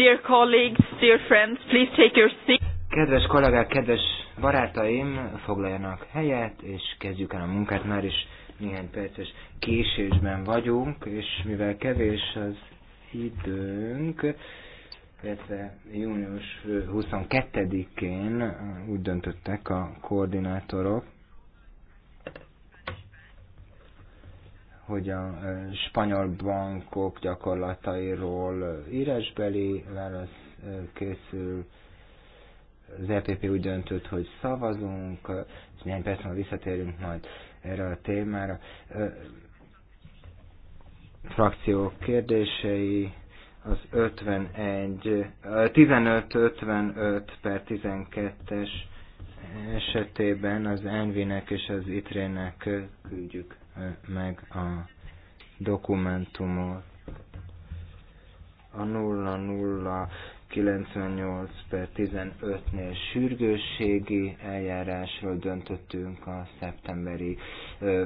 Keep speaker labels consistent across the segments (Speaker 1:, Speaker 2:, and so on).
Speaker 1: Dear colleagues, dear friends, please take your seat. Kedves kollégák, kedves barátaim, foglaljanak helyet, és kezdjük el a munkát, már is néhány perces késésben vagyunk, és mivel kevés az időnk, illetve június 22-én úgy döntöttek a koordinátorok, hogy a spanyol bankok gyakorlatairól írásbeli válasz készül. Az EPP úgy döntött, hogy szavazunk, néhány perc múlva visszatérünk majd erre a témára. Frakciók kérdései, az 51, 15-55 per 12-es esetében az Envinek és az Itrének küldjük meg a dokumentumot. A 0098 per 15-nél sürgősségi eljárásról döntöttünk a szeptemberi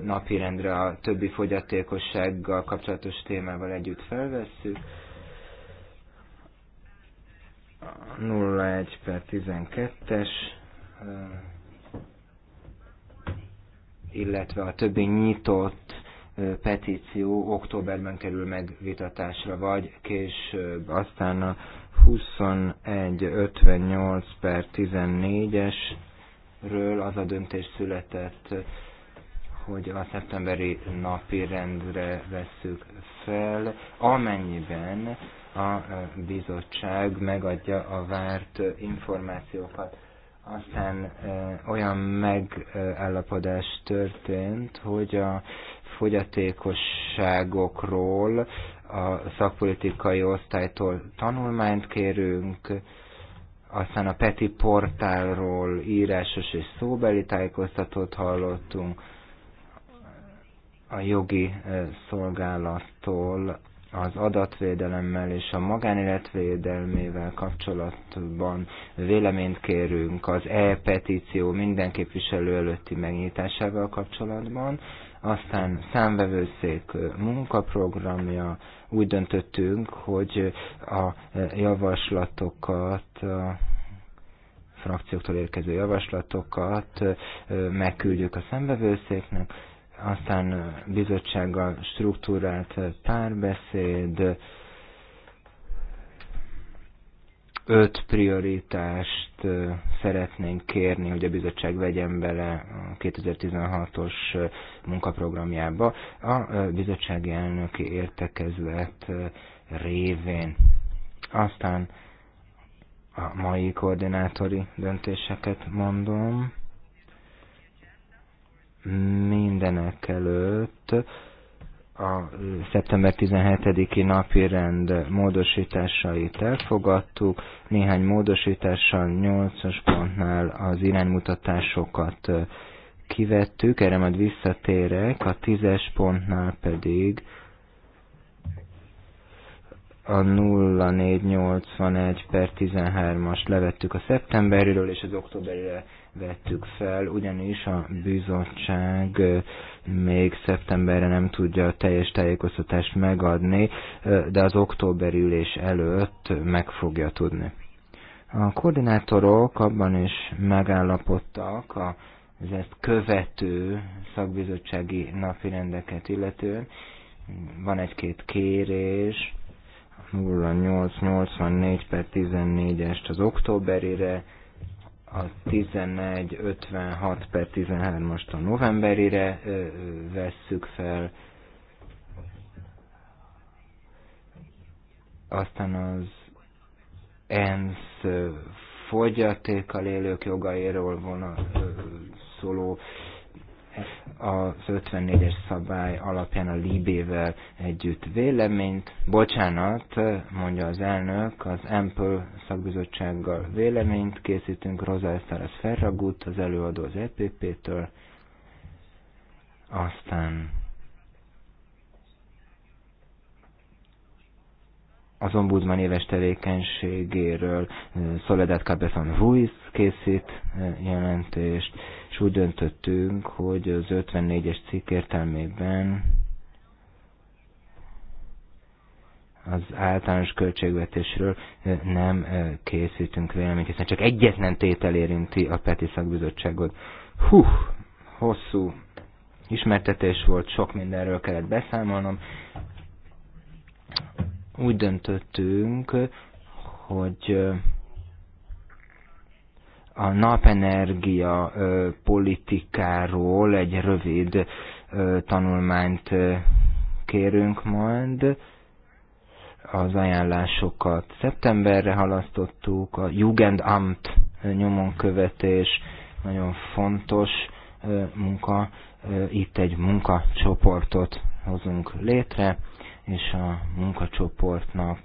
Speaker 1: napirendre a többi fogyatékossággal kapcsolatos témával együtt felvesszük. 01 per 12-es illetve a többi nyitott petíció októberben kerül megvitatásra, vagy később. Aztán a 2158 per 14-esről az a döntés született, hogy a szeptemberi napi rendre vesszük fel, amennyiben a bizottság megadja a várt információkat. Aztán olyan megállapodás történt, hogy a fogyatékosságokról a szakpolitikai osztálytól tanulmányt kérünk, aztán a PETI portálról írásos és szóbeli tájékoztatót hallottunk, a jogi szolgálattól az adatvédelemmel és a magánéletvédelmével kapcsolatban véleményt kérünk az e-petíció minden képviselő előtti megnyitásával kapcsolatban, aztán számvevőszék munkaprogramja, úgy döntöttünk, hogy a javaslatokat a frakcióktól érkező javaslatokat megküldjük a számvevőszéknek, aztán bizottsággal struktúrált párbeszéd, öt prioritást szeretnénk kérni, hogy a bizottság vegyen bele a 2016-os munkaprogramjába a bizottsági elnöki értekezlet révén. Aztán a mai koordinátori döntéseket mondom mindenek előtt a szeptember 17-i napi rend módosításait elfogadtuk, néhány módosítással 8-as pontnál az iránymutatásokat kivettük, erre majd visszatérek, a 10-es pontnál pedig a 0481 per 13-as levettük a szeptemberről, és az októberre vettük fel, ugyanis a bizottság még szeptemberre nem tudja a teljes tájékoztatást megadni, de az októberi ülés előtt meg fogja tudni. A koordinátorok abban is megállapodtak az ezt követő szakbizottsági napirendeket illetően. Van egy-két kérés, 0884 per 14-est az októberire, a 1156 per 13-ast a novemberire vesszük fel, aztán az ENSZ fogyatékkal élők jogairól vonat szóló az 54-es szabály alapján a Libével együtt véleményt. Bocsánat, mondja az elnök, az Ample szakbizottsággal véleményt készítünk, Rosa Esteres Ferragut, az előadó az EPP-től, aztán az ombudsman éves tevékenységéről Soledad Cabezon Ruiz készít eh, jelentést, és úgy döntöttünk, hogy az 54-es cikk értelmében az általános költségvetésről nem készítünk véleményt, hiszen csak egyetlen tétel érinti a Peti szakbizottságot. Hú, hosszú ismertetés volt, sok mindenről kellett beszámolnom. Úgy döntöttünk, hogy a napenergia politikáról egy rövid tanulmányt kérünk majd. Az ajánlásokat szeptemberre halasztottuk, a Jugendamt nyomon követés nagyon fontos munka. Itt egy munkacsoportot hozunk létre, és a munkacsoportnak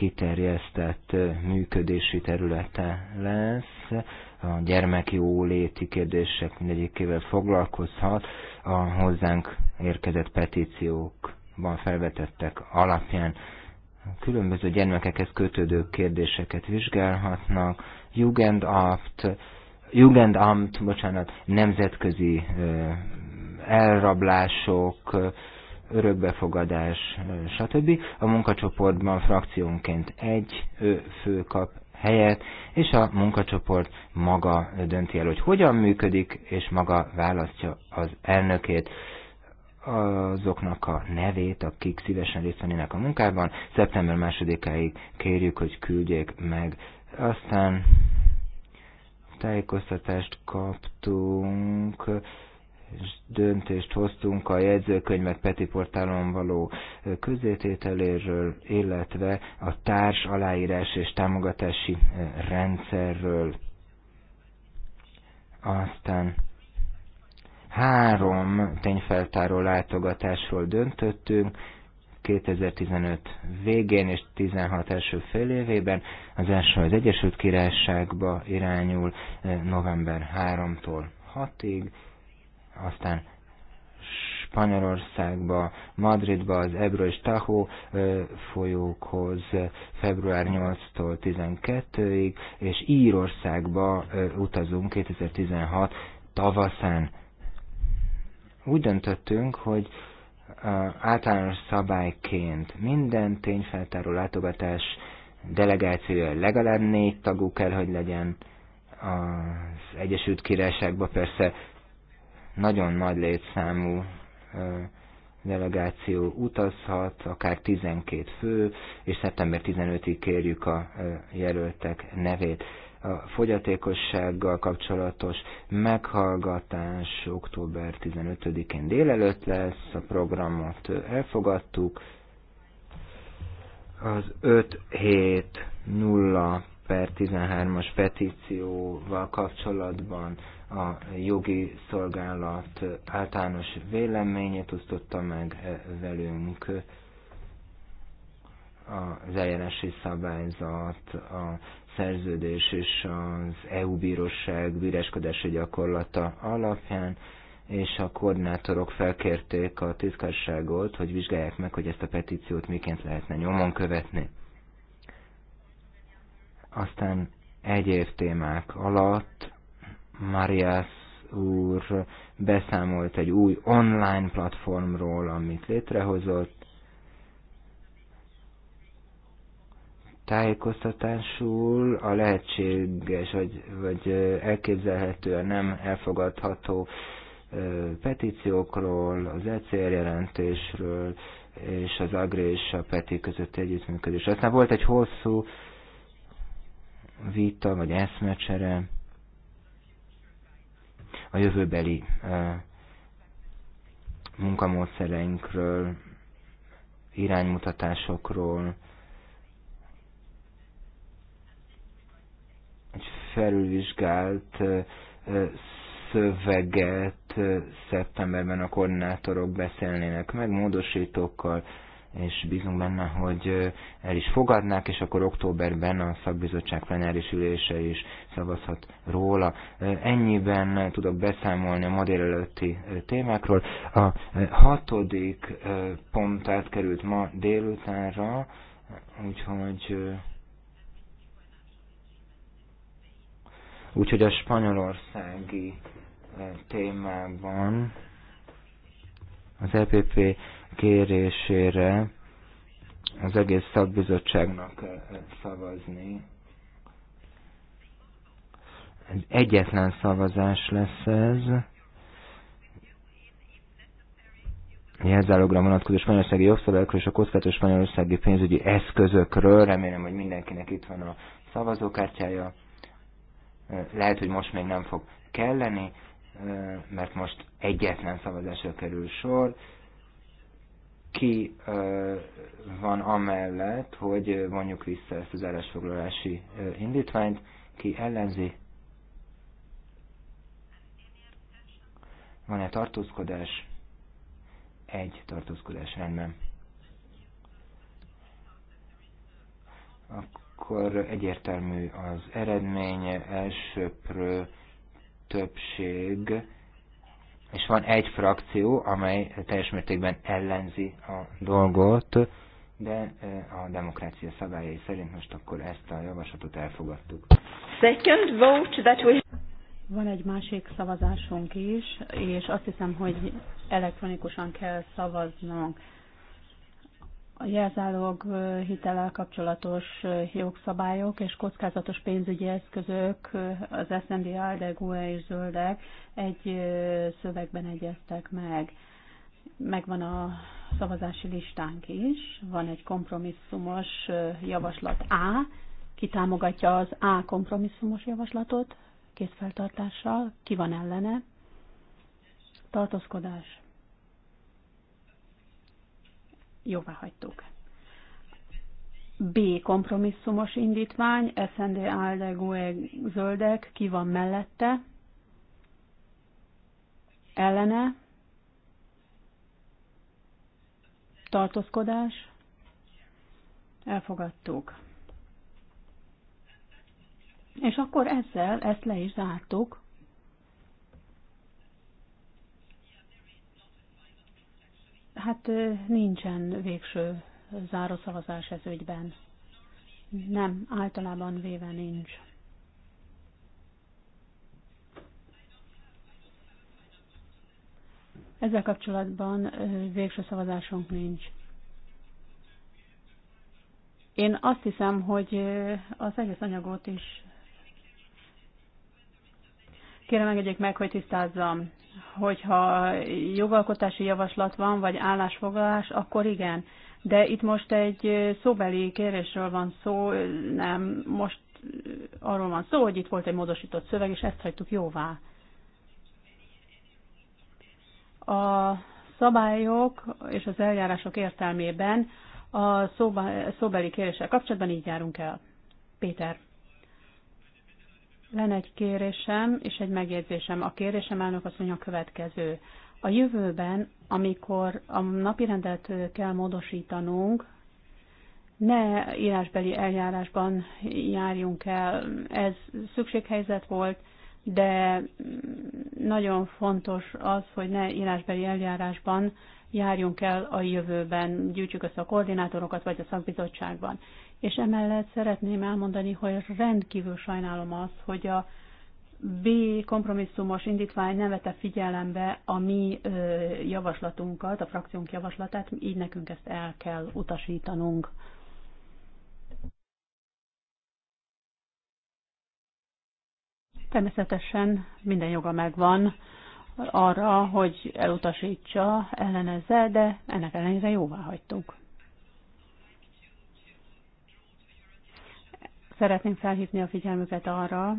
Speaker 1: kiterjesztett működési területe lesz, a gyermeki óléti kérdések mindegyikével foglalkozhat, a hozzánk érkezett petíciókban felvetettek alapján különböző gyermekekhez kötődő kérdéseket vizsgálhatnak, Jugendamt, Jugendamt, bocsánat, nemzetközi elrablások, örökbefogadás, stb. A munkacsoportban frakciónként egy fő kap helyet, és a munkacsoport maga dönti el, hogy hogyan működik, és maga választja az elnökét azoknak a nevét, akik szívesen részt vennének a munkában. Szeptember másodikáig kérjük, hogy küldjék meg. Aztán tájékoztatást kaptunk döntést hoztunk a jegyzőkönyvek Peti portálon való közétételéről, illetve a társ aláírás és támogatási rendszerről. Aztán három tényfeltáró látogatásról döntöttünk, 2015 végén és 16 első fél évében, az első az Egyesült Királyságba irányul november 3-tól 6-ig, aztán Spanyolországba, Madridba, az Ebro és Tahó folyókhoz február 8-tól 12-ig, és Írországba utazunk 2016 tavaszán. Úgy döntöttünk, hogy általános szabályként minden tényfeltáró látogatás delegációja legalább négy tagú kell, hogy legyen, az Egyesült Királyságban persze nagyon nagy létszámú delegáció utazhat, akár 12 fő, és szeptember 15-ig kérjük a jelöltek nevét. A fogyatékossággal kapcsolatos meghallgatás október 15-én délelőtt lesz, a programot elfogadtuk. Az 5 7 0 per 13-as petícióval kapcsolatban a jogi szolgálat általános véleményét osztotta meg eh, velünk az eljárási szabályzat, a szerződés és az EU bíróság bíráskodási gyakorlata alapján, és a koordinátorok felkérték a titkárságot, hogy vizsgálják meg, hogy ezt a petíciót miként lehetne nyomon követni. Aztán egyéb témák alatt Marias úr beszámolt egy új online platformról, amit létrehozott. Tájékoztatásul a lehetséges, vagy, vagy a nem elfogadható petíciókról, az ECR jelentésről, és az agré és a Peti közötti együttműködés. Aztán volt egy hosszú vita vagy eszmecsere a jövőbeli munkamódszereinkről, iránymutatásokról, egy felülvizsgált szöveget szeptemberben a koordinátorok beszélnének meg módosítókkal, és bízunk benne, hogy el is fogadnák, és akkor októberben a szakbizottság plenáris ülése is szavazhat róla. Ennyiben tudok beszámolni a ma délelőtti témákról. A hatodik pont átkerült ma délutánra, úgyhogy úgyhogy a spanyolországi témában az EPP kérésére az egész szakbizottságnak szavazni. Egy egyetlen szavazás lesz ez. Jelzálogra vonatkozó spanyolországi jogszabályokról és a kockázatos spanyolországi pénzügyi eszközökről. Remélem, hogy mindenkinek itt van a szavazókártyája. Lehet, hogy most még nem fog kelleni, mert most egyetlen szavazásra kerül sor ki van amellett, hogy vonjuk vissza ezt az állásfoglalási indítványt, ki ellenzi. Van-e tartózkodás? Egy tartózkodás rendben. Akkor egyértelmű az eredmény, elsőprő többség és van egy frakció, amely teljes mértékben ellenzi a dolgot, de eh, a demokrácia szabályai szerint most akkor ezt a javaslatot elfogadtuk. Second vote that we... Van
Speaker 2: egy másik szavazásunk is, és azt hiszem, hogy elektronikusan kell szavaznunk a jelzálog hitellel kapcsolatos jogszabályok és kockázatos pénzügyi eszközök, az SMD, ALDE, GUE és Zöldek egy szövegben egyeztek meg. Megvan a szavazási listánk is, van egy kompromisszumos javaslat A, ki támogatja az A kompromisszumos javaslatot, készfeltartással, ki van ellene, tartózkodás Jóvá hagytuk. B. Kompromisszumos indítvány, SND, ALDE, GUE, zöldek, ki van mellette, ellene, tartózkodás, elfogadtuk. És akkor ezzel ezt le is zártuk. Hát nincsen végső zárószavazás ez ügyben. Nem, általában véve nincs. Ezzel kapcsolatban végső szavazásunk nincs. Én azt hiszem, hogy az egész anyagot is Kérem engedjék meg, hogy tisztázzam, hogyha jogalkotási javaslat van, vagy állásfoglalás, akkor igen. De itt most egy szóbeli kérésről van szó, nem, most arról van szó, hogy itt volt egy módosított szöveg, és ezt hagytuk jóvá. A szabályok és az eljárások értelmében a szóbeli kéréssel kapcsolatban így járunk el. Péter. Lenne egy kérésem és egy megjegyzésem. A kérésem elnök asszony a következő. A jövőben, amikor a napirendet kell módosítanunk, ne írásbeli eljárásban járjunk el. Ez szükséghelyzet volt, de nagyon fontos az, hogy ne írásbeli eljárásban járjunk el a jövőben, gyűjtsük össze a koordinátorokat, vagy a szakbizottságban és emellett szeretném elmondani, hogy rendkívül sajnálom azt, hogy a B kompromisszumos indítvány nem vette figyelembe a mi javaslatunkat, a frakciónk javaslatát, így nekünk ezt el kell utasítanunk. Természetesen minden joga megvan arra, hogy elutasítsa, ellenezze, de ennek ellenére jóvá hagytunk. Szeretném felhívni a figyelmüket arra,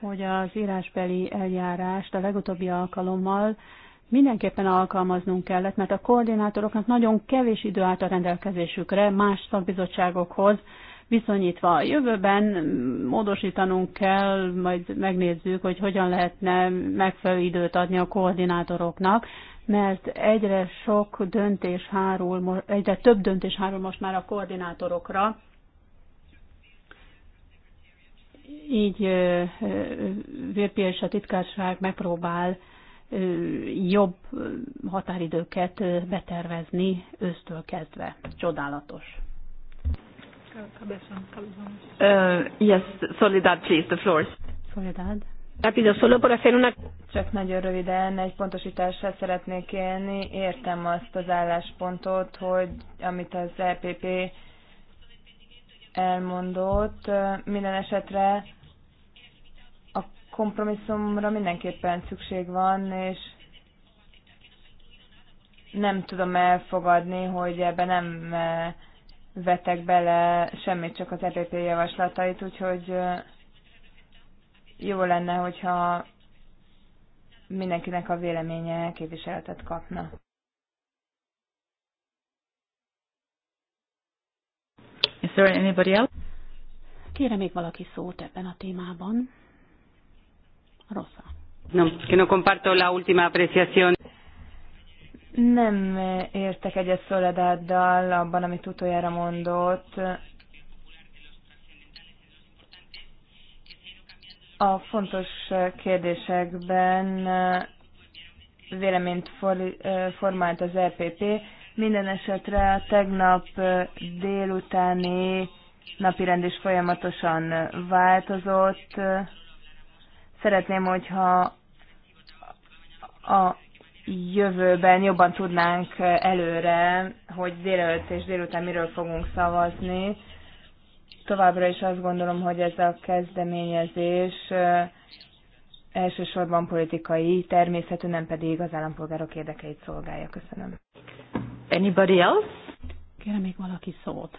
Speaker 2: hogy az írásbeli eljárást a legutóbbi alkalommal mindenképpen alkalmaznunk kellett, mert a koordinátoroknak nagyon kevés idő állt a rendelkezésükre más szakbizottságokhoz, viszonyítva a jövőben mm, módosítanunk kell, majd megnézzük, hogy hogyan lehetne megfelelő időt adni a koordinátoroknak, mert egyre sok döntés hárul, egyre több döntés hárul most már a koordinátorokra, így Virpi a titkárság megpróbál jobb határidőket betervezni ősztől kezdve. Csodálatos. Uh, yes, Soledad, please, the floor. Soledad. solo
Speaker 3: Csak nagyon röviden egy pontosításra szeretnék élni. Értem azt az álláspontot, hogy amit az EPP elmondott. Minden esetre a kompromisszumra mindenképpen szükség van, és nem tudom elfogadni, hogy ebbe nem vetek bele semmit, csak az EPP javaslatait, úgyhogy jó lenne, hogyha mindenkinek a véleménye képviseletet kapna. there anybody else?
Speaker 2: Kérem még valaki szót ebben a témában. Rosa. No, que no comparto la última apreciación.
Speaker 3: Nem értek egyet Soledaddal abban, amit utoljára mondott. A fontos kérdésekben véleményt eh, formált az EPP, minden esetre a tegnap délutáni napirend is folyamatosan változott. Szeretném, hogyha a jövőben jobban tudnánk előre, hogy délelőtt és délután miről fogunk szavazni. Továbbra is azt gondolom, hogy ez a kezdeményezés elsősorban politikai természetű, nem pedig az állampolgárok érdekeit szolgálja. Köszönöm. Anybody else? Kérem még valaki szót.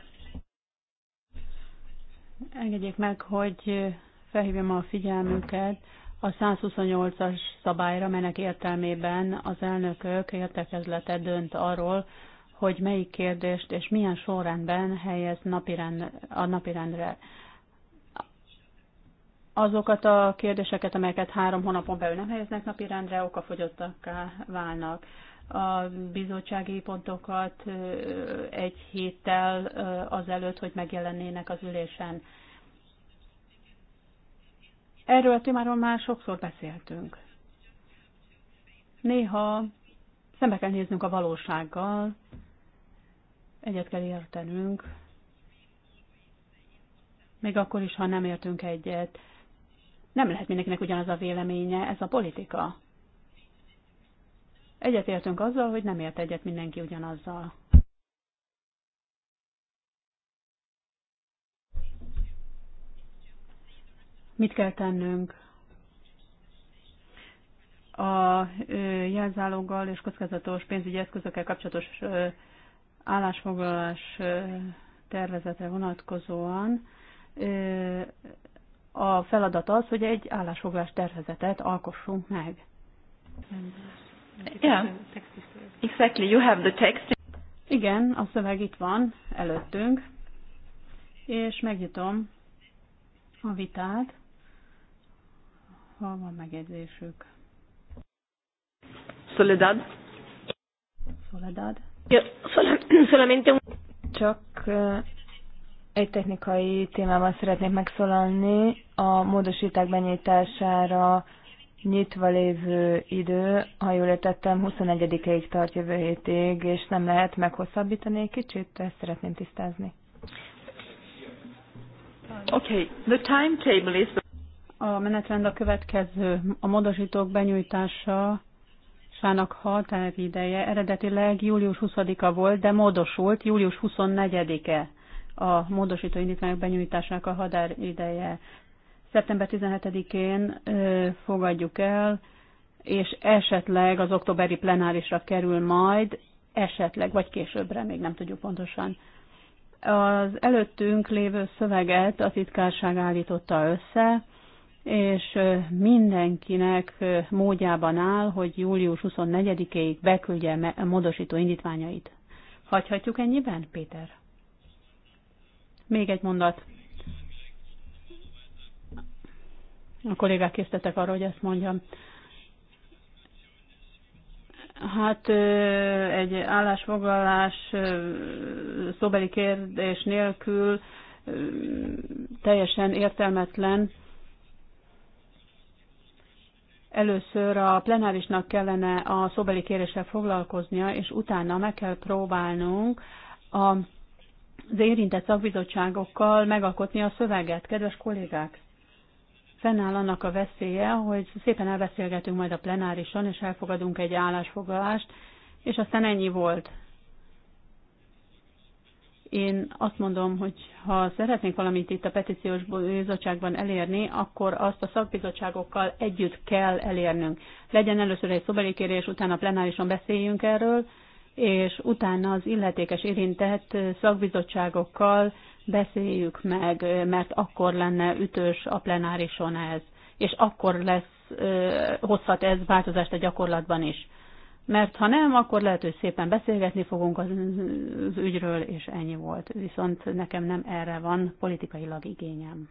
Speaker 2: Engedjék meg, hogy felhívjam a figyelmüket a 128-as szabályra, melynek értelmében az elnökök értekezlete dönt arról, hogy melyik kérdést és milyen sorrendben helyez napirend, a napirendre. Azokat a kérdéseket, amelyeket három hónapon belül nem helyeznek napirendre, okafogyottakká válnak a bizottsági pontokat egy héttel azelőtt, hogy megjelennének az ülésen. Erről a témáról már sokszor beszéltünk. Néha szembe kell néznünk a valósággal, egyet kell értenünk, még akkor is, ha nem értünk egyet. Nem lehet mindenkinek ugyanaz a véleménye, ez a politika. Egyetértünk azzal, hogy nem ért egyet mindenki ugyanazzal. Mit kell tennünk? A jelzáloggal és kockázatos pénzügyi eszközökkel kapcsolatos állásfoglalás tervezetre vonatkozóan a feladat az, hogy egy állásfoglalás tervezetet alkossunk meg. Yeah. Exactly, you have the text. Igen, a szöveg itt van előttünk, és megnyitom a vitát, ha van megjegyzésük.
Speaker 3: Soledad. Soledad. Csak egy technikai témával szeretnék megszólalni. A módosítás benyitására nyitva lévő idő, ha jól értettem, 21-ig tart jövő hétig, és nem lehet meghosszabbítani egy kicsit? Ezt szeretném tisztázni. Okay, the timetable is...
Speaker 2: A menetrend a következő. A módosítók benyújtása sának határideje eredetileg július 20-a volt, de módosult július 24-e a módosító indítványok benyújtásának a határideje. Szeptember 17-én fogadjuk el, és esetleg az októberi plenárisra kerül majd, esetleg, vagy későbbre, még nem tudjuk pontosan. Az előttünk lévő szöveget a titkárság állította össze, és mindenkinek módjában áll, hogy július 24-ig beküldje a módosító indítványait. Hagyhatjuk ennyiben, Péter? Még egy mondat. A kollégák készítettek arra, hogy ezt mondjam. Hát egy állásfoglalás szóbeli kérdés nélkül teljesen értelmetlen. Először a plenárisnak kellene a szóbeli kéréssel foglalkoznia, és utána meg kell próbálnunk a az érintett szakbizottságokkal megalkotni a szöveget. Kedves kollégák, fennáll annak a veszélye, hogy szépen elbeszélgetünk majd a plenárison, és elfogadunk egy állásfoglalást, és aztán ennyi volt. Én azt mondom, hogy ha szeretnénk valamit itt a petíciós bizottságban elérni, akkor azt a szakbizottságokkal együtt kell elérnünk. Legyen először egy szobeli kérés, utána plenárison beszéljünk erről, és utána az illetékes érintett szakbizottságokkal beszéljük meg, mert akkor lenne ütős a plenárison ez, és akkor lesz, hozhat ez változást a gyakorlatban is. Mert ha nem, akkor lehet, hogy szépen beszélgetni fogunk az, ügyről, és ennyi volt. Viszont nekem nem erre van politikailag igényem.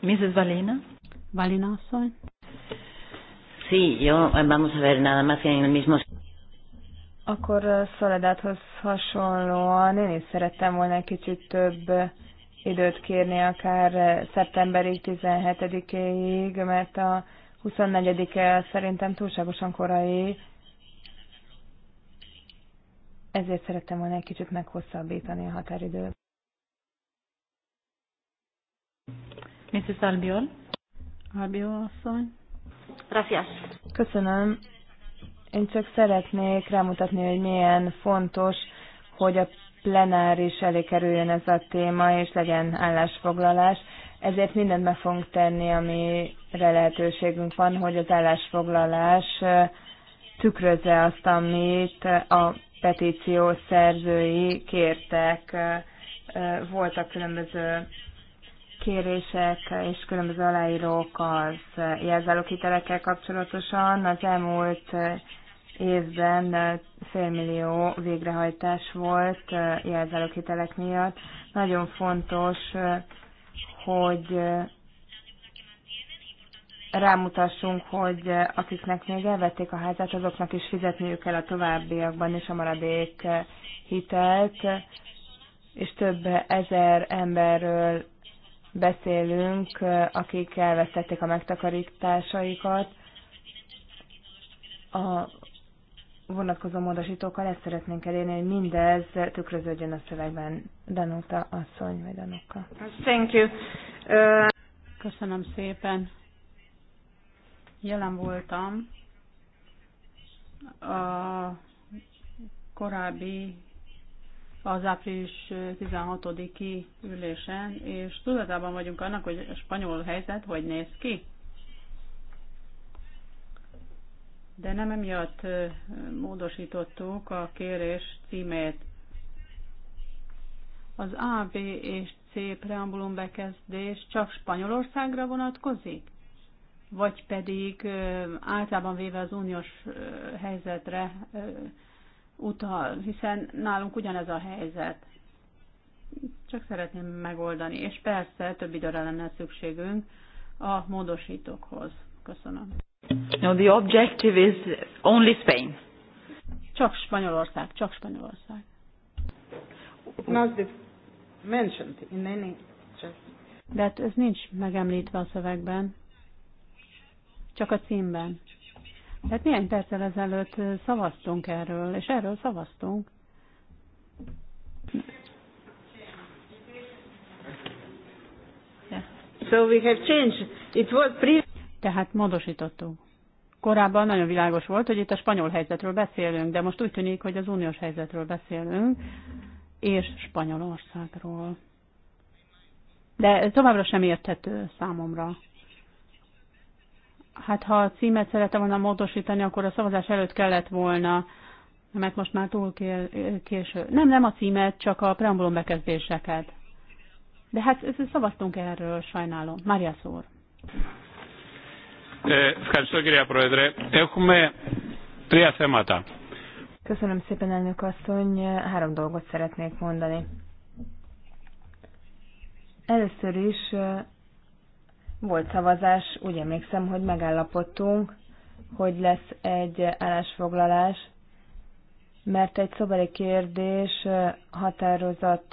Speaker 2: Mrs. Valina? Valina asszony? Sí, yo, vamos a ver,
Speaker 1: nada más que en el mismo...
Speaker 3: Akkor uh, Szoledáthoz hasonlóan én is szerettem volna egy kicsit több időt kérni, akár uh, szeptemberig, 17-éig, mert a 24-e szerintem túlságosan korai, ezért szerettem volna egy kicsit meghosszabbítani a határidőt. Mrs. Albion. Albion asszony. Gracias. Köszönöm. Én csak szeretnék rámutatni, hogy milyen fontos, hogy a plenáris elé kerüljön ez a téma, és legyen állásfoglalás. Ezért mindent meg fogunk tenni, amire lehetőségünk van, hogy az állásfoglalás tükrözze azt, amit a petíció szerzői kértek. Voltak különböző kérések és különböző aláírók az jelzálókitelekkel kapcsolatosan. Az elmúlt évben félmillió végrehajtás volt jelzáloghitelek miatt. Nagyon fontos, hogy rámutassunk, hogy akiknek még elvették a házát, azoknak is fizetniük kell a továbbiakban is a maradék hitelt, és több ezer emberről beszélünk, akik elvesztették a megtakarításaikat. A vonatkozó módosítókkal ezt szeretnénk elérni, hogy mindez tükröződjön a szövegben. Danuta asszony, vagy Danuka. Thank you. Uh...
Speaker 2: Köszönöm szépen. Jelen voltam a korábbi az április 16-i ülésen, és tudatában vagyunk annak, hogy a spanyol helyzet hogy néz ki de nem emiatt módosítottuk a kérés címét. Az A, B és C preambulum bekezdés csak Spanyolországra vonatkozik? Vagy pedig általában véve az uniós helyzetre utal, hiszen nálunk ugyanez a helyzet. Csak szeretném megoldani, és persze több időre lenne szükségünk a módosítókhoz. Köszönöm. No, the objective is only Spain. Csak Spanyolország, csak Spanyolország.
Speaker 1: Not mentioned in any just...
Speaker 2: De hát ez nincs megemlítve a szövegben, csak a címben. Hát néhány perccel ezelőtt szavaztunk erről, és erről szavaztunk. So we have changed. It was previous. Tehát módosítottuk. Korábban nagyon világos volt, hogy itt a spanyol helyzetről beszélünk, de most úgy tűnik, hogy az uniós helyzetről beszélünk, és Spanyolországról. De továbbra sem érthető számomra. Hát ha a címet szerette volna módosítani, akkor a szavazás előtt kellett volna, mert most már túl késő. Nem, nem a címet, csak a preambulum bekezdéseket. De hát szavaztunk erről, sajnálom. Mária szór. Ε, ευχαριστώ κυρία Πρόεδρε. Έχουμε τρία θέματα.
Speaker 3: Köszönöm szépen, elnök asszony. Három dolgot szeretnék mondani. Először is eh, volt szavazás, úgy emlékszem, hogy megállapodtunk, hogy lesz egy állásfoglalás mert egy szobeli kérdés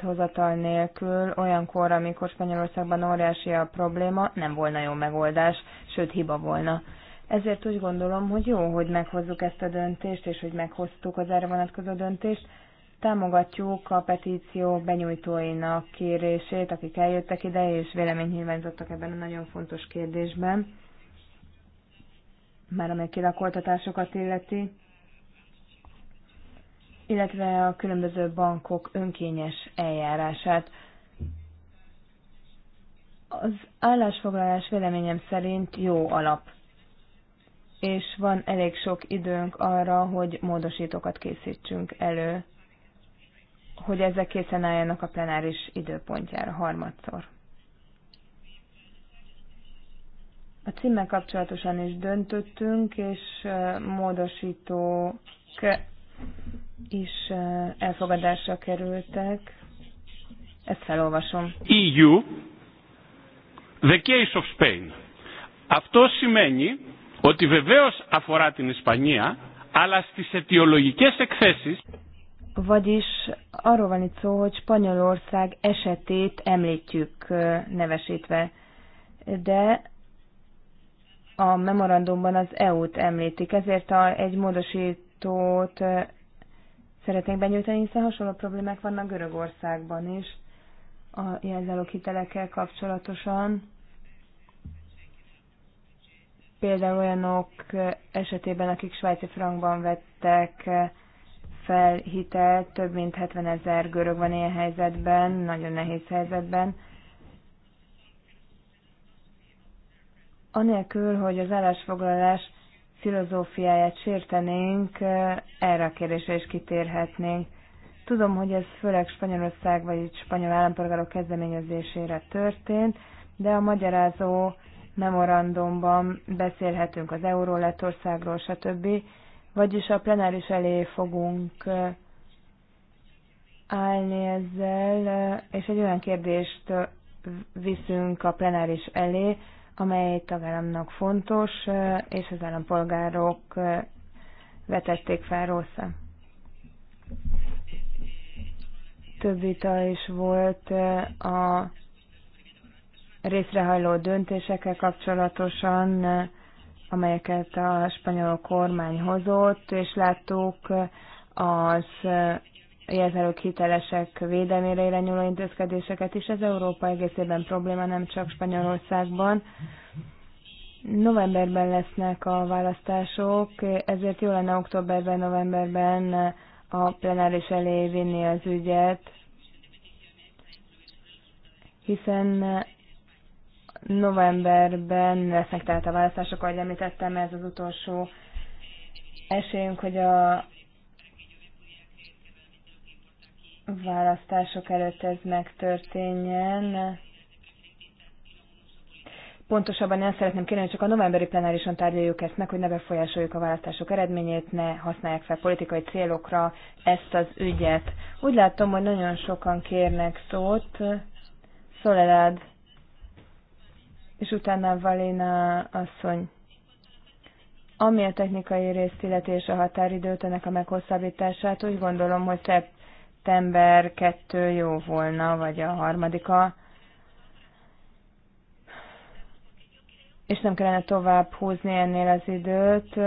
Speaker 3: hozatal nélkül olyankor, amikor Spanyolországban óriási a probléma, nem volna jó megoldás, sőt hiba volna. Ezért úgy gondolom, hogy jó, hogy meghozzuk ezt a döntést, és hogy meghoztuk az erre vonatkozó döntést. Támogatjuk a petíció benyújtóinak kérését, akik eljöttek ide, és véleményt ebben a nagyon fontos kérdésben, már amely kilakoltatásokat illeti illetve a különböző bankok önkényes eljárását. Az állásfoglalás véleményem szerint jó alap, és van elég sok időnk arra, hogy módosítókat készítsünk elő, hogy ezek készen álljanak a plenáris időpontjára harmadszor. A címmel kapcsolatosan is döntöttünk, és eh, módosítók is elfogadásra kerültek. Ezt felolvasom.
Speaker 2: EU, the case of
Speaker 1: Spain. Αυτό σημαίνει ότι βεβαίως αφορά την Ισπανία, αλλά στις αιτιολογικές εκθέσεις...
Speaker 3: Vagyis arról van itt szó, hogy Spanyolország esetét említjük nevesítve, de a memorandumban az EU-t említik, ezért a, egy módosítót szeretnénk benyújtani, hiszen hasonló problémák vannak Görögországban is a hitelekkel kapcsolatosan. Például olyanok esetében, akik svájci frankban vettek fel hitelt, több mint 70 ezer görög van ilyen helyzetben, nagyon nehéz helyzetben. Anélkül, hogy az állásfoglalás filozófiáját sértenénk, erre a kérdésre is kitérhetnénk. Tudom, hogy ez főleg Spanyolország vagy spanyol állampolgárok kezdeményezésére történt, de a magyarázó memorandumban beszélhetünk az euró Lettországról, stb. Vagyis a plenáris elé fogunk állni ezzel, és egy olyan kérdést viszünk a plenáris elé, amely tagállamnak fontos, és az állampolgárok vetették fel rosszra. Több vita is volt a részrehajló döntésekkel kapcsolatosan, amelyeket a spanyol kormány hozott, és láttuk az jelzelők hitelesek védelmére irányuló intézkedéseket is. Ez Európa egészében probléma, nem csak Spanyolországban. Novemberben lesznek a választások, ezért jó lenne októberben, novemberben a plenáris elé vinni az ügyet, hiszen novemberben lesznek tehát a választások, ahogy említettem, ez az utolsó esélyünk, hogy a választások előtt ez megtörténjen. Pontosabban én szeretném kérni, hogy csak a novemberi plenárison tárgyaljuk ezt meg, hogy ne befolyásoljuk a választások eredményét, ne használják fel politikai célokra ezt az ügyet. Úgy látom, hogy nagyon sokan kérnek szót. Szolelád, és utána Valina asszony. Ami a technikai részt illeti és a határidőt ennek a meghosszabbítását, úgy gondolom, hogy szep szeptember 2 jó volna, vagy a harmadika. És nem kellene tovább húzni ennél az időt.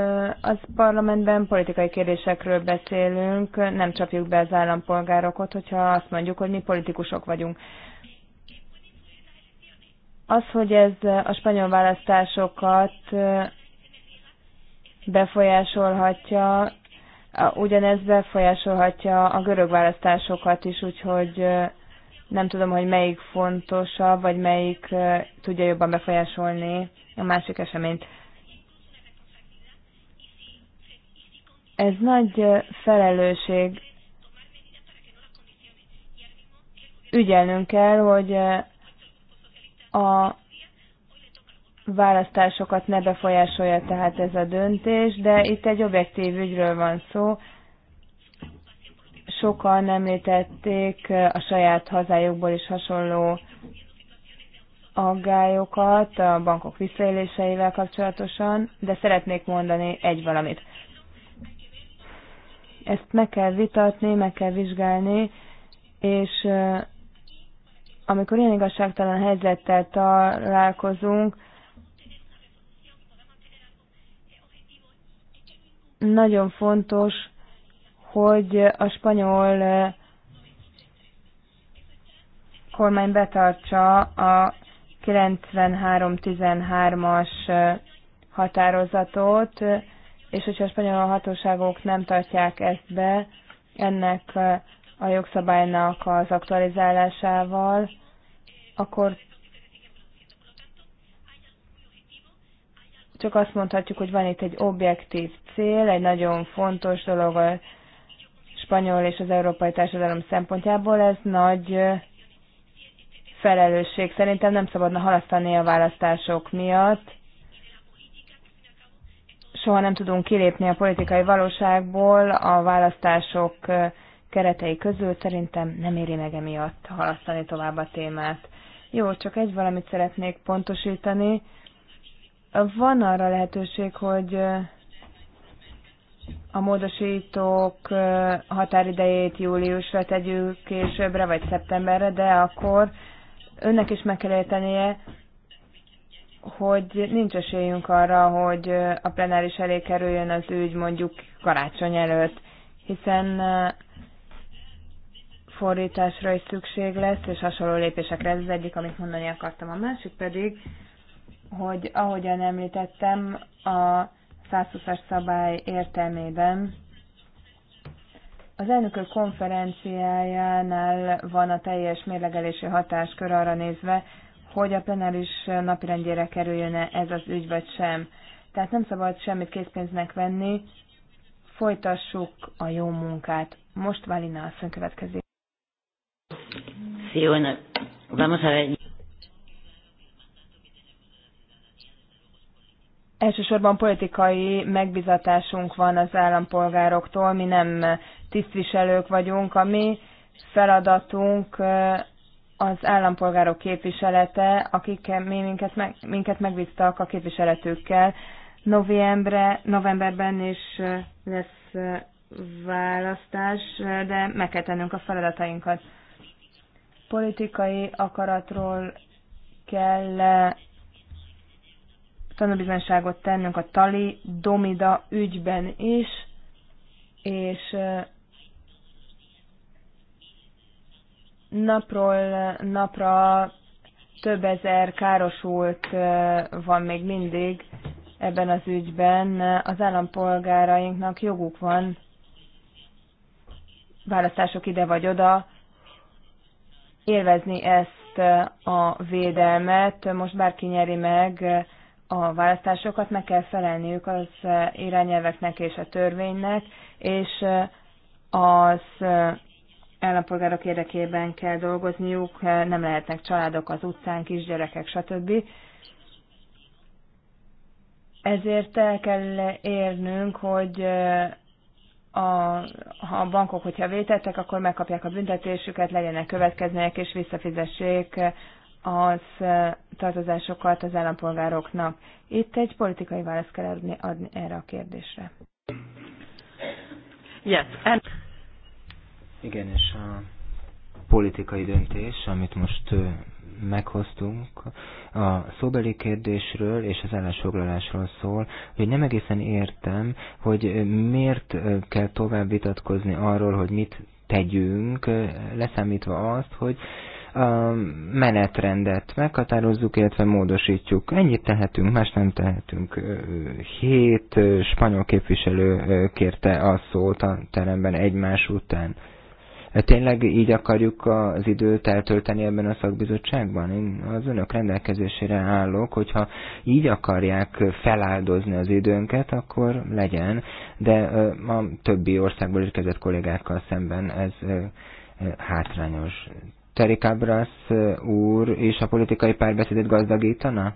Speaker 3: Az parlamentben politikai kérdésekről beszélünk, nem csapjuk be az állampolgárokat, hogyha azt mondjuk, hogy mi politikusok vagyunk. Az, hogy ez a spanyol választásokat befolyásolhatja, ugyanez befolyásolhatja a görög választásokat is, úgyhogy nem tudom, hogy melyik fontosabb, vagy melyik tudja jobban befolyásolni a másik eseményt. Ez nagy felelősség. Ügyelnünk kell, hogy a választásokat ne befolyásolja tehát ez a döntés, de itt egy objektív ügyről van szó. Sokan említették a saját hazájukból is hasonló aggályokat a bankok visszaéléseivel kapcsolatosan, de szeretnék mondani egy valamit. Ezt meg kell vitatni, meg kell vizsgálni, és amikor ilyen igazságtalan helyzettel találkozunk, Nagyon fontos, hogy a spanyol eh, kormány betartsa a 93-13-as eh, határozatot, és hogyha a spanyol hatóságok nem tartják ezt be, ennek eh, a jogszabálynak az aktualizálásával, akkor csak azt mondhatjuk, hogy van itt egy objektív cél, egy nagyon fontos dolog a spanyol és az európai társadalom szempontjából, ez nagy felelősség. Szerintem nem szabadna halasztani a választások miatt. Soha nem tudunk kilépni a politikai valóságból, a választások keretei közül szerintem nem éri meg emiatt halasztani tovább a témát. Jó, csak egy valamit szeretnék pontosítani. Van arra lehetőség, hogy a módosítók határidejét júliusra tegyük későbbre, vagy szeptemberre, de akkor önnek is meg kell értenie, hogy nincs esélyünk arra, hogy a plenáris elé kerüljön az ügy mondjuk karácsony előtt, hiszen fordításra is szükség lesz, és hasonló lépésekre ez az egyik, amit mondani akartam. A másik pedig, hogy ahogyan említettem, a 120-as szabály értelmében az elnökök konferenciájánál van a teljes mérlegelési hatáskör arra nézve, hogy a plenáris napirendjére kerüljön-e ez az ügy vagy sem. Tehát nem szabad semmit készpénznek venni, folytassuk a jó munkát. Most Valina a következik.
Speaker 2: Sí, bueno, vamos a ver.
Speaker 3: Elsősorban politikai megbizatásunk van az állampolgároktól, mi nem tisztviselők vagyunk, a mi feladatunk az állampolgárok képviselete, akik minket, meg, minket megbíztak a képviseletükkel. Novembre, novemberben is lesz választás, de meg kell tennünk a feladatainkat. Politikai akaratról kell tanúbizonyságot tennünk a Tali Domida ügyben is, és napról napra több ezer károsult van még mindig ebben az ügyben. Az állampolgárainknak joguk van választások ide vagy oda, élvezni ezt a védelmet. Most bárki nyeri meg a választásokat, meg kell felelniük az irányelveknek és a törvénynek, és az állampolgárok érdekében kell dolgozniuk, nem lehetnek családok az utcán, kisgyerekek, stb. Ezért el kell érnünk, hogy a, ha a bankok, hogyha vétettek, akkor megkapják a büntetésüket, legyenek következmények és visszafizessék az tartozásokat az állampolgároknak. Itt egy politikai választ kell adni, adni erre a kérdésre.
Speaker 1: Yes. And... Igen, és a politikai döntés, amit most meghoztunk, a szóbeli kérdésről és az állásfoglalásról szól, hogy nem egészen értem, hogy miért kell tovább vitatkozni arról, hogy mit tegyünk, leszámítva azt, hogy menetrendet meghatározzuk, illetve módosítjuk. Ennyit tehetünk, más nem tehetünk. Hét spanyol képviselő kérte a szót a teremben egymás után. Tényleg így akarjuk az időt eltölteni ebben a szakbizottságban? Én az önök rendelkezésére állok, hogyha így akarják feláldozni az időnket, akkor legyen, de a többi országból érkezett kollégákkal szemben ez hátrányos Cabras úr és a politikai párbeszédet gazdagítana?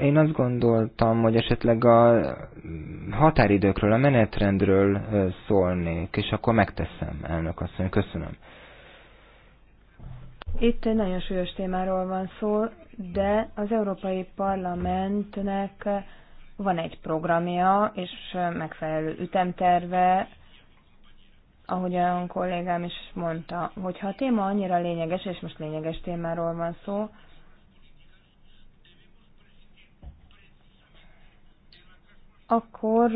Speaker 1: Én azt gondoltam, hogy esetleg a határidőkről, a menetrendről szólnék, és akkor megteszem, elnök asszony. Köszönöm.
Speaker 3: Itt egy nagyon súlyos témáról van szó, de az Európai Parlamentnek van egy programja és megfelelő ütemterve ahogy olyan kollégám is mondta, hogy ha a téma annyira lényeges, és most lényeges témáról van szó, akkor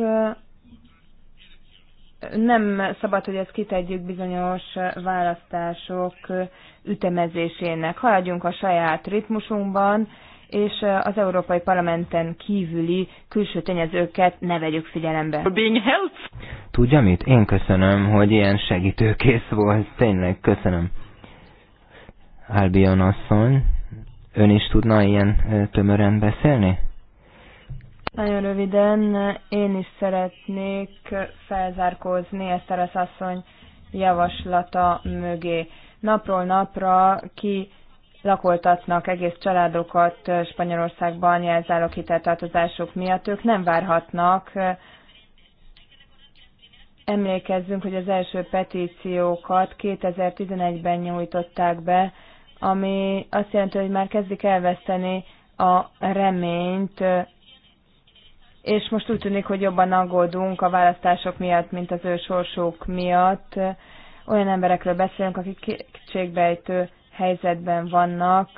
Speaker 3: nem szabad, hogy ezt kitegyük bizonyos választások ütemezésének. Haladjunk a saját ritmusunkban, és az Európai Parlamenten kívüli külső tényezőket ne vegyük figyelembe.
Speaker 1: Tudja mit? Én köszönöm, hogy ilyen segítőkész volt. Tényleg köszönöm. Albion asszony, ön is tudna ilyen tömören beszélni?
Speaker 3: Nagyon röviden, én is szeretnék felzárkózni Eszteres asszony javaslata mögé. Napról napra ki lakoltatnak egész családokat Spanyolországban jelzálog hiteltartozások miatt, ők nem várhatnak. Emlékezzünk, hogy az első petíciókat 2011-ben nyújtották be, ami azt jelenti, hogy már kezdik elveszteni a reményt, és most úgy tűnik, hogy jobban aggódunk a választások miatt, mint az ő sorsuk miatt. Olyan emberekről beszélünk, akik kétségbejtő helyzetben vannak,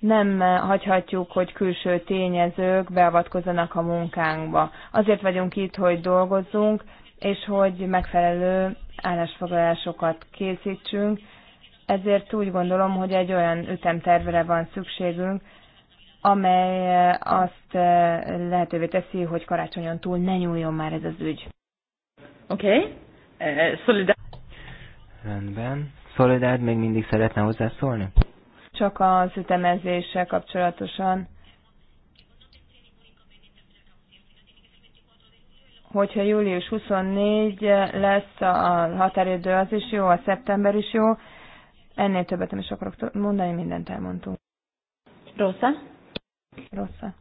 Speaker 3: nem hagyhatjuk, hogy külső tényezők beavatkozzanak a munkánkba. Azért vagyunk itt, hogy dolgozzunk, és hogy megfelelő állásfoglalásokat készítsünk, ezért úgy gondolom, hogy egy olyan ütemtervre van szükségünk, amely azt lehetővé teszi, hogy karácsonyon túl ne nyúljon már ez az ügy. Oké. Okay.
Speaker 1: Uh, Rendben. Szolidárd még mindig szeretne hozzászólni?
Speaker 3: Csak az ütemezéssel kapcsolatosan. Hogyha július 24 lesz a határidő, az is jó, a szeptember is jó. Ennél többet nem is akarok mondani, mindent elmondtunk. Rossza? Rossza.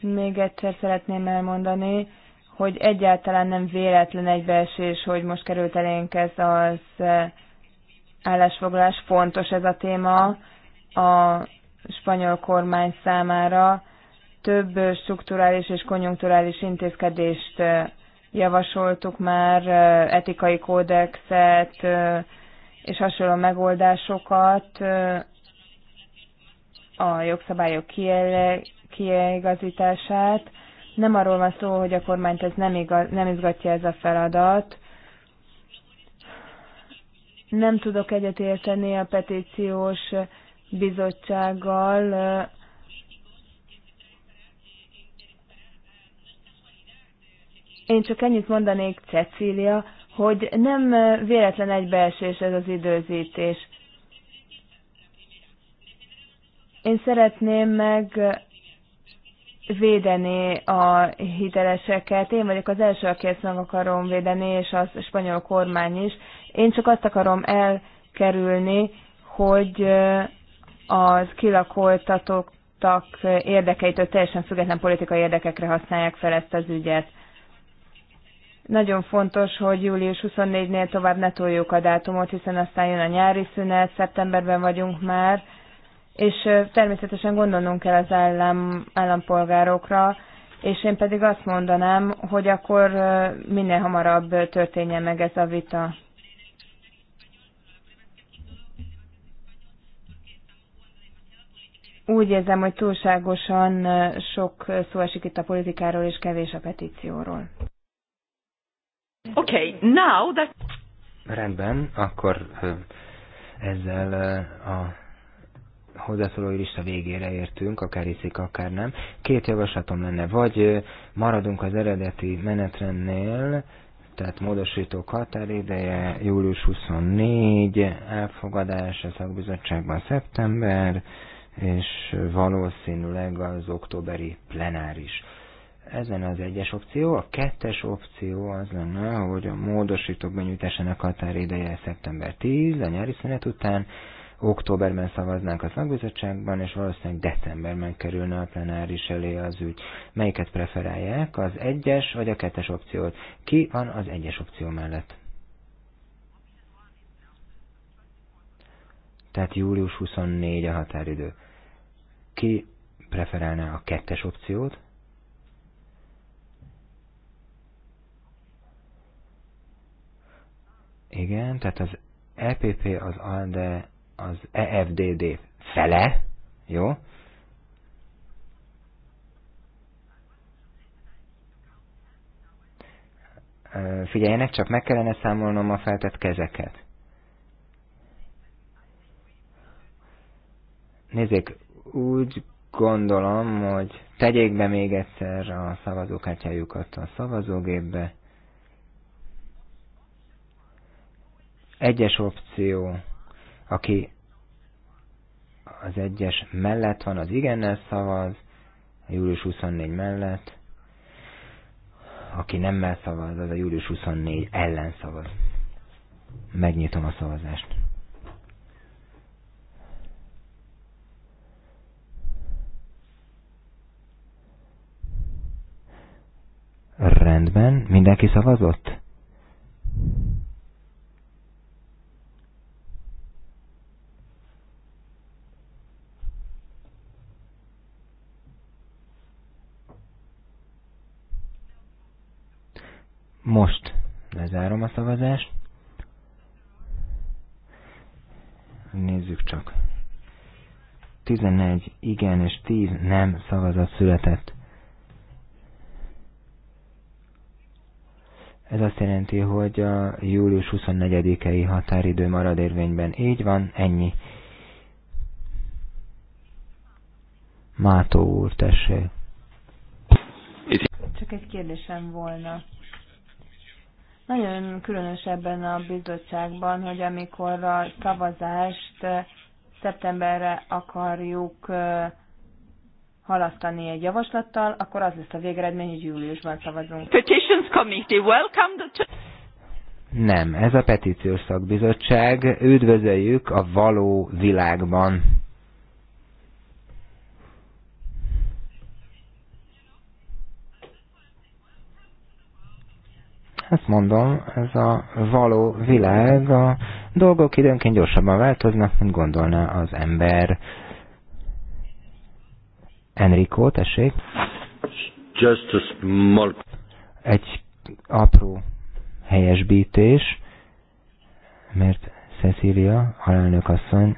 Speaker 3: Még egyszer szeretném elmondani, hogy egyáltalán nem véletlen egybeesés, hogy most került elénk ez az eh, állásfoglalás. Fontos ez a téma a spanyol kormány számára. Több strukturális és konjunkturális intézkedést eh, javasoltuk már, eh, etikai kódexet és hasonló megoldásokat a jogszabályok kiegazítását. Nem arról van szó, hogy a kormányt ez nem, igaz, nem izgatja ez a feladat. Nem tudok egyetérteni a petíciós bizottsággal, Én csak ennyit mondanék, Cecília, hogy nem véletlen egybeesés ez az időzítés. Én szeretném meg védeni a hiteleseket. Én vagyok az első, aki ezt meg akarom védeni, és az spanyol kormány is. Én csak azt akarom elkerülni, hogy az kilakoltatottak érdekeitől teljesen független politikai érdekekre használják fel ezt az ügyet. Nagyon fontos, hogy július 24-nél tovább ne toljuk a dátumot, hiszen aztán jön a nyári szünet, szeptemberben vagyunk már, és természetesen gondolnunk kell az állam, állampolgárokra, és én pedig azt mondanám, hogy akkor minél hamarabb történjen meg ez a vita. Úgy érzem, hogy túlságosan sok szó esik itt a politikáról, és kevés a petícióról. Oké, okay, now that...
Speaker 1: Rendben, akkor ezzel a hozzászólói lista végére értünk, akár hiszik, akár nem. Két javaslatom lenne, vagy maradunk az eredeti menetrendnél, tehát módosítók határideje július 24, elfogadás a szakbizottságban szeptember, és valószínűleg az októberi plenáris. Ez lenne az egyes opció. A kettes opció az lenne, hogy a módosítók benyújtásának határideje szeptember 10, a nyári szünet után, októberben szavaznánk a szakbizottságban, és valószínűleg decemberben kerülne a plenáris elé az ügy. Melyiket preferálják, az egyes vagy a kettes opciót? Ki van az egyes opció mellett? Tehát július 24 a határidő. Ki preferálná a kettes opciót? Igen, tehát az EPP, az ALDE, az EFDD fele, jó? Figyeljenek, csak meg kellene számolnom a feltett kezeket. Nézzék, úgy gondolom, hogy tegyék be még egyszer a szavazókártyájukat a szavazógépbe. Egyes opció aki az egyes mellett van, az igennel szavaz, a július 24 mellett, aki nemmel szavaz, az a július 24 ellen szavaz. Megnyitom a szavazást. Rendben, mindenki szavazott? Most lezárom a szavazást. Nézzük csak. 11 igen és 10 nem szavazat született. Ez azt jelenti, hogy a július 24-i határidő marad érvényben. Így van, ennyi. Mátó úr, tessék.
Speaker 3: Csak egy kérdésem volna. Nagyon különös ebben a bizottságban, hogy amikor a szavazást eh, szeptemberre akarjuk eh, halasztani egy javaslattal, akkor az lesz a végeredmény, hogy júliusban szavazunk. Petitions Committee, welcome the...
Speaker 1: Nem, ez a petíciós szakbizottság, üdvözöljük a való világban. Ezt mondom, ez a való világ, a dolgok időnként gyorsabban változnak, mint gondolná az ember. Enrico, tessék. Just a small... Egy apró helyesbítés, mert Cecilia, alelnök asszony,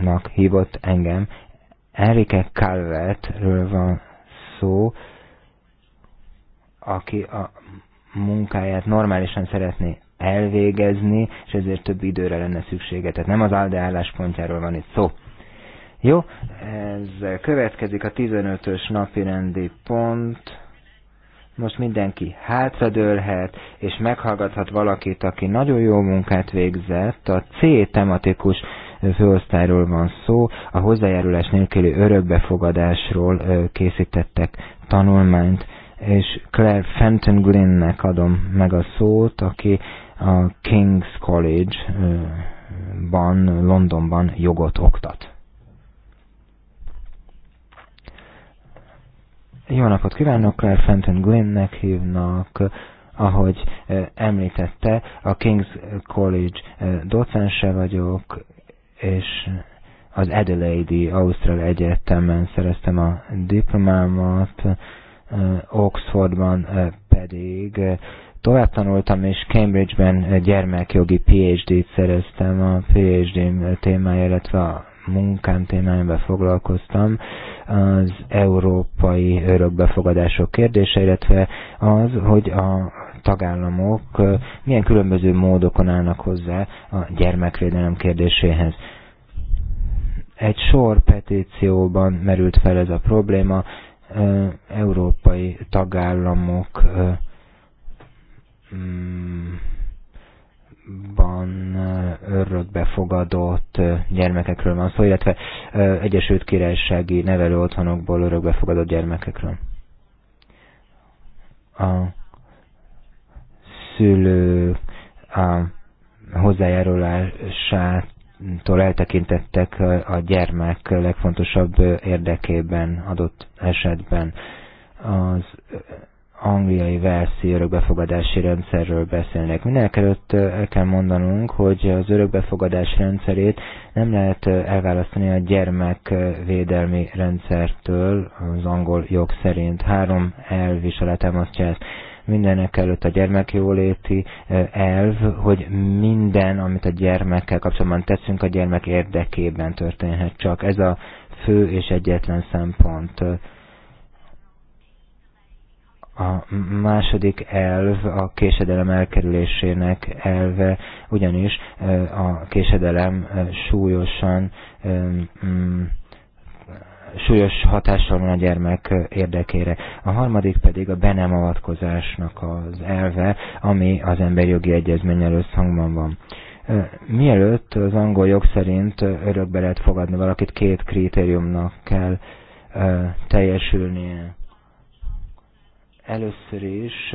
Speaker 1: nak hívott engem. Enrique Calvertről van szó, aki a munkáját normálisan szeretné elvégezni, és ezért több időre lenne szüksége. Tehát nem az ALDE álláspontjáról van itt szó. Jó, ez következik a 15-ös napi rendi pont. Most mindenki hátradőlhet, és meghallgathat valakit, aki nagyon jó munkát végzett. A C tematikus főosztályról van szó, a hozzájárulás nélküli örökbefogadásról készítettek tanulmányt és Claire Fenton Glynnek adom meg a szót, aki a King's College-ban, Londonban jogot oktat. Jó napot kívánok, Claire Fenton Glynnek hívnak, ahogy említette, a King's College docense vagyok, és az Adelaide-i Ausztrál Egyetemen szereztem a diplomámat, Oxfordban pedig tovább tanultam, és Cambridge-ben gyermekjogi PhD-t szereztem, a PhD-m témája, illetve a munkám témájában foglalkoztam, az európai örökbefogadások kérdése, illetve az, hogy a tagállamok milyen különböző módokon állnak hozzá a gyermekvédelem kérdéséhez. Egy sor petícióban merült fel ez a probléma, európai tagállamok ban mm, örökbefogadott gyermekekről van szó, illetve Egyesült Királysági nevelő otthonokból örökbefogadott gyermekekről. A szülő a hozzájárulását tól eltekintettek a gyermek legfontosabb érdekében adott esetben. Az angliai verszi örökbefogadási rendszerről beszélnek. Mindenek előtt el kell mondanunk, hogy az örökbefogadás rendszerét nem lehet elválasztani a gyermekvédelmi rendszertől az angol jog szerint. Három elv is ezt mindenek előtt a gyermekjóléti elv, hogy minden, amit a gyermekkel kapcsolatban teszünk, a gyermek érdekében történhet csak. Ez a fő és egyetlen szempont. A második elv a késedelem elkerülésének elve, ugyanis a késedelem súlyosan mm, súlyos hatással van a gyermek érdekére. A harmadik pedig a be nem avatkozásnak az elve, ami az emberjogi egyezménnyel összhangban van. Mielőtt az angol jog szerint örökbe lehet fogadni valakit, két kritériumnak kell teljesülnie. Először is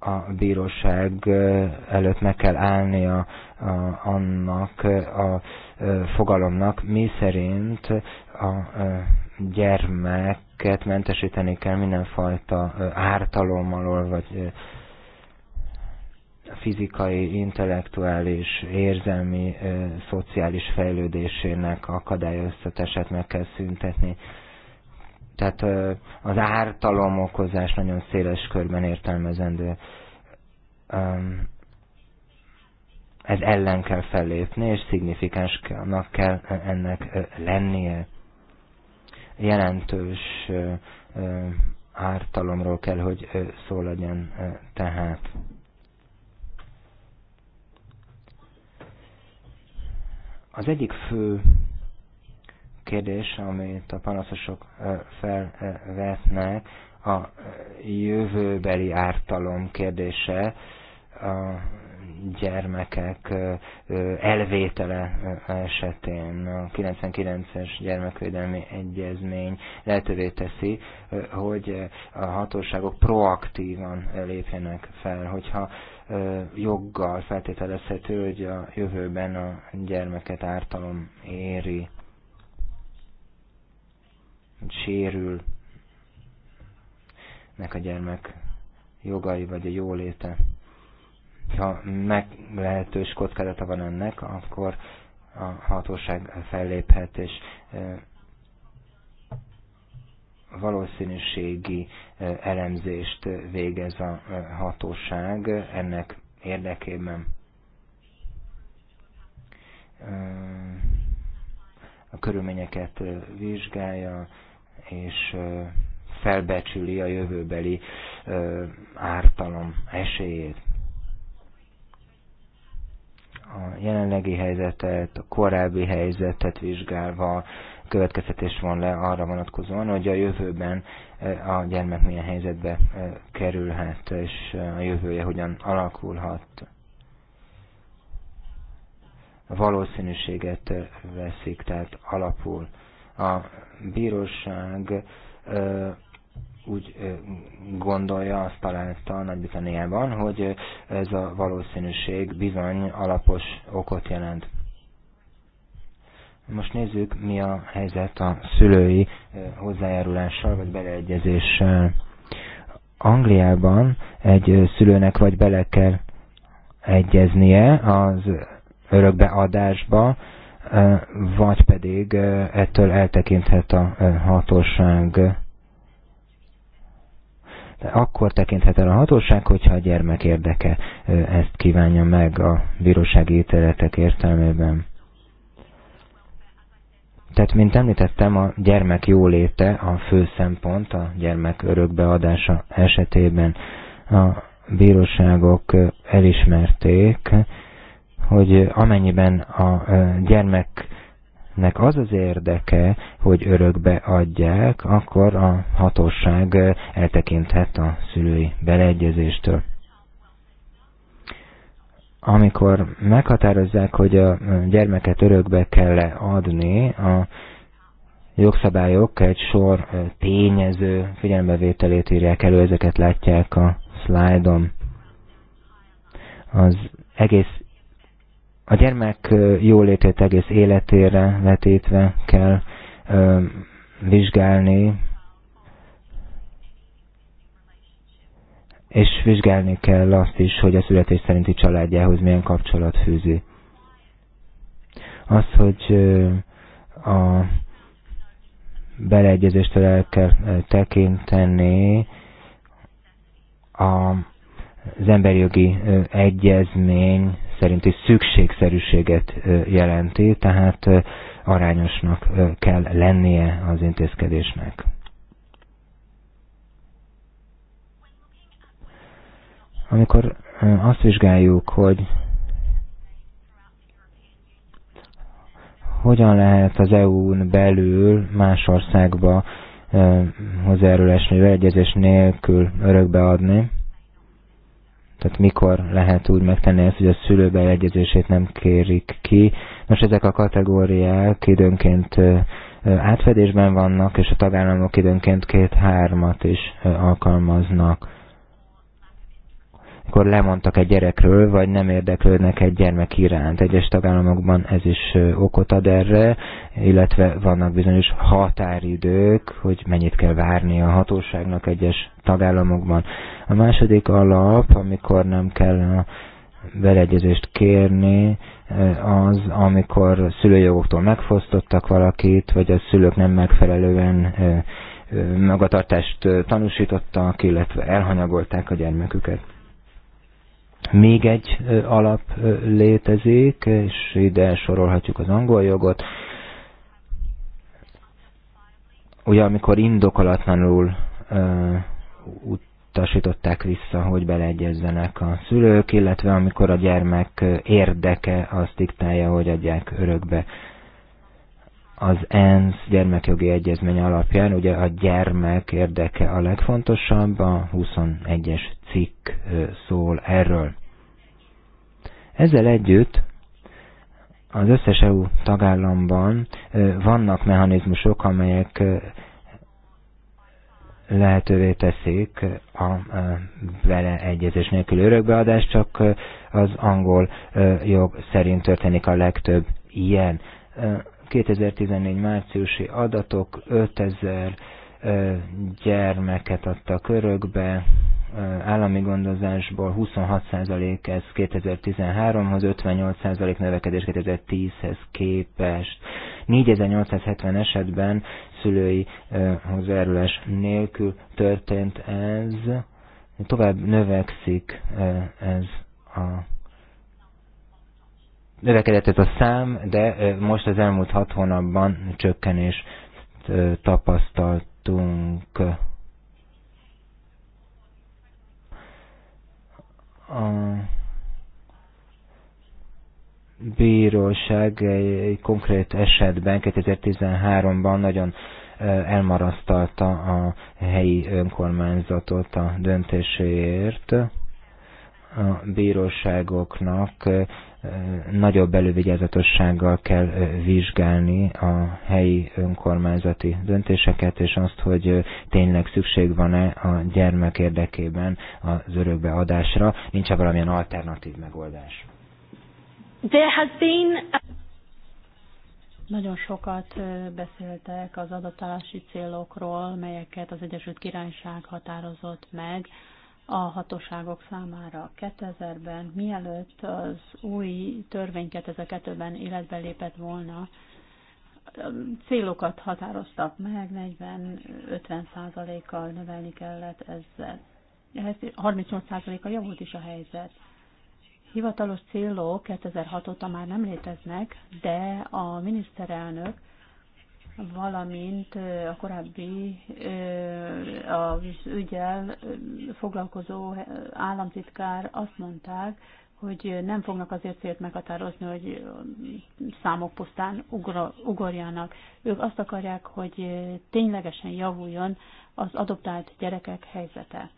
Speaker 1: a bíróság előtt meg kell állnia annak a e, fogalomnak, mi szerint a e, gyermeket mentesíteni kell mindenfajta e, ártalom alól, vagy fizikai, intellektuális, érzelmi, szociális fejlődésének akadályoztatását meg kell szüntetni. Tehát az ártalom okozás nagyon széles körben értelmezendő ez ellen kell fellépni, és szignifikánsnak kell e, ennek e, lennie. Jelentős e, ártalomról kell, hogy szó legyen tehát. Az egyik fő kérdés, amit a panaszosok felvetnek, a jövőbeli ártalom kérdése, a gyermekek elvétele esetén a 99-es gyermekvédelmi egyezmény lehetővé teszi, hogy a hatóságok proaktívan lépjenek fel, hogyha joggal feltételezhető, hogy a jövőben a gyermeket ártalom éri, sérül nek a gyermek jogai vagy a jóléte. Ha meglehetős kockázata van ennek, akkor a hatóság felléphet, és valószínűségi elemzést végez a hatóság ennek érdekében. A körülményeket vizsgálja, és felbecsüli a jövőbeli ártalom esélyét a jelenlegi helyzetet, a korábbi helyzetet vizsgálva következtetés van le arra vonatkozóan, hogy a jövőben e, a gyermek milyen helyzetbe e, kerülhet, és e, a jövője hogyan alakulhat. A valószínűséget veszik, tehát alapul. A bíróság úgy gondolja, azt a nagy hogy ez a valószínűség bizony alapos okot jelent. Most nézzük, mi a helyzet a szülői hozzájárulással vagy beleegyezéssel. Angliában egy szülőnek vagy bele kell egyeznie az örökbeadásba, vagy pedig ettől eltekinthet a hatóság de akkor tekinthet el a hatóság, hogyha a gyermek érdeke ezt kívánja meg a bírósági ítéletek értelmében. Tehát, mint említettem, a gyermek jóléte a fő szempont a gyermek örökbeadása esetében. A bíróságok elismerték, hogy amennyiben a gyermek nek az az érdeke, hogy örökbe adják, akkor a hatóság eltekinthet a szülői beleegyezéstől. Amikor meghatározzák, hogy a gyermeket örökbe kell -e adni, a jogszabályok egy sor tényező figyelmevételét írják elő, ezeket látják a szlájdon. Az egész a gyermek jólétét egész életére vetítve kell vizsgálni, és vizsgálni kell azt is, hogy a születés szerinti családjához milyen kapcsolat fűzi. Az, hogy a beleegyezéstől el kell tekinteni a, az emberjogi egyezmény szerinti szükségszerűséget jelenti, tehát arányosnak kell lennie az intézkedésnek. Amikor azt vizsgáljuk, hogy hogyan lehet az EU-n belül más országba hozzájárulás egyezés nélkül örökbeadni, tehát mikor lehet úgy megtenni ezt, hogy a szülő beegyezését nem kérik ki. Nos, ezek a kategóriák időnként átfedésben vannak, és a tagállamok időnként két-hármat is alkalmaznak amikor lemondtak egy gyerekről, vagy nem érdeklődnek egy gyermek iránt. Egyes tagállamokban ez is okot ad erre, illetve vannak bizonyos határidők, hogy mennyit kell várni a hatóságnak egyes tagállamokban. A második alap, amikor nem kell a beleegyezést kérni, az, amikor szülőjogoktól megfosztottak valakit, vagy a szülők nem megfelelően magatartást tanúsítottak, illetve elhanyagolták a gyermeküket. Még egy alap létezik, és ide sorolhatjuk az angol jogot. Ugye amikor indokolatlanul utasították vissza, hogy beleegyezzenek a szülők, illetve amikor a gyermek érdeke azt diktálja, hogy adják örökbe az ENSZ gyermekjogi egyezmény alapján ugye a gyermek érdeke a legfontosabb, a 21-es cikk szól erről. Ezzel együtt az összes EU tagállamban vannak mechanizmusok, amelyek lehetővé teszik a egyezés nélkül örökbeadás, csak az angol jog szerint történik a legtöbb ilyen 2014 márciusi adatok 5000 gyermeket adtak örökbe, állami gondozásból 26% ez 2013-hoz, 58% növekedés 2010-hez képest. 4870 esetben szülői hozzájárulás nélkül történt ez, tovább növekszik ez a növekedett ez a szám, de most az elmúlt hat hónapban csökkenés tapasztaltunk. A bíróság egy konkrét esetben 2013-ban nagyon elmarasztalta a helyi önkormányzatot a döntéséért. A bíróságoknak nagyobb elővigyázatossággal kell vizsgálni a helyi önkormányzati döntéseket, és azt, hogy tényleg szükség van-e a gyermek érdekében az örökbeadásra, nincs-e valamilyen alternatív megoldás?
Speaker 2: There has been... Nagyon sokat beszéltek az adatási célokról, melyeket az Egyesült Királyság határozott meg a hatóságok számára 2000-ben, mielőtt az új törvény 2002-ben életbe lépett volna, célokat határoztak meg, 40-50 százalékkal növelni kellett ezzel. Ehhez 38 százaléka javult is a helyzet. Hivatalos célok 2006 óta már nem léteznek, de a miniszterelnök valamint a korábbi az ügyel foglalkozó államtitkár azt mondták, hogy nem fognak azért célt meghatározni, hogy számok pusztán ugorjanak. Ők azt akarják, hogy ténylegesen javuljon az adoptált gyerekek helyzete.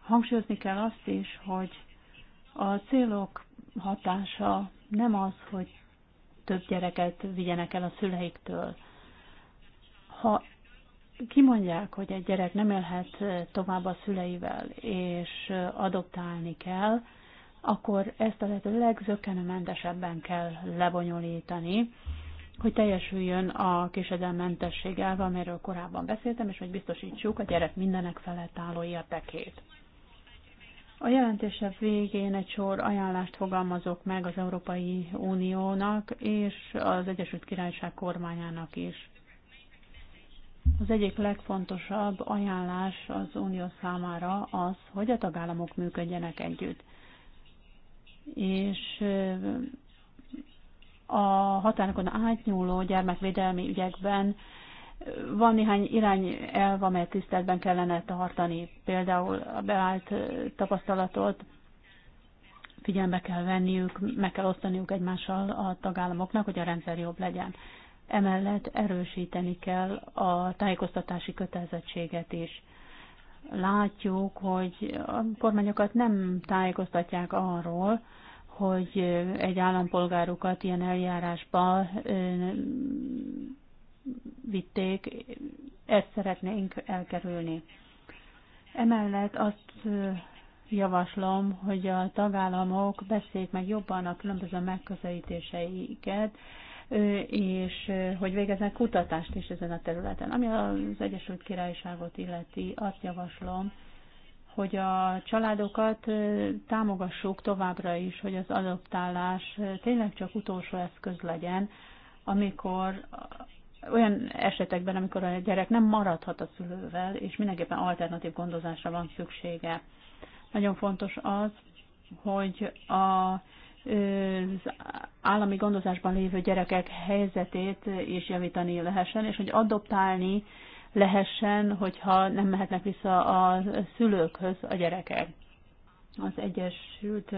Speaker 2: Hangsúlyozni kell azt is, hogy a célok hatása nem az, hogy több gyereket vigyenek el a szüleiktől, ha kimondják, hogy egy gyerek nem élhet tovább a szüleivel, és adoptálni kell, akkor ezt a lehető legzökkenőmentesebben kell lebonyolítani, hogy teljesüljön a késedelmentesség elve, amiről korábban beszéltem, és hogy biztosítsuk a gyerek mindenek felett álló értekét. A jelentése végén egy sor ajánlást fogalmazok meg az Európai Uniónak és az Egyesült Királyság kormányának is. Az egyik legfontosabb ajánlás az Unió számára az, hogy a tagállamok működjenek együtt. És a határokon átnyúló gyermekvédelmi ügyekben van néhány irányelv, amelyet tiszteletben kellene tartani. Például a beállt tapasztalatot figyelembe kell venniük, meg kell osztaniuk egymással a tagállamoknak, hogy a rendszer jobb legyen. Emellett erősíteni kell a tájékoztatási kötelezettséget is. Látjuk, hogy a kormányokat nem tájékoztatják arról, hogy egy állampolgárukat ilyen eljárásba vitték, ezt szeretnénk elkerülni. Emellett azt javaslom, hogy a tagállamok beszéljék meg jobban a különböző megközelítéseiket, és hogy végeznek kutatást is ezen a területen. Ami az Egyesült Királyságot illeti, azt javaslom, hogy a családokat támogassuk továbbra is, hogy az adoptálás tényleg csak utolsó eszköz legyen, amikor olyan esetekben, amikor a gyerek nem maradhat a szülővel, és mindenképpen alternatív gondozásra van szüksége. Nagyon fontos az, hogy a az állami gondozásban lévő gyerekek helyzetét is javítani lehessen, és hogy adoptálni lehessen, hogyha nem mehetnek vissza a szülőkhöz a gyerekek. Az Egyesült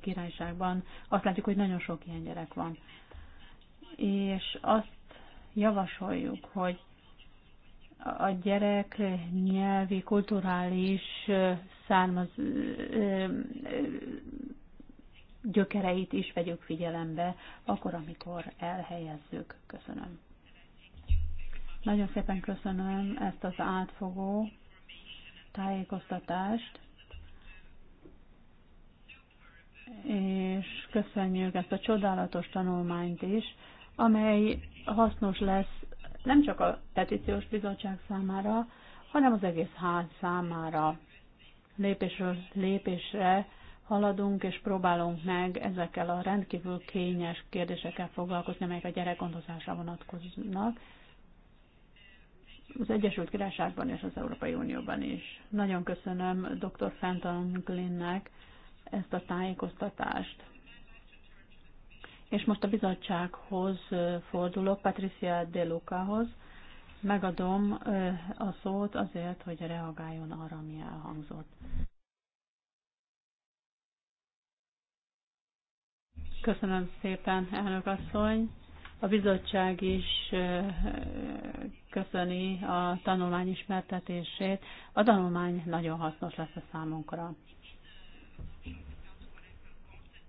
Speaker 2: Királyságban azt látjuk, hogy nagyon sok ilyen gyerek van. És azt javasoljuk, hogy a gyerek nyelvi, kulturális származ, gyökereit is vegyük figyelembe, akkor, amikor elhelyezzük. Köszönöm. Nagyon szépen köszönöm ezt az átfogó tájékoztatást, és köszönjük ezt a csodálatos tanulmányt is, amely hasznos lesz nem csak a petíciós bizottság számára, hanem az egész ház számára lépésről lépésre haladunk, és próbálunk meg ezekkel a rendkívül kényes kérdésekkel foglalkozni, amelyek a gyerekgondozásra vonatkoznak, az Egyesült Királyságban és az Európai Unióban is. Nagyon köszönöm dr. Fenton Glynnek ezt a tájékoztatást. És most a bizottsághoz fordulok, Patricia De Lucahoz. Megadom a szót azért, hogy reagáljon arra, ami elhangzott. Köszönöm szépen, elnök asszony. A bizottság is köszöni a tanulmány ismertetését. A tanulmány nagyon hasznos lesz a számunkra.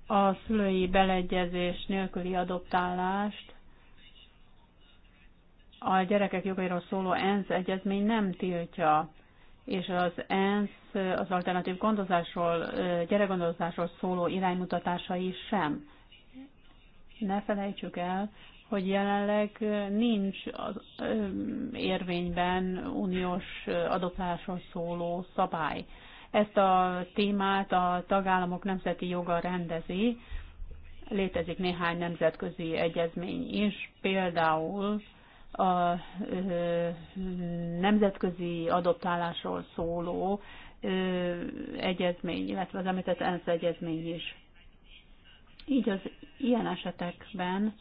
Speaker 2: A szülői beleegyezés nélküli adoptálást a gyerekek jogairól szóló ENSZ egyezmény nem tiltja, és az ENSZ az alternatív gondozásról, gyerekgondozásról szóló iránymutatásai sem ne felejtsük el, hogy jelenleg nincs az, érvényben uniós adoplásról szóló szabály. Ezt a témát a tagállamok nemzeti joga rendezi, létezik néhány nemzetközi egyezmény is, például a nemzetközi adoptálásról szóló egyezmény, illetve az említett ENSZ egyezmény is így az ilyen esetekben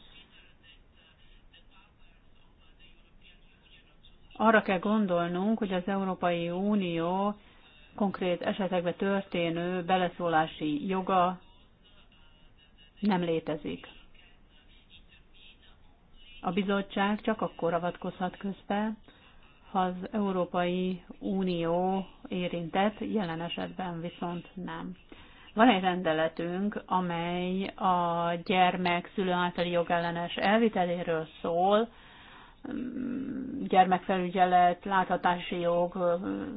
Speaker 2: arra kell gondolnunk, hogy az Európai Unió konkrét esetekben történő beleszólási joga nem létezik. A bizottság csak akkor avatkozhat közbe, ha az Európai Unió érintett, jelen esetben viszont nem. Van egy rendeletünk, amely a gyermek szülő általi jogellenes elviteléről szól, mm, gyermekfelügyelet, láthatási jog mm,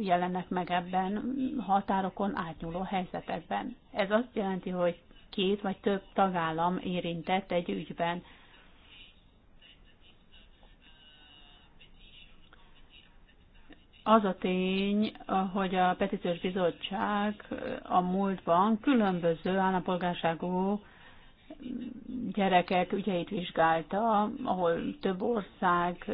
Speaker 2: jelennek meg ebben határokon átnyúló helyzetekben. Ez azt jelenti, hogy két vagy több tagállam érintett egy ügyben. az a tény, hogy a petíciós bizottság a múltban különböző állampolgárságú gyerekek ügyeit vizsgálta, ahol több ország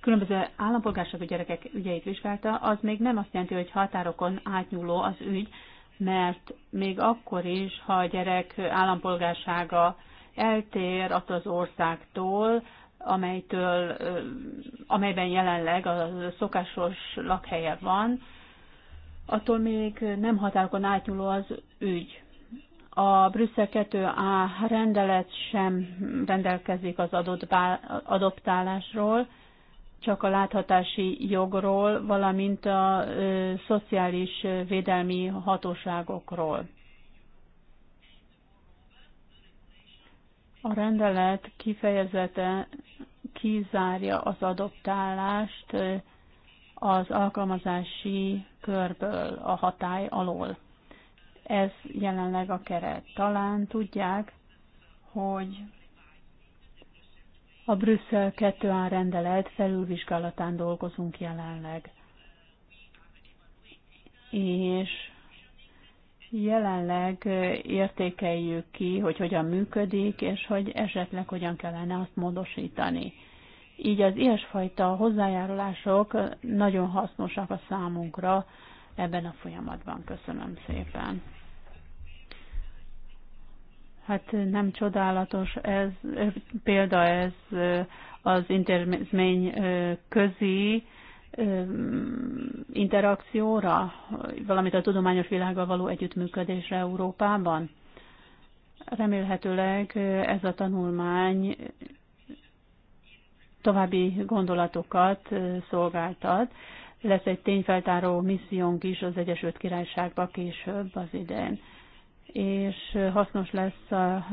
Speaker 2: különböző állampolgárságú gyerekek ügyeit vizsgálta, az még nem azt jelenti, hogy határokon átnyúló az ügy, mert még akkor is, ha a gyerek állampolgársága eltér attól az országtól, amelytől, amelyben jelenleg a szokásos lakhelye van, attól még nem határokon átnyúló az ügy. A Brüsszel 2A rendelet sem rendelkezik az adott bá, adoptálásról, csak a láthatási jogról, valamint a ö, szociális védelmi hatóságokról. A rendelet kifejezete kizárja az adoptálást az alkalmazási körből, a hatály alól. Ez jelenleg a keret. Talán tudják, hogy a Brüsszel 2A rendelet felülvizsgálatán dolgozunk jelenleg. És jelenleg értékeljük ki, hogy hogyan működik, és hogy esetleg hogyan kellene azt módosítani. Így az ilyesfajta hozzájárulások nagyon hasznosak a számunkra ebben a folyamatban. Köszönöm szépen. Hát nem csodálatos ez, példa ez az intézmény közi, interakcióra, valamint a tudományos világgal való együttműködésre Európában. Remélhetőleg ez a tanulmány további gondolatokat szolgáltat. Lesz egy tényfeltáró missziónk is az Egyesült Királyságba később az idén és hasznos lesz a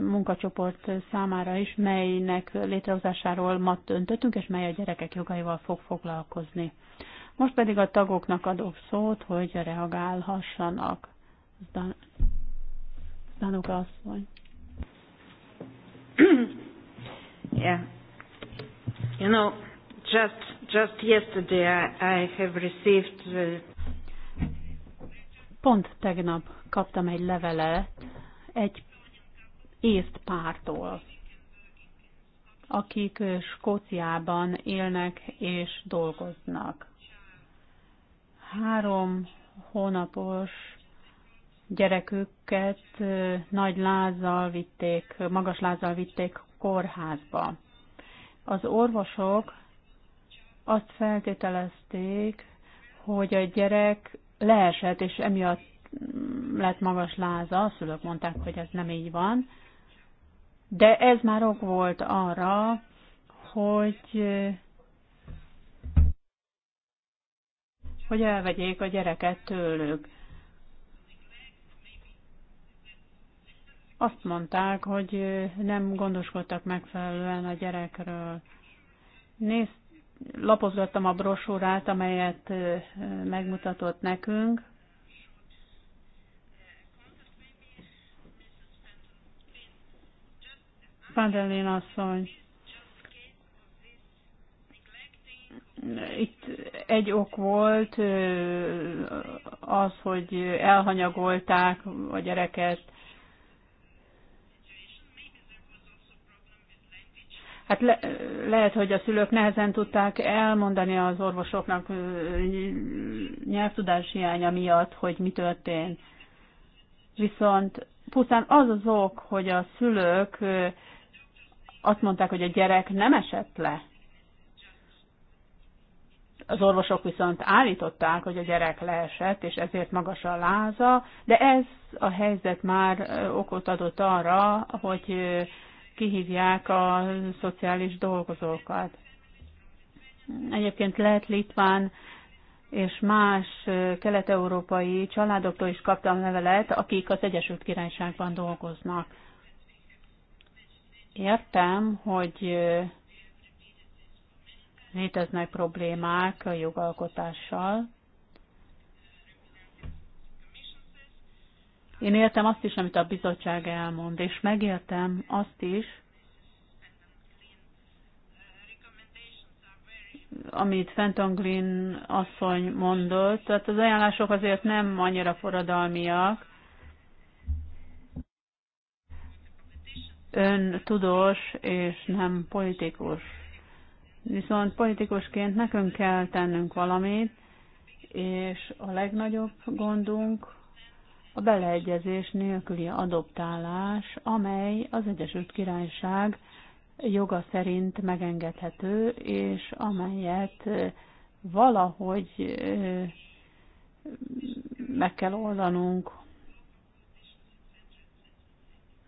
Speaker 2: munkacsoport számára is, melynek létrehozásáról ma döntöttünk, és mely a gyerekek jogaival fog foglalkozni. Most pedig a tagoknak adok szót, hogy reagálhassanak. Danuka asszony.
Speaker 3: Yeah. You know, just just yesterday I, I have received the...
Speaker 2: Pont tegnap kaptam egy levelet egy észt pártól, akik Skóciában élnek és dolgoznak. Három hónapos gyereküket nagy lázzal vitték, magas lázzal vitték kórházba. Az orvosok azt feltételezték, hogy a gyerek leesett, és emiatt lett magas láza, a szülők mondták, hogy ez nem így van, de ez már ok volt arra, hogy hogy elvegyék a gyereket tőlük. Azt mondták, hogy nem gondoskodtak megfelelően a gyerekről. Nézd, lapozgattam a brosúrát, amelyet megmutatott nekünk, Fandelén asszony. Itt egy ok volt az, hogy elhanyagolták a gyereket. Hát le, lehet, hogy a szülők nehezen tudták elmondani az orvosoknak nyelvtudás hiánya miatt, hogy mi történt. Viszont pusztán az az ok, hogy a szülők azt mondták, hogy a gyerek nem esett le. Az orvosok viszont állították, hogy a gyerek leesett, és ezért magas a láza, de ez a helyzet már okot adott arra, hogy kihívják a szociális dolgozókat. Egyébként lehet Litván és más kelet-európai családoktól is kaptam levelet, akik az Egyesült Királyságban dolgoznak. Értem, hogy léteznek problémák a jogalkotással. Én értem azt is, amit a bizottság elmond, és megértem azt is, amit Fenton Green asszony mondott, tehát az ajánlások azért nem annyira forradalmiak, ön tudós és nem politikus. Viszont politikusként nekünk kell tennünk valamit, és a legnagyobb gondunk a beleegyezés nélküli adoptálás, amely az Egyesült Királyság joga szerint megengedhető, és amelyet valahogy meg kell oldanunk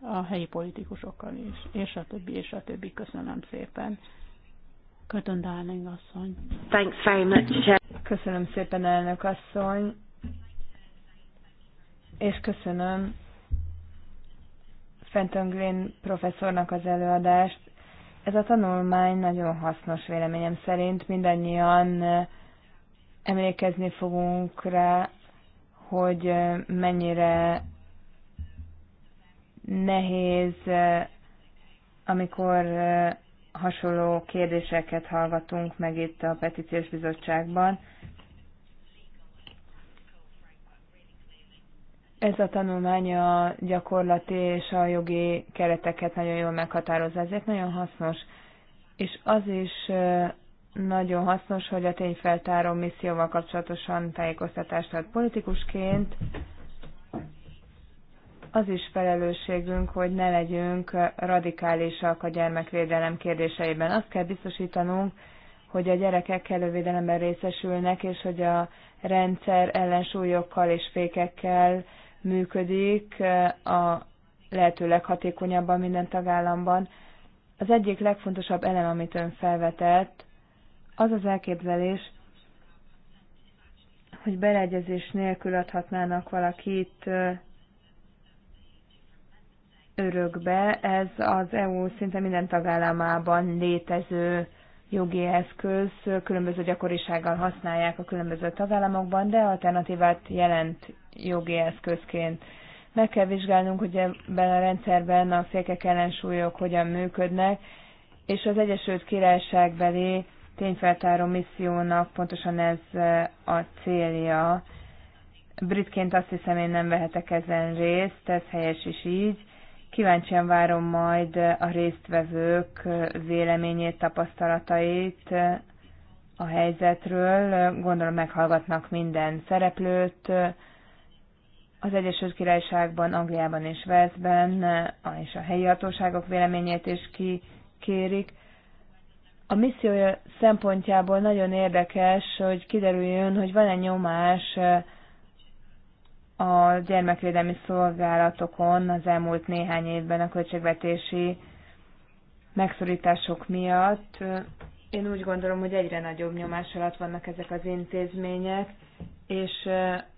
Speaker 2: a helyi politikusokkal is, és a többi, és a többi. Köszönöm
Speaker 3: szépen. Kötön Darling asszony. Thanks very much. Köszönöm szépen, elnök asszony. És köszönöm Fenton Green professzornak az előadást. Ez a tanulmány nagyon hasznos véleményem szerint. Mindannyian eh, emlékezni fogunk rá, hogy eh, mennyire nehéz, amikor hasonló kérdéseket hallgatunk meg itt a petíciós bizottságban. Ez a tanulmány a gyakorlati és a jogi kereteket nagyon jól meghatározza, ezért nagyon hasznos. És az is nagyon hasznos, hogy a tényfeltáró misszióval kapcsolatosan tájékoztatást ad politikusként, az is felelősségünk, hogy ne legyünk radikálisak a gyermekvédelem kérdéseiben. Azt kell biztosítanunk, hogy a gyerekek kellővédelemben részesülnek, és hogy a rendszer ellensúlyokkal és fékekkel működik a lehető leghatékonyabban minden tagállamban. Az egyik legfontosabb elem, amit ön felvetett, az az elképzelés, hogy beleegyezés nélkül adhatnának valakit örökbe. Ez az EU szinte minden tagállamában létező jogi eszköz, különböző gyakorisággal használják a különböző tagállamokban, de alternatívát jelent jogi eszközként. Meg kell vizsgálnunk, hogy ebben a rendszerben a fékek ellensúlyok hogyan működnek, és az Egyesült Királyság belé tényfeltáró missziónak pontosan ez a célja. Britként azt hiszem én nem vehetek ezen részt, ez helyes is így, Kíváncsian várom majd a résztvevők véleményét, tapasztalatait a helyzetről. Gondolom meghallgatnak minden szereplőt. Az Egyesült Királyságban, Angliában és Velszben, és a helyi hatóságok véleményét is kikérik. A missziója szempontjából nagyon érdekes, hogy kiderüljön, hogy van-e nyomás a gyermekvédelmi szolgálatokon az elmúlt néhány évben a költségvetési megszorítások miatt. Én úgy gondolom, hogy egyre nagyobb nyomás alatt vannak ezek az intézmények, és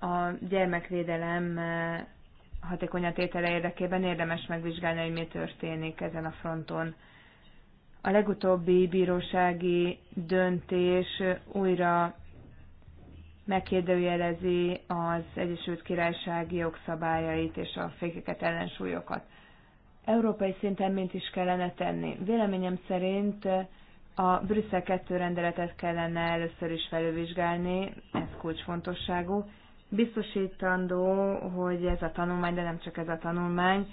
Speaker 3: a gyermekvédelem hatékonyan tétele érdekében érdemes megvizsgálni, hogy mi történik ezen a fronton. A legutóbbi bírósági döntés újra megkérdőjelezi az Egyesült Királyság jogszabályait és a fékeket, ellensúlyokat. Európai szinten mint is kellene tenni? Véleményem szerint a Brüsszel 2 rendeletet kellene először is felülvizsgálni, ez kulcsfontosságú. Biztosítandó, hogy ez a tanulmány, de nem csak ez a tanulmány,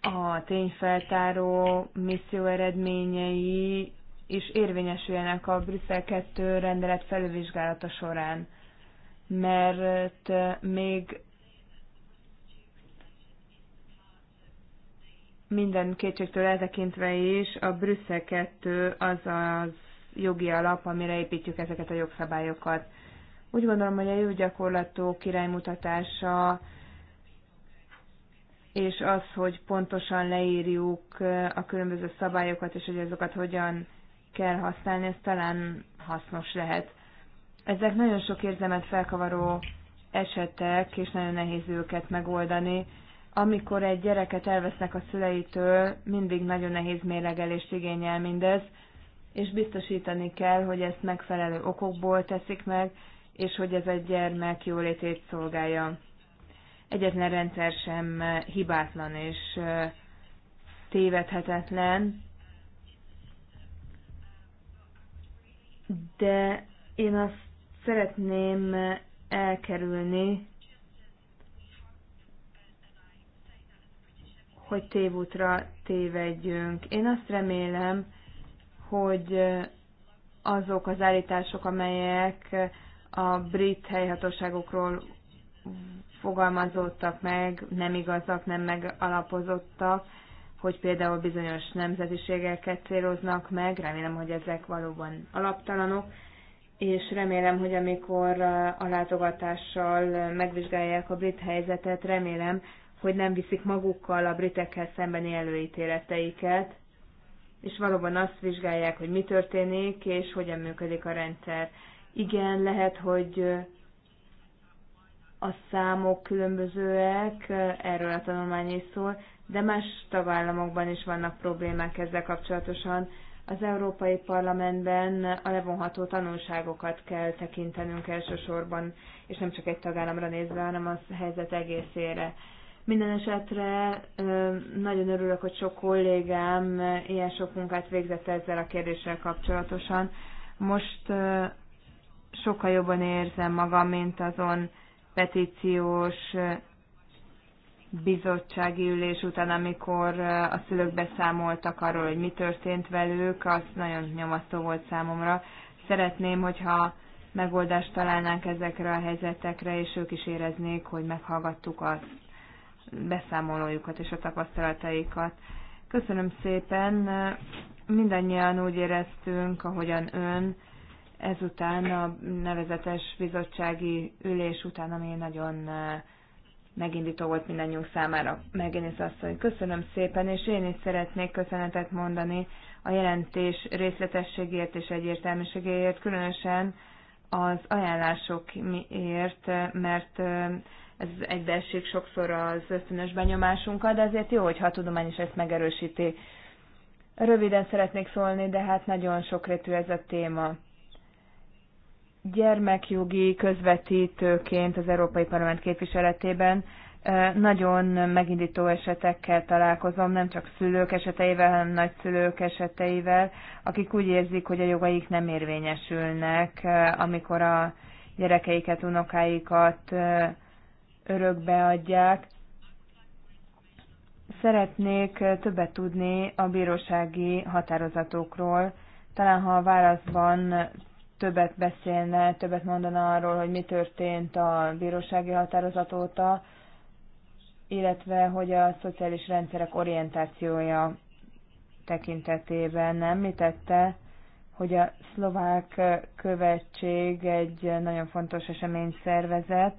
Speaker 3: a tényfeltáró misszió eredményei is érvényesüljenek a Brüsszel 2 rendelet felülvizsgálata során, mert még minden kétségtől eltekintve is a Brüsszel 2 az az jogi alap, amire építjük ezeket a jogszabályokat. Úgy gondolom, hogy a jó gyakorlatok iránymutatása és az, hogy pontosan leírjuk a különböző szabályokat, és hogy azokat hogyan kell használni, ez talán hasznos lehet. Ezek nagyon sok érzemet felkavaró esetek, és nagyon nehéz őket megoldani. Amikor egy gyereket elvesznek a szüleitől, mindig nagyon nehéz mélegelést igényel mindez, és biztosítani kell, hogy ezt megfelelő okokból teszik meg, és hogy ez egy gyermek jólétét szolgálja. Egyetlen rendszer sem hibátlan és tévedhetetlen, de én azt szeretném elkerülni, hogy tévútra tévedjünk. Én azt remélem, hogy azok az állítások, amelyek a brit helyhatóságokról fogalmazódtak meg, nem igazak, nem megalapozottak, hogy például bizonyos nemzetiségeket céloznak meg, remélem, hogy ezek valóban alaptalanok, és remélem, hogy amikor eh, a látogatással eh, megvizsgálják a brit helyzetet, remélem, hogy nem viszik magukkal a britekkel szembeni előítéleteiket, és valóban azt vizsgálják, hogy mi történik, és hogyan működik a rendszer. Igen, lehet, hogy eh, a számok különbözőek, erről a tanulmány is szól, de más tagállamokban is vannak problémák ezzel kapcsolatosan. Az Európai Parlamentben a levonható tanulságokat kell tekintenünk elsősorban, és nem csak egy tagállamra nézve, hanem a helyzet egészére. Minden esetre nagyon örülök, hogy sok kollégám ilyen sok munkát végzett ezzel a kérdéssel kapcsolatosan. Most sokkal jobban érzem magam, mint azon petíciós bizottsági ülés után, amikor a szülők beszámoltak arról, hogy mi történt velük, az nagyon nyomasztó volt számomra. Szeretném, hogyha megoldást találnánk ezekre a helyzetekre, és ők is éreznék, hogy meghallgattuk a beszámolójukat és a tapasztalataikat. Köszönöm szépen, mindannyian úgy éreztünk, ahogyan ön, ezután a nevezetes bizottsági ülés után, ami nagyon megindító volt mindannyiunk számára. Megénész hogy köszönöm szépen, és én is szeretnék köszönetet mondani a jelentés részletességért és egyértelműségéért, különösen az ajánlásokért, mert ez egybeesik sokszor az ösztönös benyomásunkkal, de azért jó, hogyha a tudomány is ezt megerősíti. Röviden szeretnék szólni, de hát nagyon sokrétű ez a téma gyermekjogi közvetítőként az Európai Parlament képviseletében nagyon megindító esetekkel találkozom, nem csak szülők eseteivel, hanem nagyszülők eseteivel, akik úgy érzik, hogy a jogaik nem érvényesülnek, amikor a gyerekeiket, unokáikat örökbe adják. Szeretnék többet tudni a bírósági határozatokról. Talán ha a válaszban többet beszélne, többet mondana arról, hogy mi történt a bírósági határozat óta, illetve hogy a szociális rendszerek orientációja tekintetében nem tette, hogy a szlovák követség egy nagyon fontos esemény szervezett,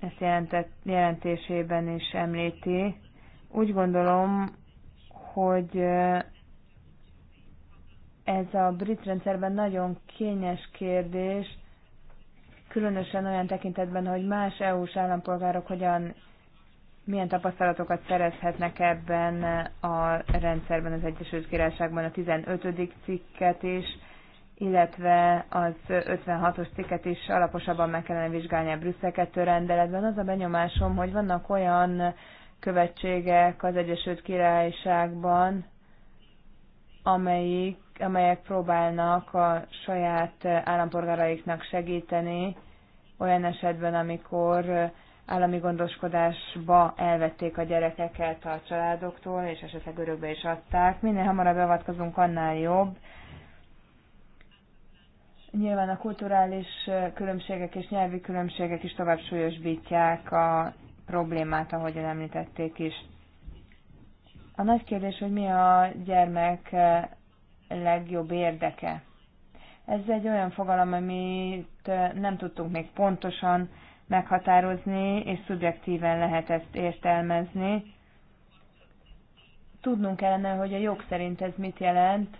Speaker 3: ezt jelentett, jelentésében is említi. Úgy gondolom, hogy ez a brit rendszerben nagyon kényes kérdés, különösen olyan tekintetben, hogy más EU-s állampolgárok hogyan, milyen tapasztalatokat szerezhetnek ebben a rendszerben, az Egyesült Királyságban a 15. cikket is, illetve az 56-os cikket is alaposabban meg kellene vizsgálni a Brüsszel 2 rendeletben. Az a benyomásom, hogy vannak olyan követségek az Egyesült Királyságban, amelyik, amelyek próbálnak a saját állampolgáraiknak segíteni olyan esetben, amikor állami gondoskodásba elvették a gyerekeket a családoktól, és esetleg örökbe is adták. Minél hamarabb beavatkozunk, annál jobb. Nyilván a kulturális különbségek és nyelvi különbségek is tovább súlyosbítják a problémát, ahogyan említették is. A nagy kérdés, hogy mi a gyermek eh, legjobb érdeke. Ez egy olyan fogalom, amit eh, nem tudtunk még pontosan meghatározni, és szubjektíven lehet ezt értelmezni. Tudnunk kellene, hogy a jog szerint ez mit jelent,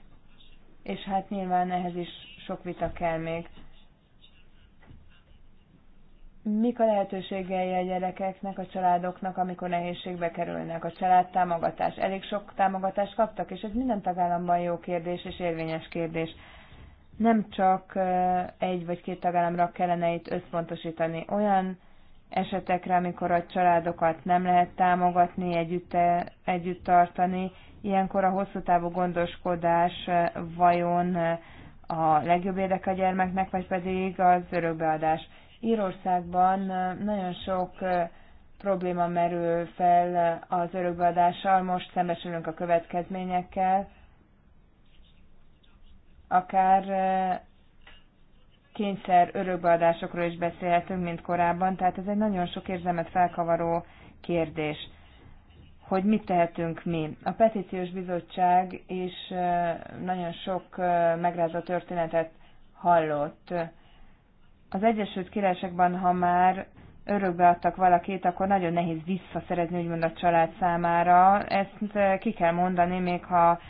Speaker 3: és hát nyilván ehhez is sok vita kell még mik a lehetőségei a gyerekeknek, a családoknak, amikor nehézségbe kerülnek? A család támogatás. Elég sok támogatást kaptak, és ez minden tagállamban jó kérdés és érvényes kérdés. Nem csak egy vagy két tagállamra kellene itt összpontosítani. Olyan esetekre, amikor a családokat nem lehet támogatni, együtt, együtt tartani, ilyenkor a hosszú távú gondoskodás vajon a legjobb érdek a gyermeknek, vagy pedig az örökbeadás Írországban nagyon sok probléma merül fel az örökbeadással, most szembesülünk a következményekkel, akár kényszer örökbeadásokról is beszélhetünk, mint korábban, tehát ez egy nagyon sok érzelmet felkavaró kérdés, hogy mit tehetünk mi. A petíciós bizottság is nagyon sok megrázó történetet hallott az Egyesült Királyságban, ha már örökbe adtak valakit, akkor nagyon nehéz visszaszerezni, úgymond a család számára. Ezt eh, ki kell mondani, még ha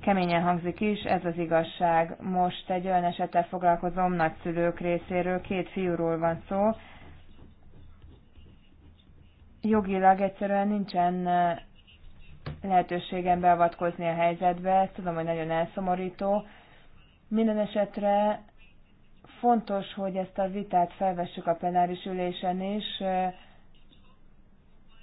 Speaker 3: keményen hangzik is, ez az igazság. Most egy olyan esettel foglalkozom nagyszülők részéről, két fiúról van szó. Jogilag egyszerűen nincsen eh, lehetőségem beavatkozni a helyzetbe, ezt tudom, hogy nagyon elszomorító. Minden esetre Fontos, hogy ezt a vitát felvessük a plenáris ülésen is,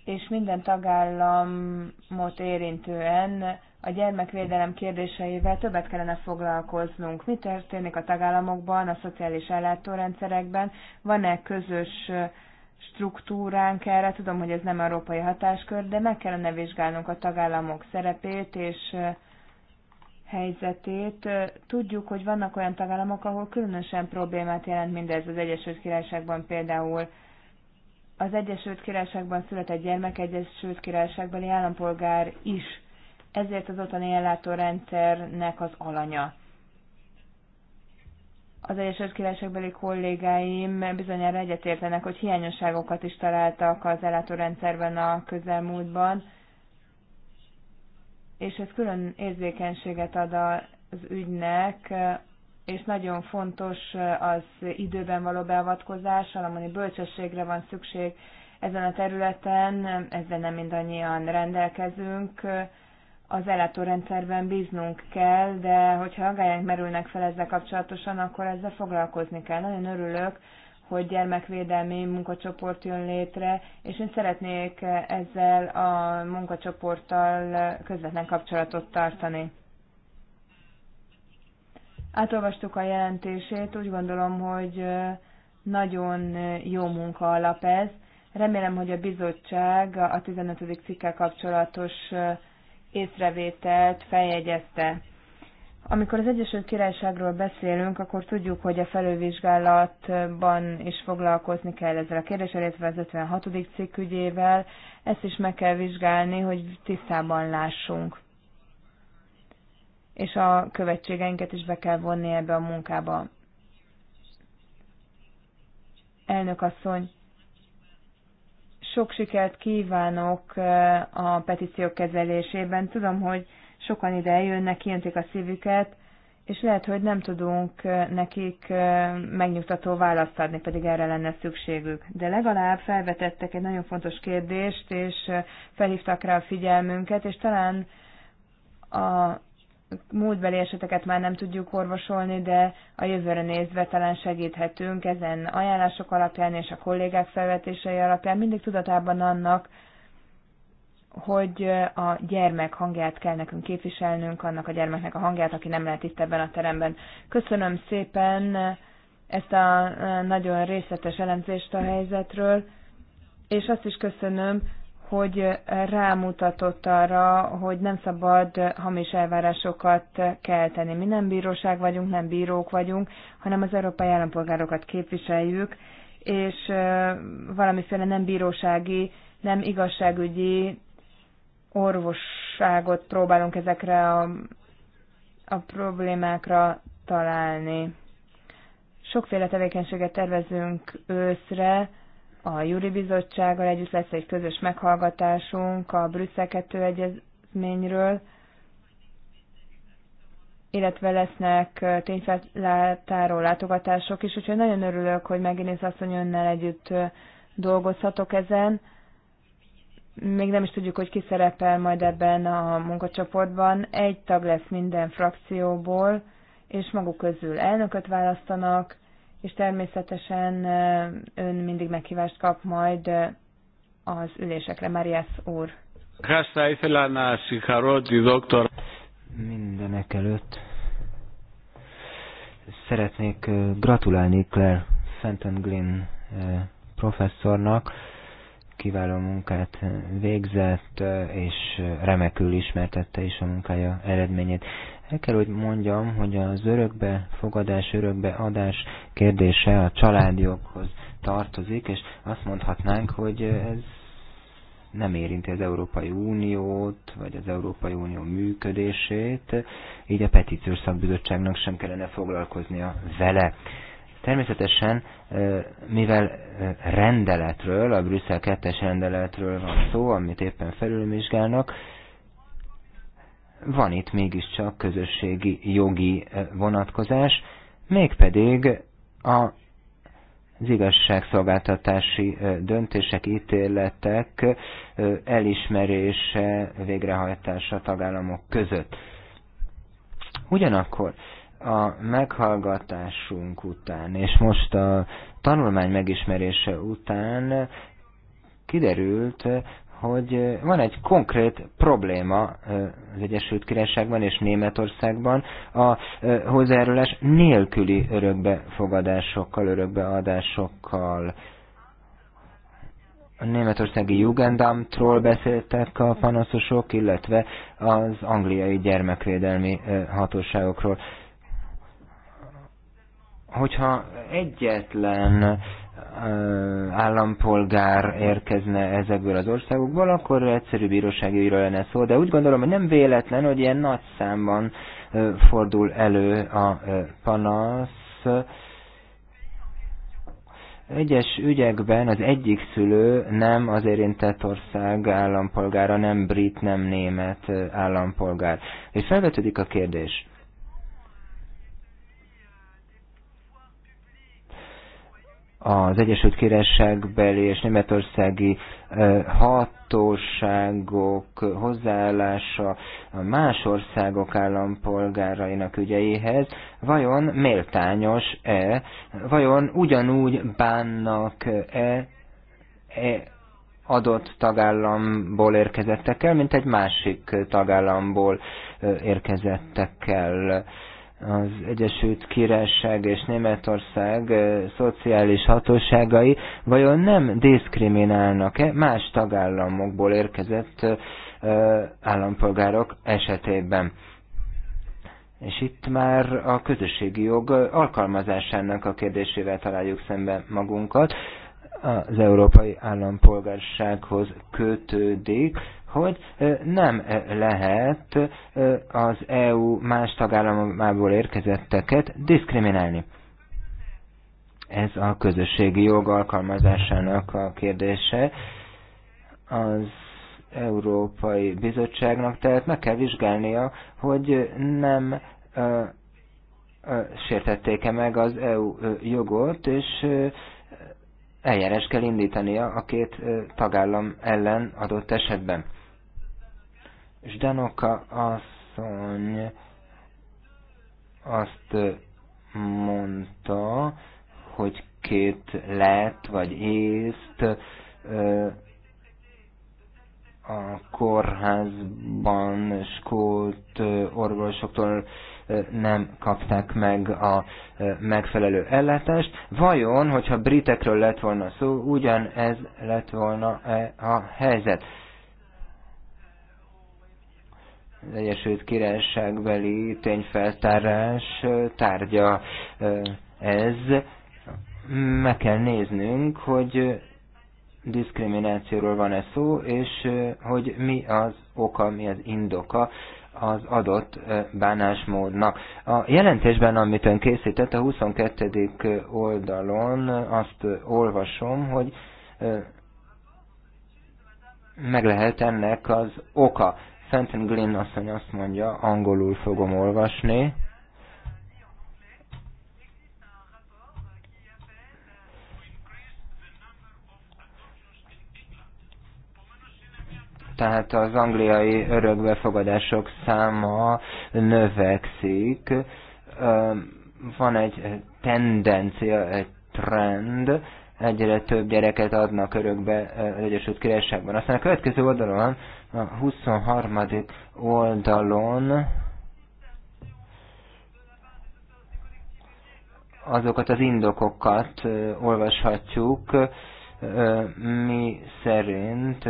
Speaker 3: és minden tagállamot érintően a gyermekvédelem kérdéseivel többet kellene foglalkoznunk. Mi történik a tagállamokban, a szociális ellátórendszerekben? Van-e közös struktúránk erre? Tudom, hogy ez nem európai hatáskör, de meg kellene vizsgálnunk a tagállamok szerepét, és helyzetét. Tudjuk, hogy vannak olyan tagállamok, ahol különösen problémát jelent mindez az Egyesült Királyságban például. Az Egyesült Királyságban született gyermek Egyesült Királyságbeli állampolgár is, ezért az otthoni ellátórendszernek az alanya. Az Egyesült Királyságbeli kollégáim bizonyára egyetértenek, hogy hiányosságokat is találtak az ellátórendszerben a közelmúltban, és ez külön érzékenységet ad az ügynek, és nagyon fontos az időben való beavatkozás, valamennyi bölcsességre van szükség ezen a területen, ezzel nem mindannyian rendelkezünk. Az ellátórendszerben bíznunk kell, de hogyha aggályánk merülnek fel ezzel kapcsolatosan, akkor ezzel foglalkozni kell. Nagyon örülök, hogy gyermekvédelmi munkacsoport jön létre, és én szeretnék ezzel a munkacsoporttal közvetlen kapcsolatot tartani. Átolvastuk a jelentését, úgy gondolom, hogy nagyon jó munka alap ez. Remélem, hogy a bizottság a 15. cikkel kapcsolatos észrevételt feljegyezte. Amikor az Egyesült Királyságról beszélünk, akkor tudjuk, hogy a felővizsgálatban is foglalkozni kell ezzel a kérdéssel, illetve az 56. cikk ügyével. Ezt is meg kell vizsgálni, hogy tisztában lássunk. És a követségeinket is be kell vonni ebbe a munkába. Elnök asszony, sok sikert kívánok eh, a petíciók kezelésében. Tudom, hogy sokan ide jönnek, kientik a szívüket, és lehet, hogy nem tudunk nekik megnyugtató választ adni, pedig erre lenne szükségük. De legalább felvetettek egy nagyon fontos kérdést, és felhívtak rá a figyelmünket, és talán a múltbeli eseteket már nem tudjuk orvosolni, de a jövőre nézve talán segíthetünk ezen ajánlások alapján és a kollégák felvetései alapján mindig tudatában annak, hogy a gyermek hangját kell nekünk képviselnünk, annak a gyermeknek a hangját, aki nem lehet itt ebben a teremben. Köszönöm szépen ezt a nagyon részletes elemzést a helyzetről, és azt is köszönöm, hogy rámutatott arra, hogy nem szabad hamis elvárásokat kelteni. Mi nem bíróság vagyunk, nem bírók vagyunk, hanem az európai állampolgárokat képviseljük, és valamiféle nem bírósági, nem igazságügyi orvosságot próbálunk ezekre a, a problémákra találni. Sokféle tevékenységet tervezünk őszre, a Júri Bizottsággal együtt lesz egy közös meghallgatásunk a Brüsszel 2 egyezményről, illetve lesznek tényfeltáró látogatások is, úgyhogy nagyon örülök, hogy megint asszony önnel együtt dolgozhatok ezen még nem is tudjuk, hogy ki szerepel majd ebben a munkacsoportban. Egy tag lesz minden frakcióból, és maguk közül elnököt választanak, és természetesen ön mindig meghívást kap majd az ülésekre, Marias úr.
Speaker 1: Hasta ήθελα να συγχαρώ Mindenek előtt szeretnék gratulálni Claire Fenton Glynn professzornak, kiváló munkát végzett, és remekül ismertette is a munkája eredményét. El kell, hogy mondjam, hogy az örökbe fogadás, örökbe adás kérdése a családjoghoz tartozik, és azt mondhatnánk, hogy ez nem érinti az Európai Uniót, vagy az Európai Unió működését, így a petíciós szakbizottságnak sem kellene foglalkoznia vele. Természetesen, mivel rendeletről, a Brüsszel 2-es rendeletről van szó, amit éppen felülvizsgálnak, van itt mégiscsak közösségi jogi vonatkozás, mégpedig a az igazságszolgáltatási döntések, ítéletek elismerése, végrehajtása tagállamok között. Ugyanakkor a meghallgatásunk után, és most a tanulmány megismerése után kiderült, hogy van egy konkrét probléma az Egyesült Királyságban és Németországban a hozzájárulás nélküli örökbefogadásokkal, örökbeadásokkal. A németországi Jugendamtról beszéltek a panaszosok, illetve az angliai gyermekvédelmi hatóságokról. Hogyha egyetlen állampolgár érkezne ezekből az országokból, akkor egyszerű bírósági ügyről lenne szó, de úgy gondolom, hogy nem véletlen, hogy ilyen nagy számban fordul elő a panasz. Egyes ügyekben az egyik szülő nem az érintett ország állampolgára, nem brit, nem német állampolgár. És felvetődik a kérdés, az Egyesült Királyságbeli és németországi hatóságok hozzáállása a más országok állampolgárainak ügyeihez vajon méltányos-e, vajon ugyanúgy bánnak-e e adott tagállamból érkezettekkel, mint egy másik tagállamból érkezettekkel az Egyesült Királyság és Németország szociális hatóságai vajon nem diszkriminálnak-e más tagállamokból érkezett állampolgárok esetében? És itt már a közösségi jog alkalmazásának a kérdésével találjuk szembe magunkat. Az európai állampolgársághoz kötődik hogy nem lehet az EU más tagállamából érkezetteket diszkriminálni. Ez a közösségi jog alkalmazásának a kérdése. Az Európai Bizottságnak tehát meg kell vizsgálnia, hogy nem ö, ö, sértették-e meg az EU jogot, és eljárás kell indítania a két tagállam ellen adott esetben. Danoka asszony azt mondta, hogy két lett vagy észt a kórházban skolt orvosoktól nem kapták meg a megfelelő ellátást. Vajon, hogyha britekről lett volna szó, ugyanez lett volna -e a helyzet? az Egyesült Királyságbeli tényfeltárás tárgya ez. Meg kell néznünk, hogy diszkriminációról van-e szó, és hogy mi az oka, mi az indoka az adott bánásmódnak. A jelentésben, amit ön készített, a 22. oldalon azt olvasom, hogy meg lehet ennek az oka. Fenton Green asszony azt mondja, angolul fogom olvasni, tehát az angliai örökbefogadások száma növekszik. Van egy tendencia, egy trend, egyre több gyereket adnak örökbe az Egyesült Királyságban. Aztán a következő oldalon a 23. oldalon azokat az indokokat olvashatjuk, mi szerint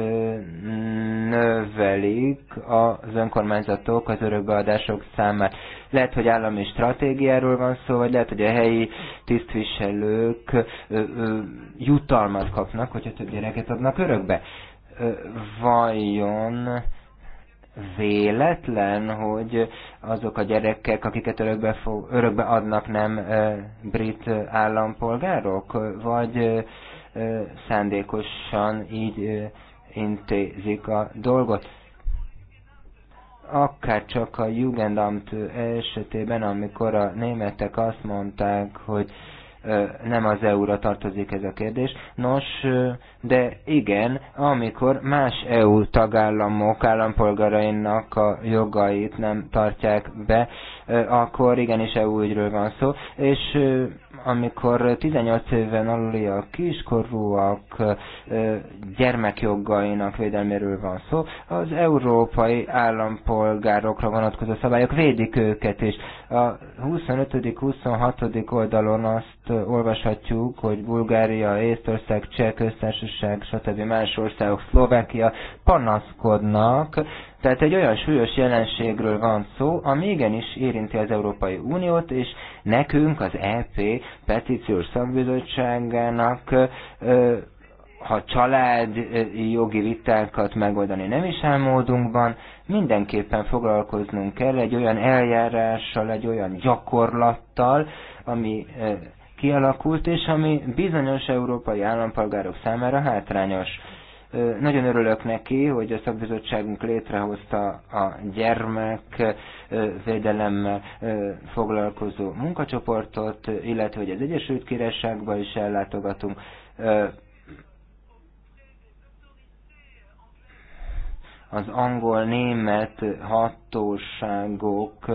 Speaker 1: növelik az önkormányzatok az örökbeadások számát. Lehet, hogy állami stratégiáról van szó, vagy lehet, hogy a helyi tisztviselők jutalmat kapnak, hogyha több gyereket adnak örökbe vajon véletlen, hogy azok a gyerekek, akiket örökbe, fog, örökbe adnak, nem brit állampolgárok, vagy szándékosan így intézik a dolgot. Akár csak a Jugendamt esetében, amikor a németek azt mondták, hogy nem az EU-ra tartozik ez a kérdés. Nos, de igen, amikor más EU tagállamok állampolgarainak a jogait nem tartják be, akkor igenis EU ügyről van szó, és amikor 18 éven a kiskorúak gyermekjogainak védelméről van szó, az európai állampolgárokra vonatkozó szabályok védik őket is. A 25.-26. oldalon azt olvashatjuk, hogy Bulgária, Észtország, Cseh köztársaság, stb. más országok, Szlovákia panaszkodnak, tehát egy olyan súlyos jelenségről van szó, ami igenis érinti az Európai Uniót, és nekünk az EP petíciós szakbizottságának, ha család jogi vitákat megoldani nem is álmódunkban, mindenképpen foglalkoznunk kell egy olyan eljárással, egy olyan gyakorlattal, ami kialakult, és ami bizonyos európai állampolgárok számára hátrányos nagyon örülök neki, hogy a szakbizottságunk létrehozta a gyermekvédelemmel foglalkozó munkacsoportot, illetve hogy az Egyesült Királyságba is ellátogatunk. Az angol-német hatóságok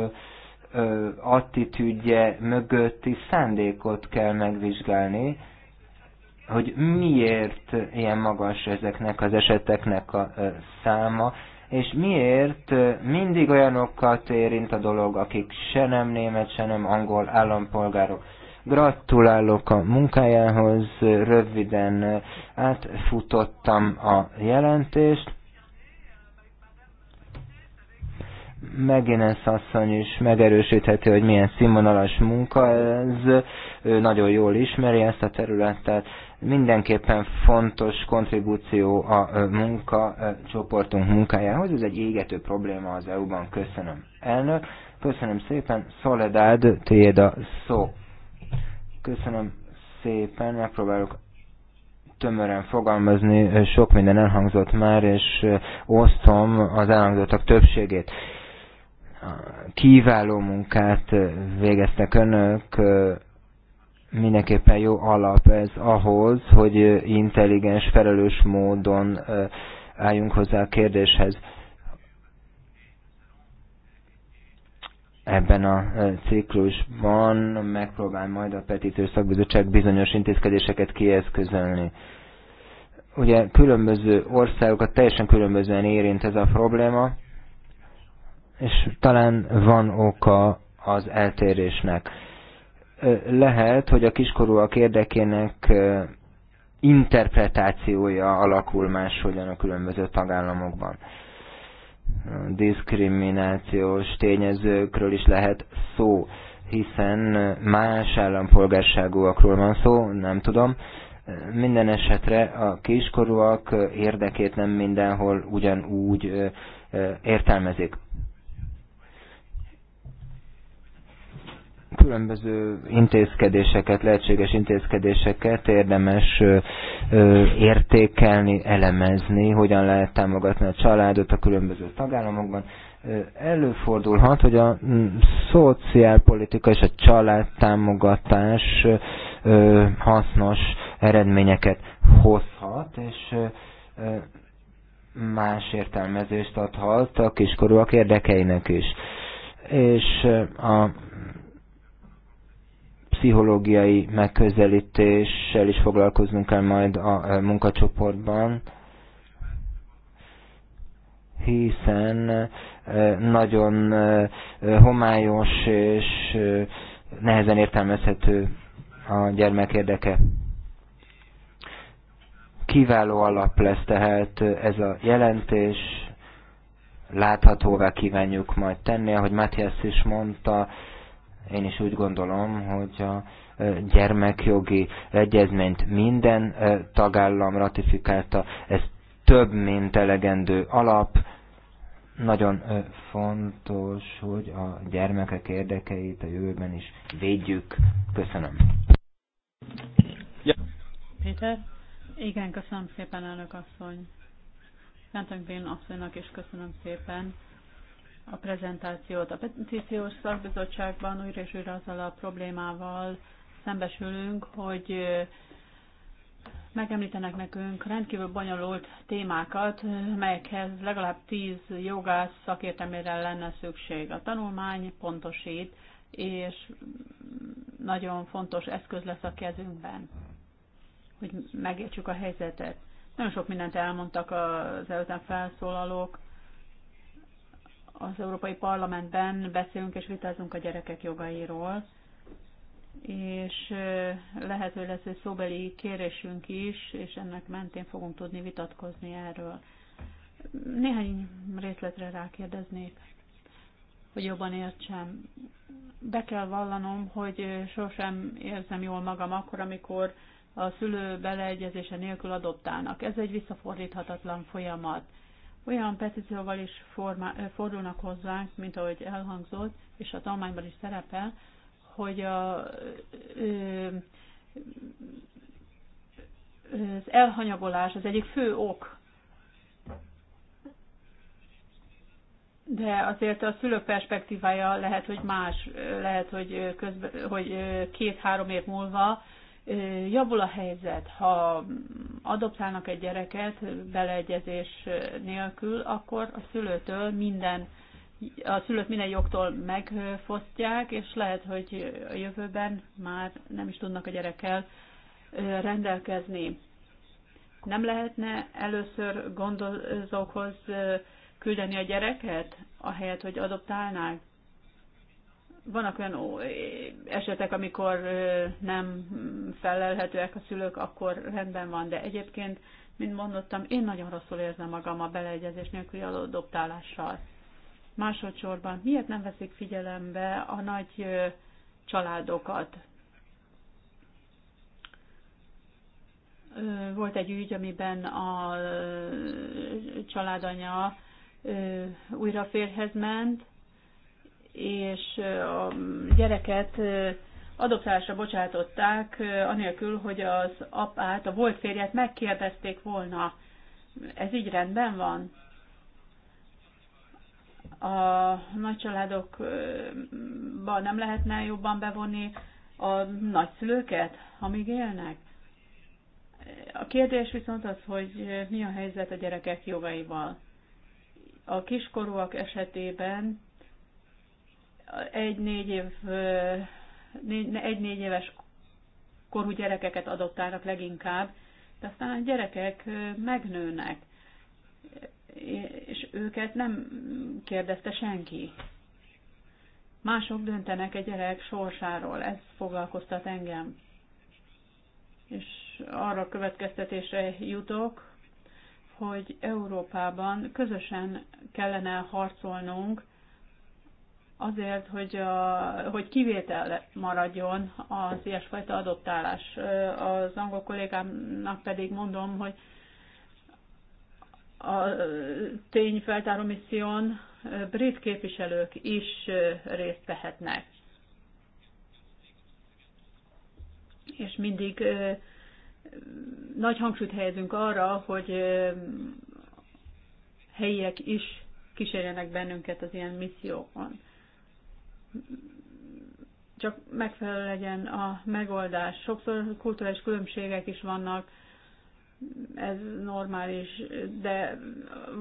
Speaker 1: attitűdje mögötti szándékot kell megvizsgálni, hogy miért ilyen magas ezeknek az eseteknek a száma, és miért mindig olyanokat érint a dolog, akik se nem német, se nem angol állampolgárok. Gratulálok a munkájához, röviden átfutottam a jelentést. ez asszony is megerősítheti, hogy milyen színvonalas munka ez, ő nagyon jól ismeri ezt a területet, mindenképpen fontos kontribúció a munka csoportunk munkájához. Ez egy égető probléma az EU-ban. Köszönöm, elnök. Köszönöm szépen. Soledad, tiéd a szó. Köszönöm szépen. Megpróbálok tömören fogalmazni. Sok minden elhangzott már, és osztom az elhangzottak többségét kiváló munkát végeztek önök, mindenképpen jó alap ez ahhoz, hogy intelligens, felelős módon álljunk hozzá a kérdéshez. Ebben a ciklusban megpróbál majd a petíciós szakbizottság bizonyos intézkedéseket kieszközölni. Ugye különböző országokat teljesen különbözően érint ez a probléma, és talán van oka az eltérésnek lehet, hogy a kiskorúak érdekének interpretációja alakul máshogyan a különböző tagállamokban. Diszkriminációs tényezőkről is lehet szó, hiszen más állampolgárságúakról van szó, nem tudom. Minden esetre a kiskorúak érdekét nem mindenhol ugyanúgy értelmezik. különböző intézkedéseket, lehetséges intézkedéseket érdemes értékelni, elemezni, hogyan lehet támogatni a családot a különböző tagállamokban. Előfordulhat, hogy a szociálpolitika és a családtámogatás hasznos eredményeket hozhat, és más értelmezést adhat a kiskorúak érdekeinek is. És a pszichológiai megközelítéssel is foglalkoznunk kell majd a e, munkacsoportban, hiszen e, nagyon e, homályos és nehezen értelmezhető a gyermek érdeke. Kiváló alap lesz tehát ez a jelentés, láthatóvá kívánjuk majd tenni, ahogy Matthias is mondta, én is úgy gondolom, hogy a gyermekjogi egyezményt minden tagállam ratifikálta. Ez több, mint elegendő alap. Nagyon fontos, hogy a gyermekek érdekeit a jövőben is védjük. Köszönöm.
Speaker 2: Péter? Igen, köszönöm szépen, elnök asszony. Bén asszonynak is köszönöm szépen a prezentációt. A petíciós szakbizottságban újra és újra azzal a problémával szembesülünk, hogy megemlítenek nekünk rendkívül bonyolult témákat, melyekhez legalább tíz jogász szakértelmére lenne szükség. A tanulmány pontosít, és nagyon fontos eszköz lesz a kezünkben, hogy megértsük a helyzetet. Nagyon sok mindent elmondtak az előttem felszólalók, az Európai Parlamentben beszélünk és vitázunk a gyerekek jogairól, és lehet, hogy lesz egy szóbeli kérésünk is, és ennek mentén fogunk tudni vitatkozni erről. Néhány részletre rákérdeznék, hogy jobban értsem. Be kell vallanom, hogy sosem érzem jól magam akkor, amikor a szülő beleegyezése nélkül adoptálnak. Ez egy visszafordíthatatlan folyamat olyan petícióval is formá, fordulnak hozzánk, mint ahogy elhangzott, és a tanulmányban is szerepel, hogy a, ö, az elhanyagolás az egyik fő ok. De azért a szülők perspektívája lehet, hogy más, lehet, hogy, hogy két-három év múlva javul a helyzet, ha adoptálnak egy gyereket beleegyezés nélkül, akkor a szülőtől minden, a szülőt minden jogtól megfosztják, és lehet, hogy a jövőben már nem is tudnak a gyerekkel rendelkezni. Nem lehetne először gondozókhoz küldeni a gyereket, ahelyett, hogy adoptálnák? vannak olyan esetek, amikor nem felelhetőek a szülők, akkor rendben van, de egyébként, mint mondottam, én nagyon rosszul érzem magam a beleegyezés nélküli adoptálással. Másodszorban, miért nem veszik figyelembe a nagy családokat? Volt egy ügy, amiben a családanya újra férhez ment, és a gyereket adoptálásra bocsátották, anélkül, hogy az apát, a volt férjet megkérdezték volna. Ez így rendben van? A nagycsaládokba nem lehetne jobban bevonni a nagyszülőket, amíg élnek? A kérdés viszont az, hogy mi a helyzet a gyerekek jogaival. A kiskorúak esetében egy-négy év, egy-négy éves korú gyerekeket adottálnak leginkább, de aztán a gyerekek megnőnek, és őket nem kérdezte senki. Mások döntenek egy gyerek sorsáról, ez foglalkoztat engem. És arra következtetésre jutok, hogy Európában közösen kellene harcolnunk azért, hogy, a, hogy kivétel maradjon az ilyesfajta adoptálás. Az angol kollégámnak pedig mondom, hogy a tényfeltáró misszión brit képviselők is részt vehetnek. És mindig nagy hangsúlyt helyezünk arra, hogy helyiek is kísérjenek bennünket az ilyen missziókon csak megfelelő legyen a megoldás. Sokszor kulturális különbségek is vannak, ez normális, de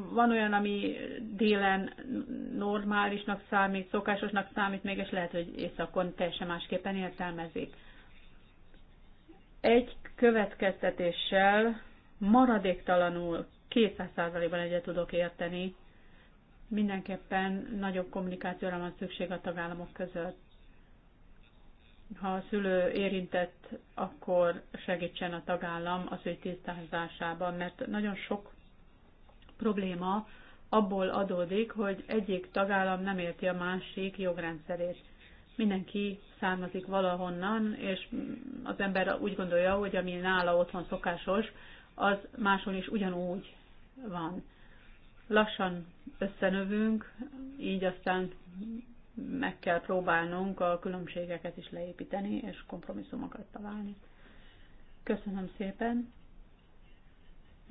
Speaker 2: van olyan, ami délen normálisnak számít, szokásosnak számít, mégis lehet, hogy éjszakon teljesen másképpen értelmezik. Egy következtetéssel maradéktalanul 200%-ban egyet tudok érteni Mindenképpen nagyobb kommunikációra van szükség a tagállamok között. Ha a szülő érintett, akkor segítsen a tagállam az ő tisztázásában, mert nagyon sok probléma abból adódik, hogy egyik tagállam nem érti a másik jogrendszerét. Mindenki származik valahonnan, és az ember úgy gondolja, hogy ami nála otthon szokásos, az máshol is ugyanúgy van lassan összenövünk, így aztán meg kell próbálnunk a különbségeket is leépíteni, és kompromisszumokat találni. Köszönöm szépen.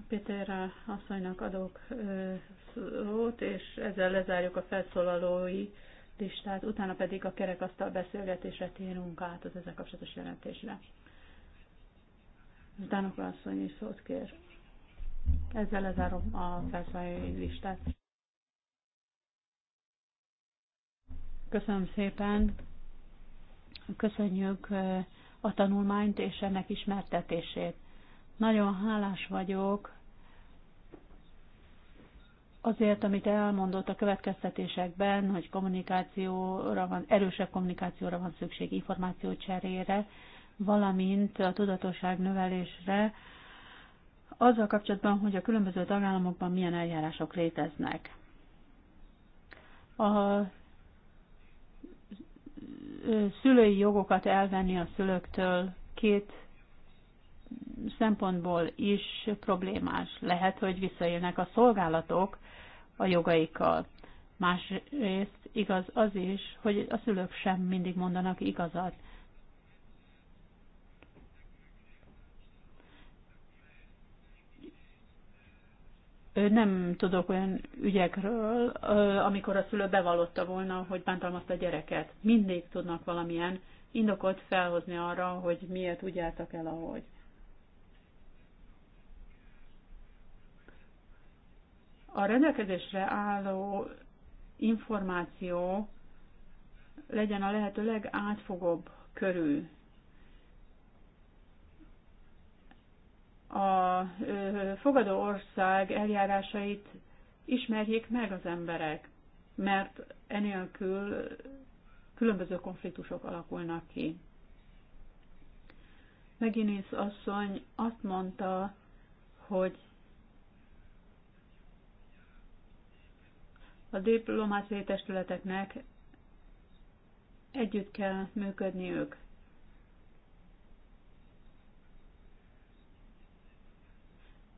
Speaker 2: Péter asszonynak adok szót, és ezzel lezárjuk a felszólalói listát, utána pedig a kerekasztal beszélgetésre térünk át az ezzel kapcsolatos jelentésre. Danoka asszony is szót kér. Ezzel lezárom a felszólalói listát. Köszönöm szépen. Köszönjük eh, a tanulmányt és ennek ismertetését. Nagyon hálás vagyok azért, amit elmondott a következtetésekben, hogy kommunikációra van, erősebb kommunikációra van szükség, információ cserére, valamint a tudatosság növelésre, azzal kapcsolatban, hogy a különböző tagállamokban milyen eljárások léteznek. A szülői jogokat elvenni a szülőktől két szempontból is problémás. Lehet, hogy visszaélnek a szolgálatok a jogaikkal. Másrészt igaz az is, hogy a szülők sem mindig mondanak igazat. nem tudok olyan ügyekről, amikor a szülő bevallotta volna, hogy bántalmazta a gyereket. Mindig tudnak valamilyen indokot felhozni arra, hogy miért úgy álltak el, ahogy. A rendelkezésre álló információ legyen a lehető legátfogóbb körül. a fogadó ország eljárásait ismerjék meg az emberek, mert enélkül különböző konfliktusok alakulnak ki. Meginész asszony azt mondta, hogy a diplomáciai testületeknek együtt kell működniük.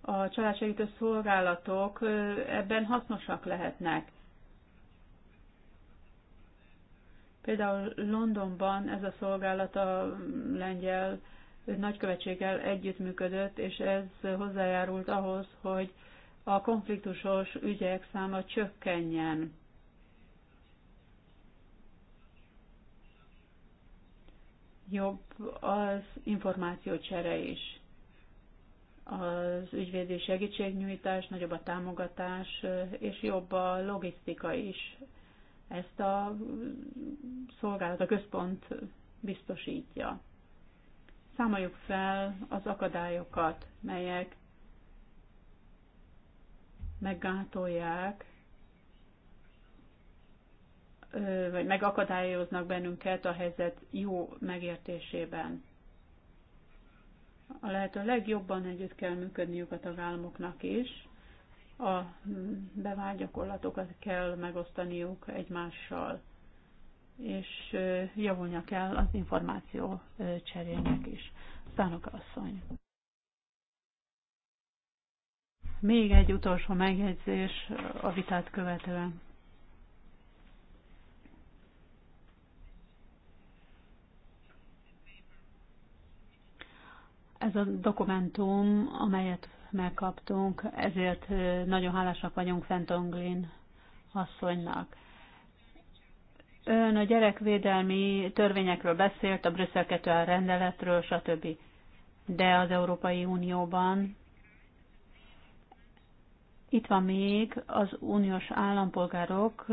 Speaker 2: a családsegítő szolgálatok ebben hasznosak lehetnek. Például Londonban ez a szolgálat a lengyel nagykövetséggel együttműködött, és ez hozzájárult ahhoz, hogy a konfliktusos ügyek száma csökkenjen. Jobb az információcsere is az ügyvédi segítségnyújtás, nagyobb a támogatás, és jobb a logisztika is. Ezt a szolgálat, a központ biztosítja. Számoljuk fel az akadályokat, melyek meggátolják, vagy megakadályoznak bennünket a helyzet jó megértésében a lehető legjobban együtt kell működniük a tagállamoknak is, a bevágyakorlatokat kell megosztaniuk egymással, és javulnia kell az információ cserének is. Szánok asszony. Még egy utolsó megjegyzés a vitát követően. Ez a dokumentum, amelyet megkaptunk, ezért nagyon hálásak vagyunk Fentonglin asszonynak. Ön a gyerekvédelmi törvényekről beszélt, a Brüsszel 2 rendeletről, stb. De az Európai Unióban itt van még az uniós állampolgárok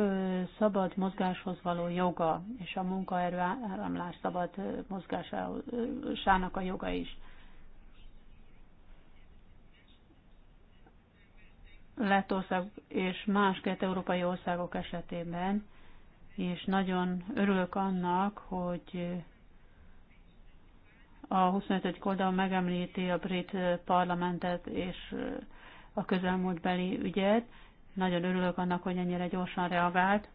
Speaker 2: szabad mozgáshoz való joga, és a munkaerő áramlás szabad mozgásának a joga is. Lettország és más két európai országok esetében, és nagyon örülök annak, hogy a 25. oldal megemlíti a brit parlamentet és a közelmúltbeli ügyet. Nagyon örülök annak, hogy ennyire gyorsan reagált.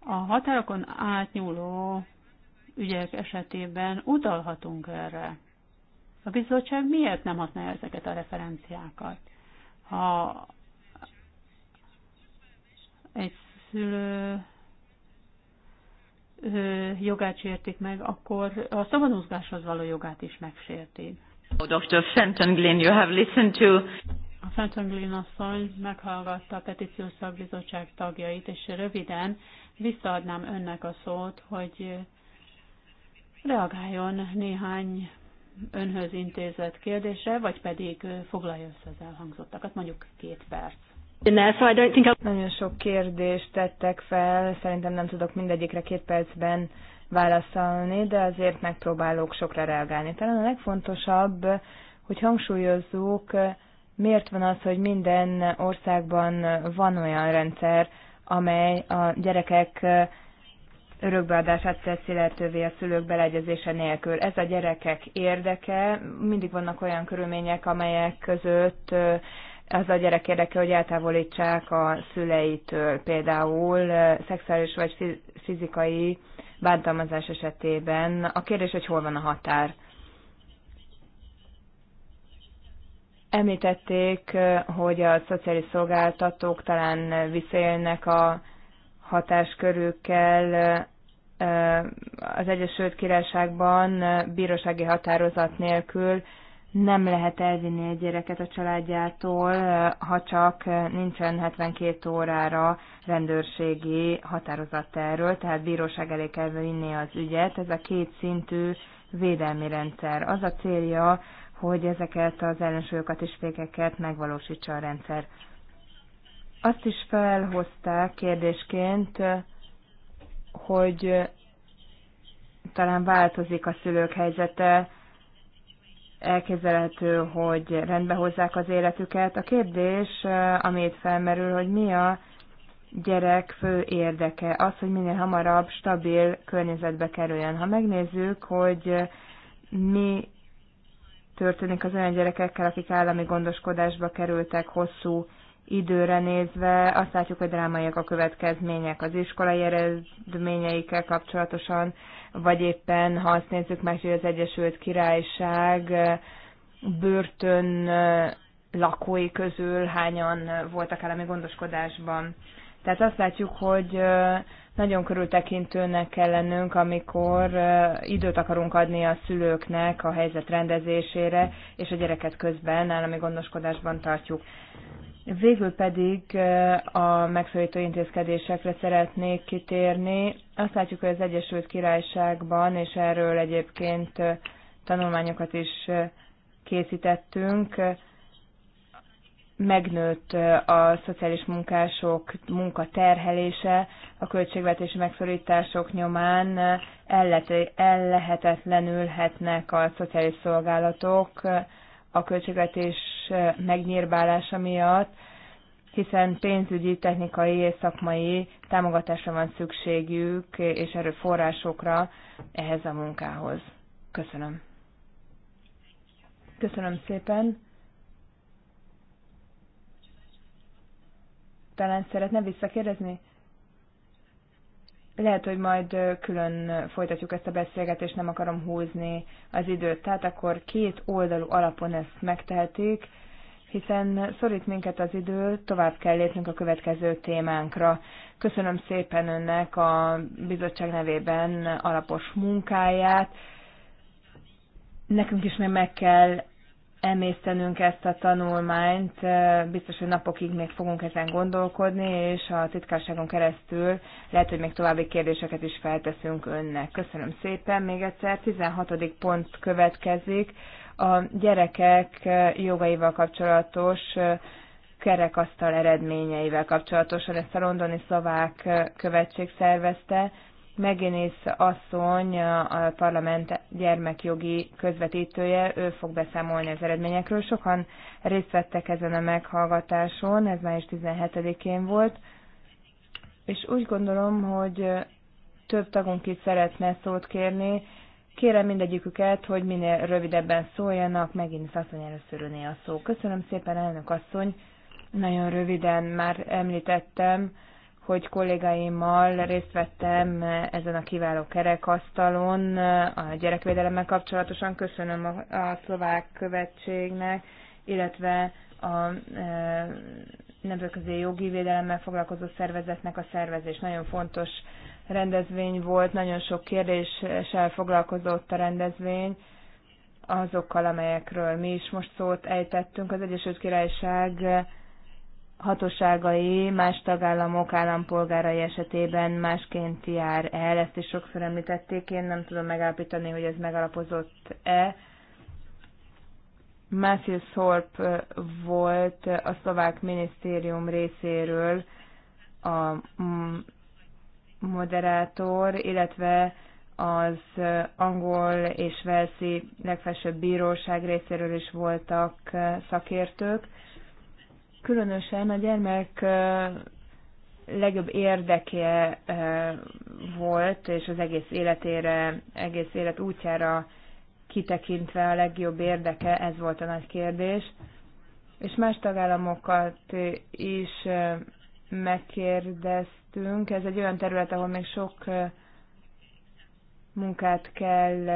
Speaker 2: A határokon átnyúló ügyek esetében utalhatunk erre. A bizottság miért nem használja ezeket a referenciákat? Ha egy szülő jogát sértik meg, akkor a szabadúzgáshoz való jogát is megsérti. Oh, Dr. Fenton Glynn, you have listened to... A Fenton Glynn asszony meghallgatta a petíciós szakbizottság tagjait, és röviden visszaadnám önnek a szót, hogy reagáljon néhány önhöz intézett kérdésre, vagy pedig foglalja össze az elhangzottakat, mondjuk két perc.
Speaker 3: Nagyon sok kérdést tettek fel, szerintem nem tudok mindegyikre két percben válaszolni, de azért megpróbálok sokra reagálni. Talán a legfontosabb, hogy hangsúlyozzuk, miért van az, hogy minden országban van olyan rendszer, amely a gyerekek örökbeadását teszi lehetővé a szülők beleegyezése nélkül. Ez a gyerekek érdeke. Mindig vannak olyan körülmények, amelyek között az a gyerek érdeke, hogy eltávolítsák a szüleitől, például szexuális vagy fizikai bántalmazás esetében. A kérdés, hogy hol van a határ. Említették, hogy a szociális szolgáltatók talán visszaélnek a hatáskörükkel, az Egyesült Királyságban bírósági határozat nélkül nem lehet elvinni egy gyereket a családjától, ha csak nincsen 72 órára rendőrségi határozat erről, tehát bíróság elé kell vinni az ügyet. Ez a két szintű védelmi rendszer. Az a célja, hogy ezeket az ellensúlyokat és fékeket megvalósítsa a rendszer. Azt is felhozták kérdésként, hogy talán változik a szülők helyzete, elképzelhető, hogy rendbe hozzák az életüket. A kérdés, amit felmerül, hogy mi a gyerek fő érdeke, az, hogy minél hamarabb stabil környezetbe kerüljön. Ha megnézzük, hogy mi történik az olyan gyerekekkel, akik állami gondoskodásba kerültek hosszú időre nézve azt látjuk, hogy drámaiak a következmények az iskolai eredményeikkel kapcsolatosan, vagy éppen, ha azt nézzük meg, hogy az Egyesült Királyság börtön lakói közül hányan voltak állami gondoskodásban. Tehát azt látjuk, hogy nagyon körültekintőnek kell lennünk, amikor időt akarunk adni a szülőknek a helyzet rendezésére, és a gyereket közben állami gondoskodásban tartjuk. Végül pedig eh, a megszorító intézkedésekre szeretnék kitérni. Azt látjuk, hogy az Egyesült Királyságban, és erről egyébként eh, tanulmányokat is eh, készítettünk, megnőtt a szociális munkások munkaterhelése a költségvetési megszorítások nyomán, ellehetetlenülhetnek a szociális szolgálatok a költségvetés Eh, megnyírbálása miatt, hiszen pénzügyi, technikai és szakmai támogatásra van szükségük, és erőforrásokra ehhez a munkához. Köszönöm. Köszönöm szépen. Talán szeretne visszakérdezni? Lehet, hogy majd külön folytatjuk ezt a beszélgetést, nem akarom húzni az időt. Tehát akkor két oldalú alapon ezt megtehetik, hiszen szorít minket az idő, tovább kell lépnünk a következő témánkra. Köszönöm szépen önnek a bizottság nevében alapos munkáját. Nekünk is még meg kell emésztenünk ezt a tanulmányt. Biztos, hogy napokig még fogunk ezen gondolkodni, és a titkárságon keresztül lehet, hogy még további kérdéseket is felteszünk önnek. Köszönöm szépen. Még egyszer 16. pont következik. A gyerekek jogaival kapcsolatos kerekasztal eredményeivel kapcsolatosan. Ezt a londoni szlovák követség szervezte. Megénész asszony, a parlament gyermekjogi közvetítője, ő fog beszámolni az eredményekről. Sokan részt vettek ezen a meghallgatáson, ez május 17-én volt, és úgy gondolom, hogy több tagunk is szeretne szót kérni. Kérem mindegyiküket, hogy minél rövidebben szóljanak, megint asszony először öné a szó. Köszönöm szépen, elnök asszony. Nagyon röviden már említettem, hogy kollégáimmal részt vettem ezen a kiváló kerekasztalon a gyerekvédelemmel kapcsolatosan. Köszönöm a, szlovák követségnek, illetve a e, nemzetközi jogi védelemmel foglalkozó szervezetnek a szervezés. Nagyon fontos rendezvény volt, nagyon sok kérdéssel foglalkozott a rendezvény azokkal, amelyekről mi is most szót ejtettünk. Az Egyesült Királyság hatóságai más tagállamok állampolgárai esetében másként jár el, ezt is sokszor említették, én nem tudom megállapítani, hogy ez megalapozott-e. Matthew Thorpe volt a szlovák minisztérium részéről a mm, moderátor, illetve az angol és velszi legfelsőbb bíróság részéről is voltak szakértők Különösen a gyermek legjobb érdeke volt, és az egész életére, egész élet útjára kitekintve a legjobb érdeke, ez volt a nagy kérdés. És más tagállamokat is megkérdeztünk. Ez egy olyan terület, ahol még sok munkát kell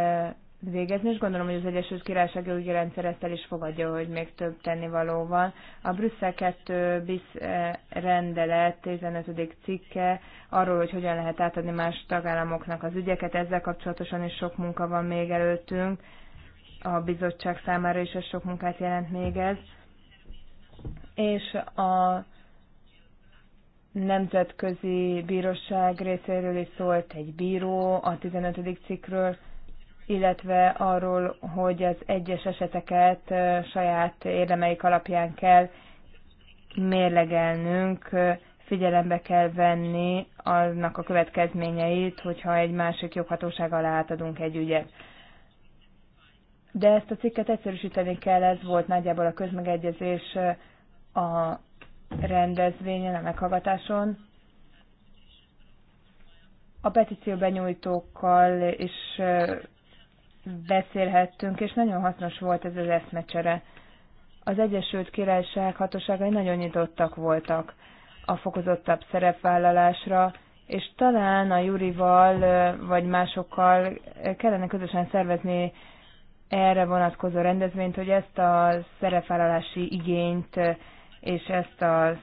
Speaker 3: végezni, és gondolom, hogy az Egyesült Királyság úgy rendszer ezt el is fogadja, hogy még több tennivaló van. A Brüsszel 2 BISZ eh, rendelet 15. cikke arról, hogy hogyan lehet átadni más tagállamoknak az ügyeket, ezzel kapcsolatosan is sok munka van még előttünk. A bizottság számára is ez sok munkát jelent még ez. És a nemzetközi bíróság részéről is szólt egy bíró a 15. cikkről, illetve arról, hogy az egyes eseteket saját érdemeik alapján kell mérlegelnünk, figyelembe kell venni annak a következményeit, hogyha egy másik joghatóság alá átadunk egy ügyet. De ezt a cikket egyszerűsíteni kell, ez volt nagyjából a közmegegyezés a rendezvényen, a meghallgatáson. A petíció benyújtókkal is beszélhettünk, és nagyon hasznos volt ez az eszmecsere. Az Egyesült Királyság hatóságai nagyon nyitottak voltak a fokozottabb szerepvállalásra, és talán a Jurival vagy másokkal kellene közösen szervezni erre vonatkozó rendezvényt, hogy ezt a szerepvállalási igényt és ezt a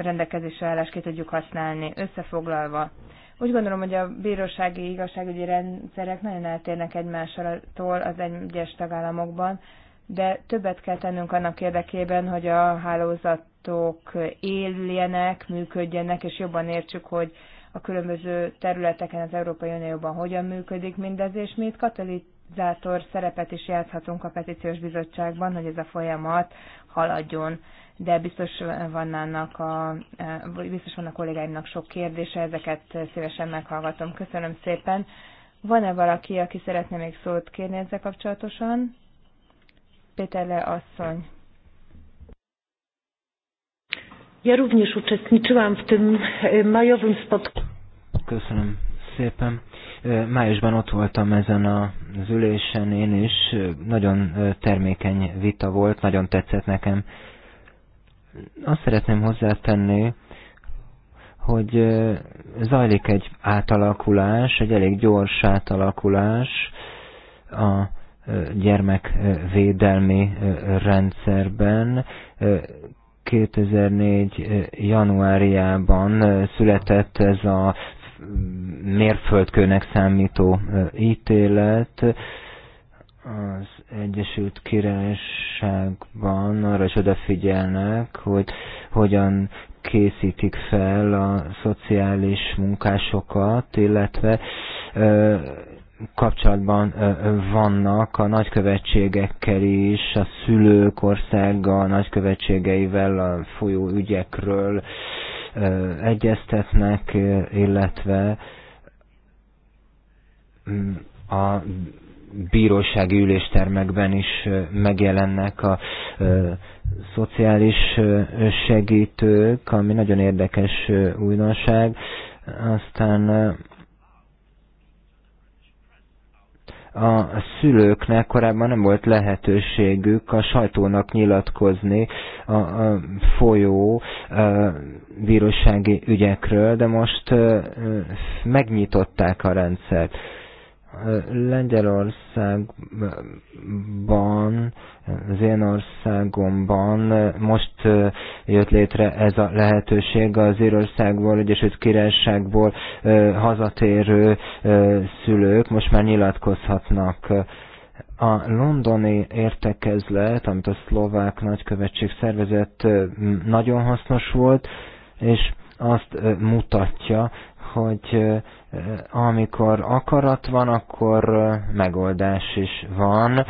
Speaker 3: rendelkezésre állást ki tudjuk használni. Összefoglalva, úgy gondolom, hogy a bírósági igazságügyi rendszerek nagyon eltérnek egymástól az egyes tagállamokban, de többet kell tennünk annak érdekében, hogy a hálózatok éljenek, működjenek, és jobban értsük, hogy a különböző területeken az Európai Unióban hogyan működik mindez, és mi itt katalizátor szerepet is játszhatunk a petíciós bizottságban, hogy ez a folyamat haladjon de biztos van annak a, eh, biztos van a kollégáimnak sok kérdése, ezeket szívesen meghallgatom. Köszönöm szépen. Van-e valaki, aki szeretne még szót kérni ezzel kapcsolatosan? Péterle asszony. Ja również
Speaker 2: uczestniczyłam w tym e, majowym spotkaniu.
Speaker 1: Köszönöm szépen. E, májusban ott voltam ezen az ülésen én is. E, nagyon termékeny vita volt, nagyon tetszett nekem azt szeretném hozzátenni, hogy zajlik egy átalakulás, egy elég gyors átalakulás a gyermekvédelmi rendszerben. 2004. januárjában született ez a mm, mérföldkőnek számító ítélet, az Egyesült Királyságban arra is odafigyelnek, hogy hogyan készítik fel a szociális munkásokat, illetve ö, kapcsolatban ö, vannak a nagykövetségekkel is, a szülők országa a nagykövetségeivel a folyó ügyekről ö, egyeztetnek, illetve mm, a bírósági üléstermekben is megjelennek a szociális segítők, ami nagyon érdekes újdonság. Aztán a szülőknek korábban nem volt lehetőségük a sajtónak nyilatkozni a, folyó bírósági ügyekről, de most megnyitották a rendszert. Lengyelországban, az én országomban most jött létre ez a lehetőség az Írországból, Egyesült Királyságból hazatérő szülők most már nyilatkozhatnak a londoni értekezlet, amit a szlovák nagykövetség szervezett, nagyon hasznos volt, és azt mutatja, hogy Eh, amikor akarat van, akkor eh, megoldás is van.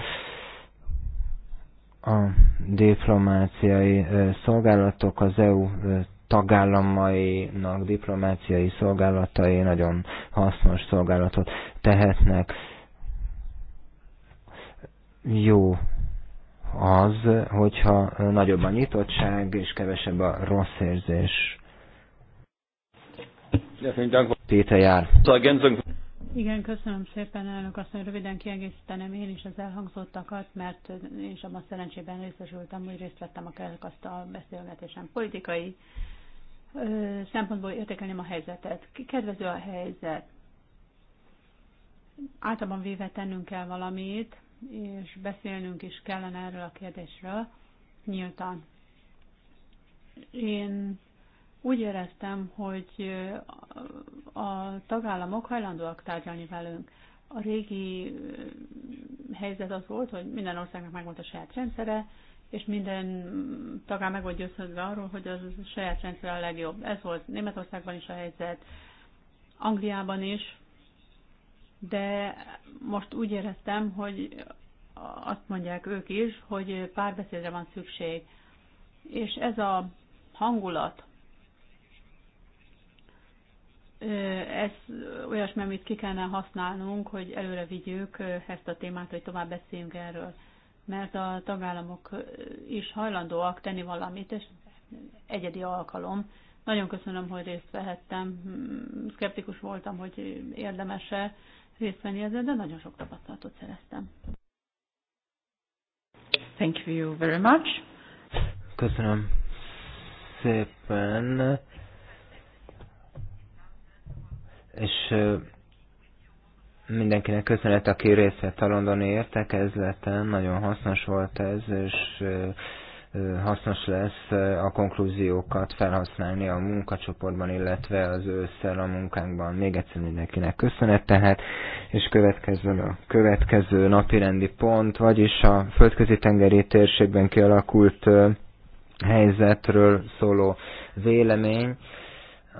Speaker 1: A diplomáciai eh, szolgálatok az EU tagállamainak diplomáciai szolgálatai nagyon hasznos szolgálatot tehetnek. Jó az, hogyha nagyobb a nyitottság és kevesebb a rossz érzés Péter jár.
Speaker 2: Igen, köszönöm szépen, elnök asszony. Röviden kiegészítenem én is az elhangzottakat, mert én is abban szerencsében részesültem, hogy részt vettem a kerekasztal beszélgetésen. Politikai ö, szempontból értékelném a helyzetet. Kedvező a helyzet. Általában véve tennünk kell valamit, és beszélnünk is kellene erről a kérdésről nyíltan. Én úgy éreztem, hogy a tagállamok hajlandóak tárgyalni velünk. A régi helyzet az volt, hogy minden országnak megvolt a saját rendszere, és minden tagállam meg volt győződve arról, hogy az a saját rendszere a legjobb. Ez volt Németországban is a helyzet, Angliában is, de most úgy éreztem, hogy azt mondják ők is, hogy párbeszédre van szükség. És ez a hangulat, ez olyasmi, amit ki kellene használnunk, hogy előre vigyük ezt a témát, hogy tovább beszéljünk erről. Mert a tagállamok is hajlandóak tenni valamit, és egyedi alkalom. Nagyon köszönöm, hogy részt vehettem. Hmm, szkeptikus voltam, hogy érdemese részt venni ezzel, de nagyon sok tapasztalatot szereztem. Thank you very much.
Speaker 1: Köszönöm szépen és mindenkinek köszönet, aki részt vett a londoni értekezleten, nagyon hasznos volt ez, és hasznos lesz a konklúziókat felhasználni a munkacsoportban, illetve az ősszel a munkánkban. Még egyszer mindenkinek köszönet tehát, és következő a következő napirendi pont, vagyis a földközi tengeri térségben kialakult helyzetről szóló vélemény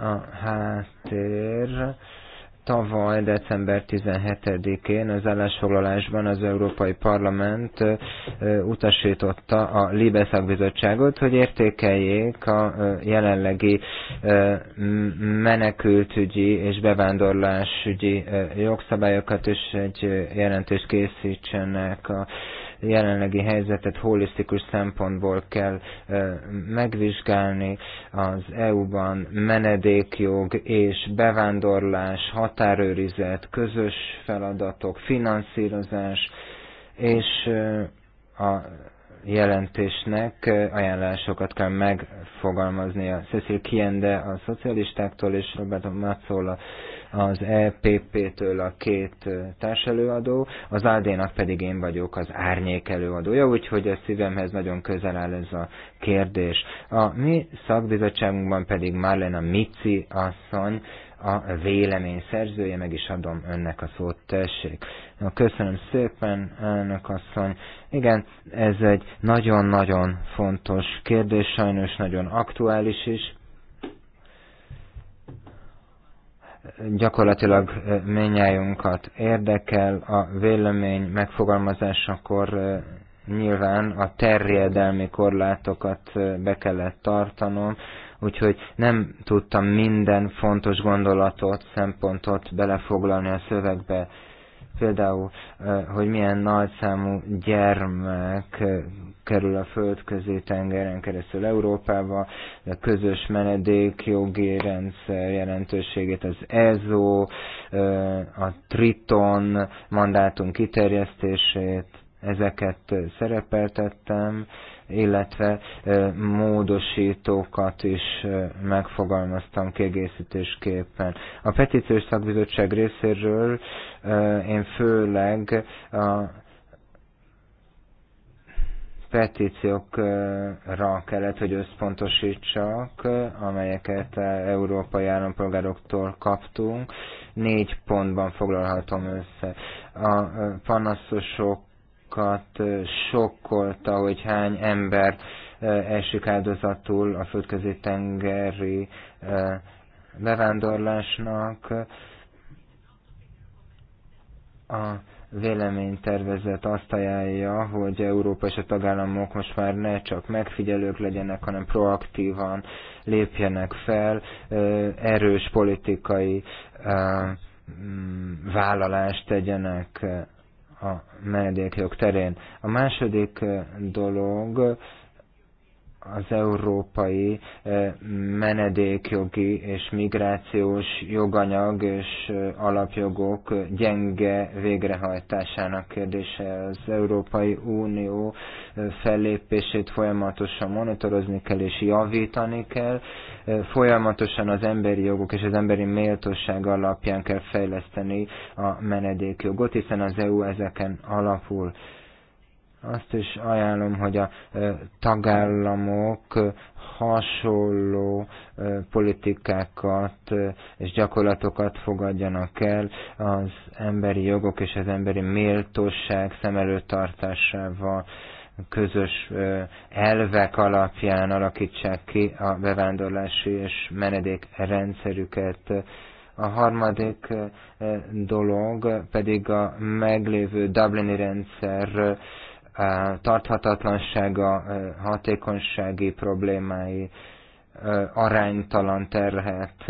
Speaker 1: a háttér. Tavaly december 17-én az állásfoglalásban az Európai Parlament utasította a Libe szakbizottságot, hogy értékeljék a jelenlegi menekültügyi és bevándorlásügyi jogszabályokat, és egy jelentést készítsenek a jelenlegi helyzetet holisztikus szempontból kell megvizsgálni. Az EU-ban menedékjog és bevándorlás, határőrizet, közös feladatok, finanszírozás és a jelentésnek ajánlásokat kell megfogalmaznia. Cecil Kiende a szocialistáktól és Roberto Mazzola az EPP-től a két társelőadó, az AD-nak pedig én vagyok az árnyék előadója, úgyhogy a szívemhez nagyon közel áll ez a kérdés. A mi szakbizottságunkban pedig Marlena Mici asszony, a vélemény szerzője, meg is adom önnek a szót, tessék. Na, köszönöm szépen, elnök asszony. Igen, ez egy nagyon-nagyon fontos kérdés, sajnos nagyon aktuális is. gyakorlatilag eh, ményájunkat érdekel, a vélemény megfogalmazásakor eh, nyilván a terjedelmi korlátokat eh, be kellett tartanom, úgyhogy nem tudtam minden fontos gondolatot, szempontot belefoglalni a szövegbe, Például, hogy milyen nagy számú gyermek kerül a Föld közé tengeren keresztül Európába, a közös jogi rendszer jelentőségét az EZO, a Triton mandátum kiterjesztését, ezeket szerepeltettem, illetve módosítókat is megfogalmaztam kiegészítésképpen. A petíciós szakbizottság részéről én főleg a petíciókra kellett, hogy összpontosítsak, amelyeket európai állampolgároktól kaptunk. Négy pontban foglalhatom össze. A panaszosok sokat sokkolta, hogy hány ember esik áldozatul a földközi tengeri bevándorlásnak. A véleménytervezet azt ajánlja, hogy Európa és a tagállamok most már ne csak megfigyelők legyenek, hanem proaktívan lépjenek fel, erős politikai vállalást tegyenek a menedékjog terén. A második dolog az európai eh, menedékjogi és migrációs joganyag és eh, alapjogok gyenge végrehajtásának kérdése. Az Európai Unió eh, fellépését folyamatosan monitorozni kell és javítani kell. Folyamatosan az emberi jogok és az emberi méltóság alapján kell fejleszteni a menedékjogot, hiszen az EU ezeken alapul azt is ajánlom, hogy a tagállamok hasonló politikákat és gyakorlatokat fogadjanak el az emberi jogok és az emberi méltóság szem előtt tartásával közös elvek alapján alakítsák ki a bevándorlási és menedék rendszerüket. A harmadik dolog pedig a meglévő Dublini rendszer tarthatatlansága, hatékonysági problémái, aránytalan terhet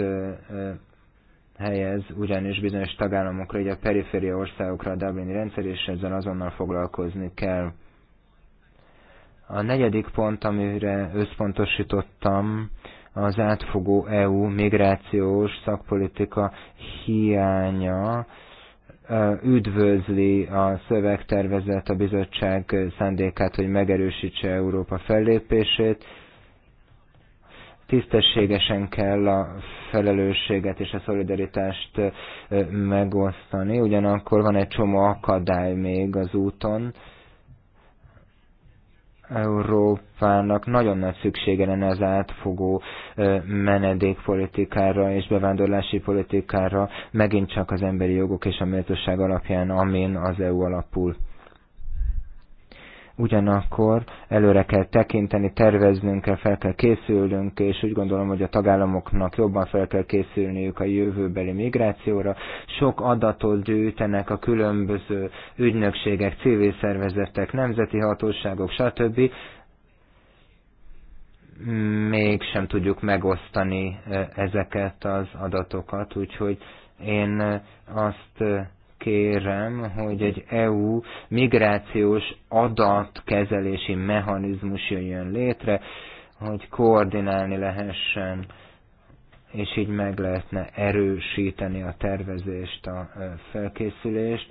Speaker 1: helyez, ugyanis bizonyos tagállamokra, így a periféria országokra a Dublini rendszer, és ezzel azonnal foglalkozni kell. A negyedik pont, amire összpontosítottam, az átfogó EU migrációs szakpolitika hiánya, üdvözli a szövegtervezet a bizottság szándékát, hogy megerősítse Európa fellépését. Tisztességesen kell a felelősséget és a szolidaritást megosztani, ugyanakkor van egy csomó akadály még az úton, Európának nagyon nagy szüksége lenne az átfogó menedékpolitikára és bevándorlási politikára, megint csak az emberi jogok és a méltóság alapján, amin az EU alapul ugyanakkor előre kell tekinteni, terveznünk kell, fel kell készülnünk, és úgy gondolom, hogy a tagállamoknak jobban fel kell készülniük a jövőbeli migrációra. Sok adatot gyűjtenek a különböző ügynökségek, civil szervezetek, nemzeti hatóságok, stb mégsem tudjuk megosztani eh, ezeket az adatokat, úgyhogy én eh, azt eh, kérem, hogy egy EU migrációs adatkezelési mechanizmus jöjjön létre, hogy koordinálni lehessen, és így meg lehetne erősíteni a tervezést, a felkészülést.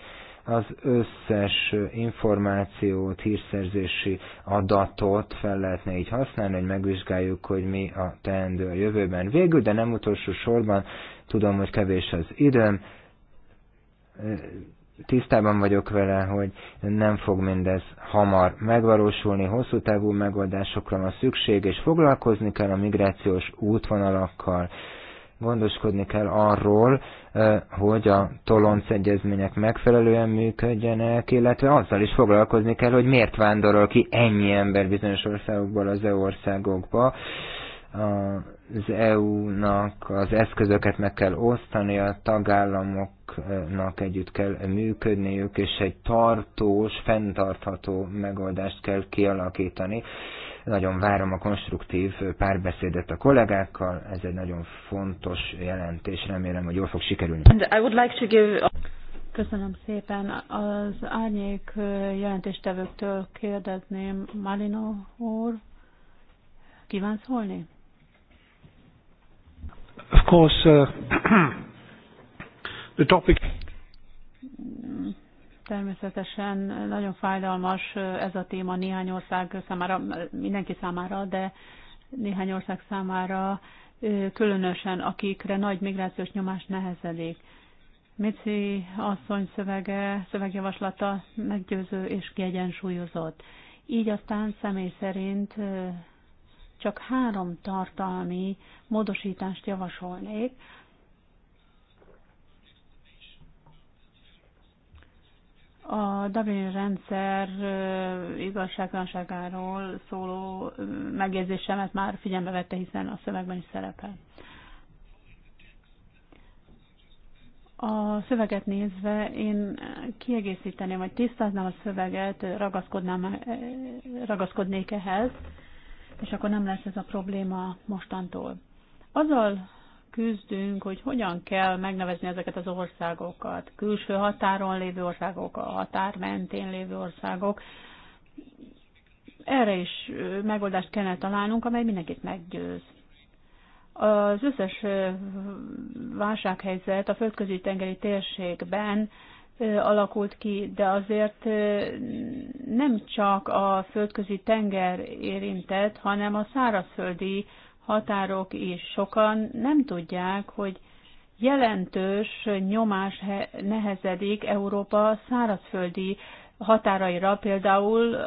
Speaker 1: Az összes információt, hírszerzési adatot fel lehetne így használni, hogy megvizsgáljuk, hogy mi a teendő a jövőben. Végül, de nem utolsó sorban, tudom, hogy kevés az időm, tisztában vagyok vele, hogy nem fog mindez hamar megvalósulni, hosszú távú megoldásokra van szükség, és foglalkozni kell a migrációs útvonalakkal, gondoskodni kell arról, hogy a tolonc egyezmények megfelelően működjenek, illetve azzal is foglalkozni kell, hogy miért vándorol ki ennyi ember bizonyos országokból az EU országokba az EU-nak az eszközöket meg kell osztani, a tagállamoknak együtt kell működniük, és egy tartós, fenntartható megoldást kell kialakítani. Nagyon várom a konstruktív párbeszédet a kollégákkal, ez egy nagyon fontos jelentés, remélem, hogy jól fog sikerülni.
Speaker 2: Köszönöm szépen. Az árnyék jelentéstevőktől kérdezném, Malino úr, kíván szólni? Of course, uh, the topic... Természetesen nagyon fájdalmas uh, ez a téma néhány ország számára, mindenki számára, de néhány ország számára uh, különösen, akikre nagy migrációs nyomás nehezedik. Mici asszony szövege, szövegjavaslata meggyőző és kiegyensúlyozott. Így aztán személy szerint uh, csak három tartalmi módosítást javasolnék. A Dublin rendszer igazságtalanságáról szóló megjegyzésemet már figyelembe vette, hiszen a szövegben is szerepel. A szöveget nézve én kiegészíteném, vagy tisztáznám a szöveget, ragaszkodnám, ragaszkodnék ehhez, és akkor nem lesz ez a probléma mostantól. Azzal küzdünk, hogy hogyan kell megnevezni ezeket az országokat. Külső határon lévő országok, a határ mentén lévő országok. Erre is megoldást kellene találnunk, amely mindenkit meggyőz. Az összes válsághelyzet a földközi tengeri térségben alakult ki, de azért nem csak a földközi tenger érintett, hanem a szárazföldi határok is. Sokan nem tudják, hogy jelentős nyomás nehezedik Európa szárazföldi határaira, például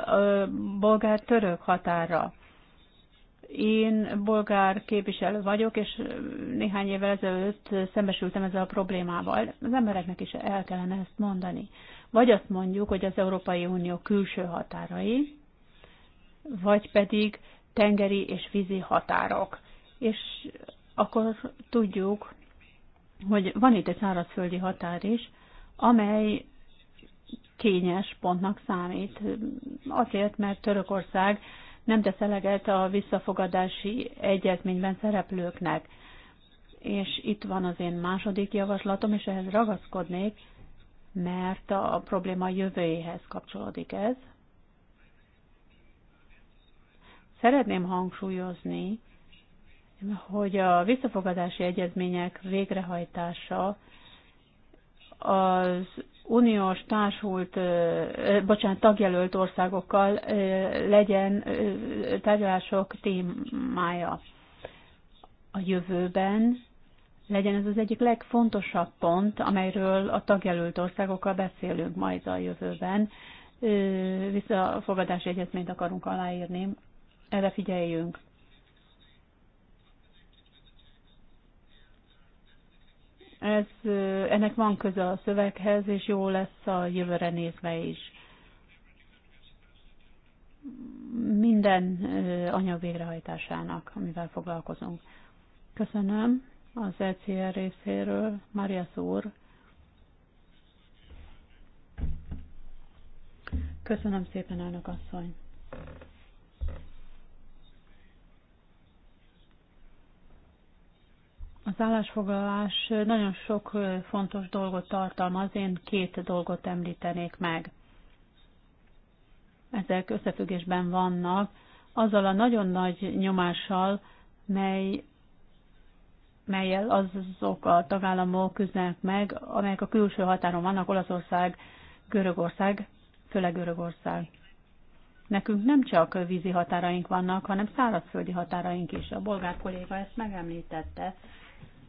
Speaker 2: bolgár török határa. Én bolgár képviselő vagyok, és néhány évvel ezelőtt szembesültem ezzel a problémával. Az embereknek is el kellene ezt mondani. Vagy azt mondjuk, hogy az Európai Unió külső határai, vagy pedig tengeri és vízi határok. És akkor tudjuk, hogy van itt egy szárazföldi határ is, amely kényes pontnak számít. Azért, mert Törökország nem tesz eleget a visszafogadási egyezményben szereplőknek. És itt van az én második javaslatom, és ehhez ragaszkodnék, mert a probléma jövőjéhez kapcsolódik ez. Szeretném hangsúlyozni, hogy a visszafogadási egyezmények végrehajtása az uniós társult, bocsánat, tagjelölt országokkal legyen tárgyalások témája a jövőben, legyen ez az egyik legfontosabb pont, amelyről a tagjelölt országokkal beszélünk majd a jövőben. Visszafogadási egyezményt akarunk aláírni, erre figyeljünk. Ez, ennek van köze a szöveghez, és jó lesz a jövőre nézve is. Minden anyag végrehajtásának, amivel foglalkozunk. Köszönöm az ECR részéről, Mária Szúr. Köszönöm szépen, elnök asszony. Az állásfoglalás nagyon sok fontos dolgot tartalmaz, én két dolgot említenék meg. Ezek összefüggésben vannak azzal a nagyon nagy nyomással, mely, melyel azok a tagállamok küzdenek meg, amelyek a külső határon vannak, Olaszország, Görögország, főleg Görögország. Nekünk nem csak vízi határaink vannak, hanem szárazföldi határaink is. A bolgár kolléga ezt megemlítette.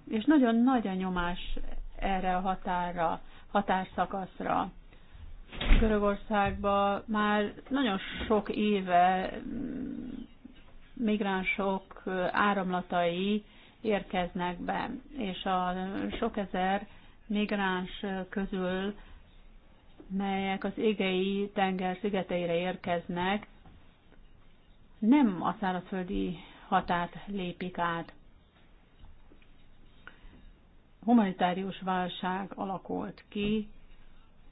Speaker 2: És nagyon nagy a nyomás erre a határra, határszakaszra. Görögországban már nagyon sok éve mm, migránsok áramlatai érkeznek be, és a sok ezer migráns közül, melyek az égei tenger szigeteire érkeznek, nem a szárazföldi határt lépik át humanitárius válság alakult ki,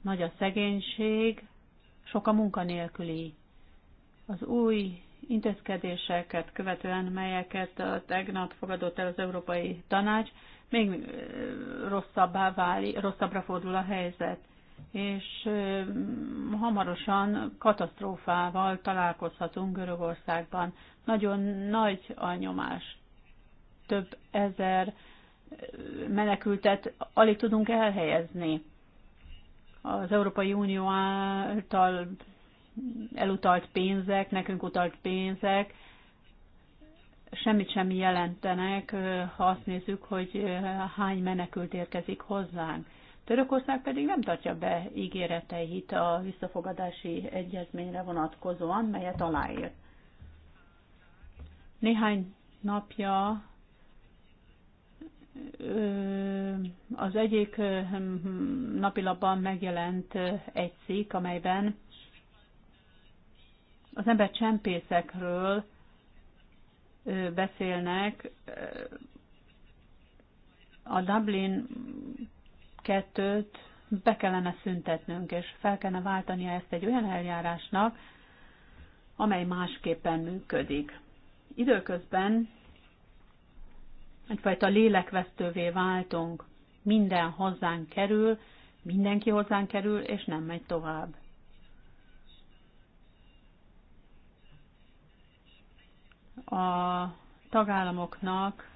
Speaker 2: nagy a szegénység, sok a munkanélküli. Az új intézkedéseket követően, melyeket a tegnap fogadott el az Európai Tanács, még rosszabbá válik, rosszabbra fordul a helyzet, és hamarosan katasztrófával találkozhatunk Görögországban. Nagyon nagy a nyomás. Több ezer menekültet alig tudunk elhelyezni. Az Európai Unió által elutalt pénzek, nekünk utalt pénzek semmit sem jelentenek, ha azt nézzük, hogy hány menekült érkezik hozzánk. Törökország pedig nem tartja be ígéreteit a visszafogadási egyezményre vonatkozóan, melyet aláírt. Néhány napja az egyik napilapban megjelent egy cikk, amelyben az ember csempészekről beszélnek. A Dublin 2 be kellene szüntetnünk, és fel kellene váltania ezt egy olyan eljárásnak, amely másképpen működik. Időközben egyfajta lélekvesztővé váltunk. Minden hozzánk kerül, mindenki hozzánk kerül, és nem megy tovább. A tagállamoknak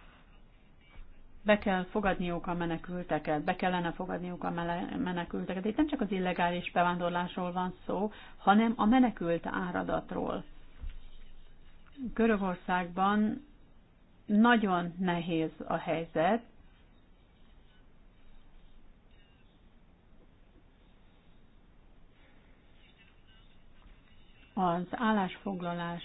Speaker 2: be kell fogadniuk a menekülteket, be kellene fogadniuk a menekülteket. Itt nem csak az illegális bevándorlásról van szó, hanem a menekült áradatról. Görögországban nagyon nehéz a helyzet. Az állásfoglalás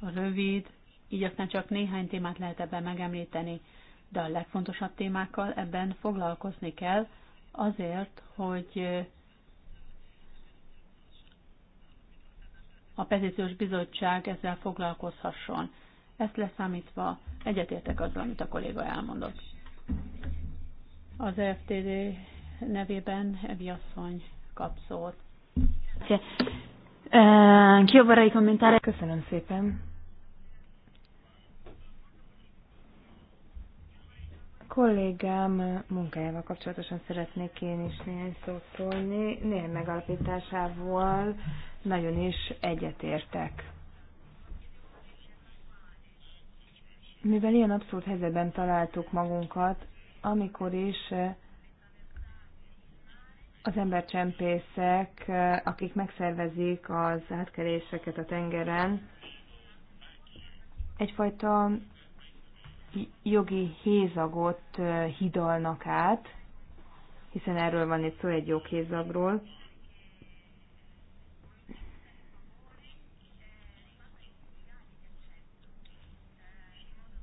Speaker 2: rövid, így aztán csak néhány témát lehet ebben megemlíteni, de a legfontosabb témákkal ebben foglalkozni kell azért, hogy a petíciós bizottság ezzel foglalkozhasson. Ezt leszámítva egyetértek azzal, amit a kolléga elmondott. Az FTD nevében Evi asszony kap szót. Köszönöm
Speaker 3: szépen. kollégám munkájával kapcsolatosan szeretnék én is néhány szót szólni. Néhány megalapításával nagyon is egyetértek. mivel ilyen abszurd helyzetben találtuk magunkat, amikor is eh, az embercsempészek, eh, akik megszervezik az átkeléseket a tengeren, egyfajta jogi hézagot eh, hidalnak át, hiszen erről van itt szó egy joghézagról,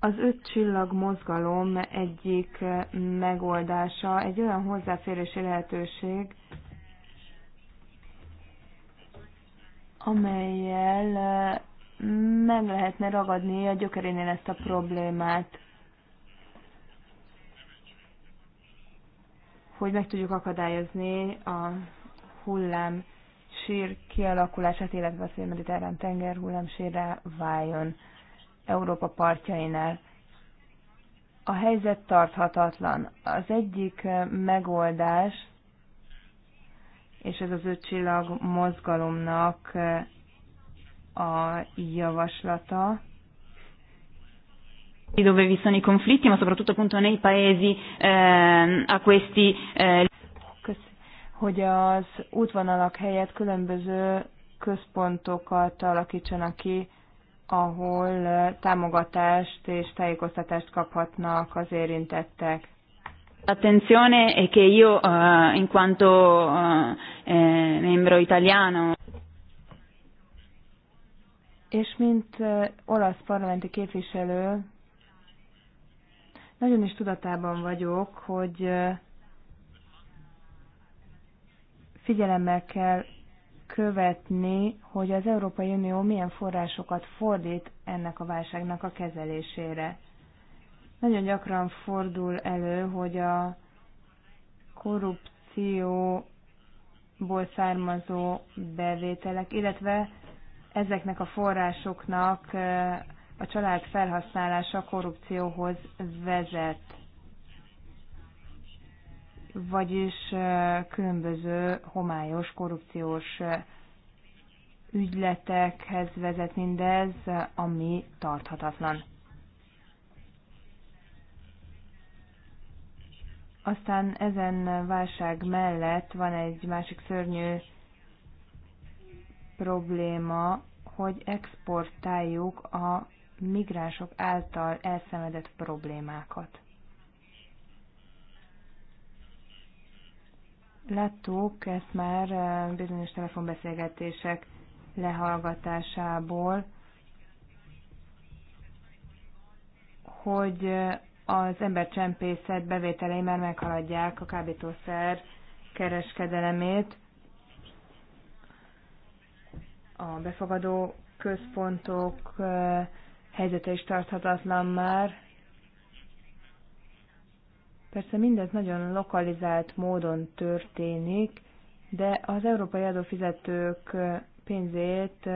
Speaker 3: Az öt csillag mozgalom egyik eh, megoldása egy olyan hozzáférési lehetőség, amelyel eh, meg lehetne ragadni a gyökerénél ezt a problémát, hogy meg tudjuk akadályozni a hullám sír kialakulását, illetve a szélmediterrán tenger sírre váljon. Európa partjainál. A helyzet tarthatatlan. Az egyik eh, megoldás, és ez az öt csillag mozgalomnak eh, a javaslata, dove vi sono i conflitti, ma soprattutto appunto nei paesi eh, a questi eh, hogy az útvonalak helyett különböző központokat alakítsanak ki ahol támogatást és tájékoztatást kaphatnak az érintettek. Attenzione è che io uh, in quanto uh, eh, membro italiano és mint uh, olasz parlamenti képviselő nagyon is tudatában vagyok, hogy uh, figyelemmel kell követni, hogy az Európai Unió milyen forrásokat fordít ennek a válságnak a kezelésére. Nagyon gyakran fordul elő, hogy a korrupcióból származó bevételek, illetve ezeknek a forrásoknak eh, a család felhasználása korrupcióhoz vezet vagyis különböző homályos, korrupciós ügyletekhez vezet mindez, ami tarthatatlan. Aztán ezen válság mellett van egy másik szörnyű probléma, hogy exportáljuk a migránsok által elszenvedett problémákat. Láttuk ezt már eh, bizonyos telefonbeszélgetések lehallgatásából, hogy eh, az embercsempészet bevételei már meghaladják a kábítószer kereskedelemét. A befogadó központok eh, helyzete is tarthatatlan már, Persze mindez nagyon lokalizált módon történik, de az európai adófizetők pénzét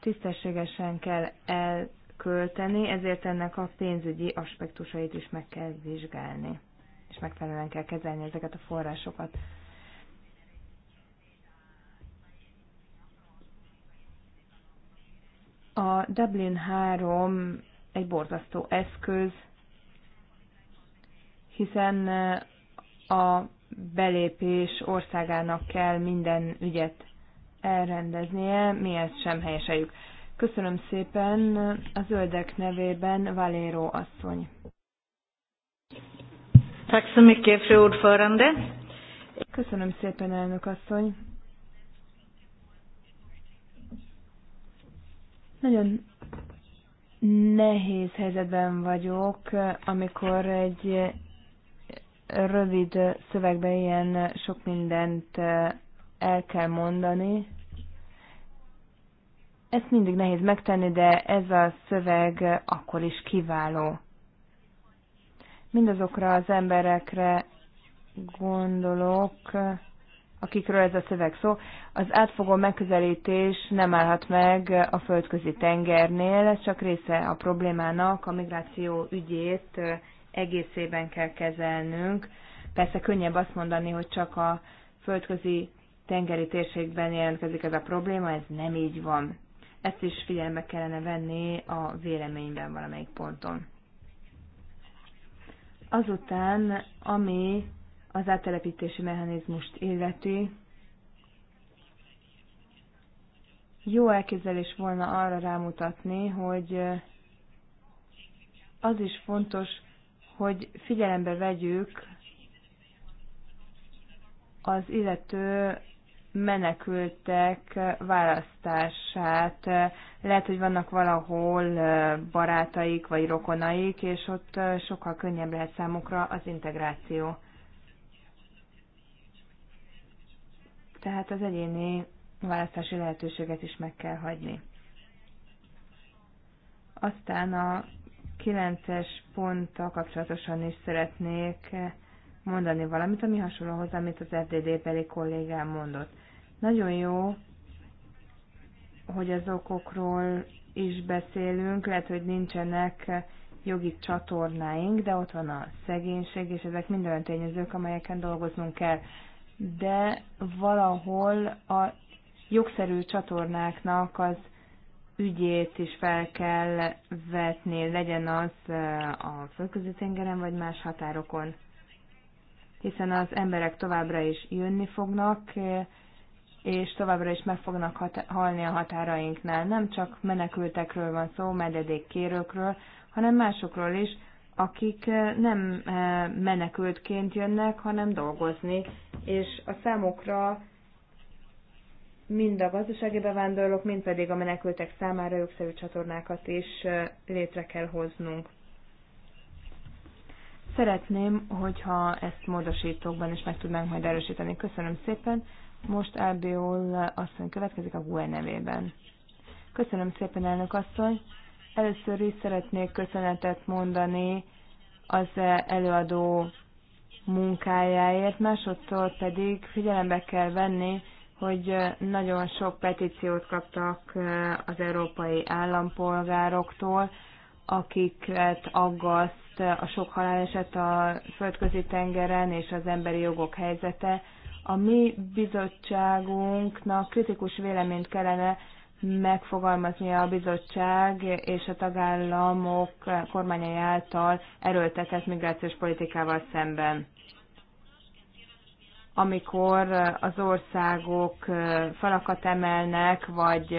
Speaker 3: tisztességesen kell elkölteni, ezért ennek a pénzügyi aspektusait is meg kell vizsgálni, és megfelelően kell kezelni ezeket a forrásokat. A Dublin 3 egy borzasztó eszköz, hiszen eh, a belépés országának kell minden ügyet elrendeznie, mi ezt sem helyeseljük. Köszönöm szépen a zöldek nevében Valéro, asszony. Köszönöm szépen, elnök asszony. Nagyon nehéz helyzetben vagyok, amikor egy rövid szövegben ilyen sok mindent eh, el kell mondani. Ezt mindig nehéz megtenni, de ez a szöveg akkor is kiváló. Mindazokra az emberekre gondolok, akikről ez a szöveg szó, az átfogó megközelítés nem állhat meg a földközi tengernél, ez csak része a problémának, a migráció ügyét eh, egészében kell kezelnünk. Persze könnyebb azt mondani, hogy csak a földközi tengeri térségben jelentkezik ez a probléma, ez nem így van. Ezt is figyelme kellene venni a véleményben valamelyik ponton. Azután, ami az áttelepítési mechanizmust illeti, jó elképzelés volna arra rámutatni, hogy az is fontos, hogy figyelembe vegyük az illető menekültek választását. Lehet, hogy vannak valahol barátaik vagy rokonaik, és ott sokkal könnyebb lehet számukra az integráció. Tehát az egyéni választási lehetőséget is meg kell hagyni. Aztán a 9-es ponttal kapcsolatosan is szeretnék mondani valamit, ami hasonló hozzá, amit az FDD beli kollégám mondott. Nagyon jó, hogy az okokról is beszélünk, lehet, hogy nincsenek jogi csatornáink, de ott van a szegénység, és ezek mind olyan tényezők, amelyeken dolgoznunk kell. De valahol a jogszerű csatornáknak az ügyét is fel kell vetni, legyen az a földközi tengeren vagy más határokon. Hiszen az emberek továbbra is jönni fognak, és továbbra is meg fognak hat- halni a határainknál. Nem csak menekültekről van szó, mededékkérőkről, hanem másokról is, akik nem menekültként jönnek, hanem dolgozni, és a számukra mind a gazdasági bevándorlók, mind pedig a menekültek számára jogszerű csatornákat is létre kell hoznunk. Szeretném, hogyha ezt módosítókban is meg tudnánk majd erősíteni. Köszönöm szépen. Most Ábiol asszony következik a GUE nevében. Köszönöm szépen, elnök asszony. Először is szeretnék köszönetet mondani az előadó munkájáért, másodszor pedig figyelembe kell venni, hogy nagyon sok petíciót kaptak az európai állampolgároktól, akiket aggaszt a sok haláleset a földközi tengeren és az emberi jogok helyzete. A mi bizottságunknak kritikus véleményt kellene megfogalmaznia a bizottság és a tagállamok kormányai által erőltetett migrációs politikával szemben amikor az országok falakat emelnek, vagy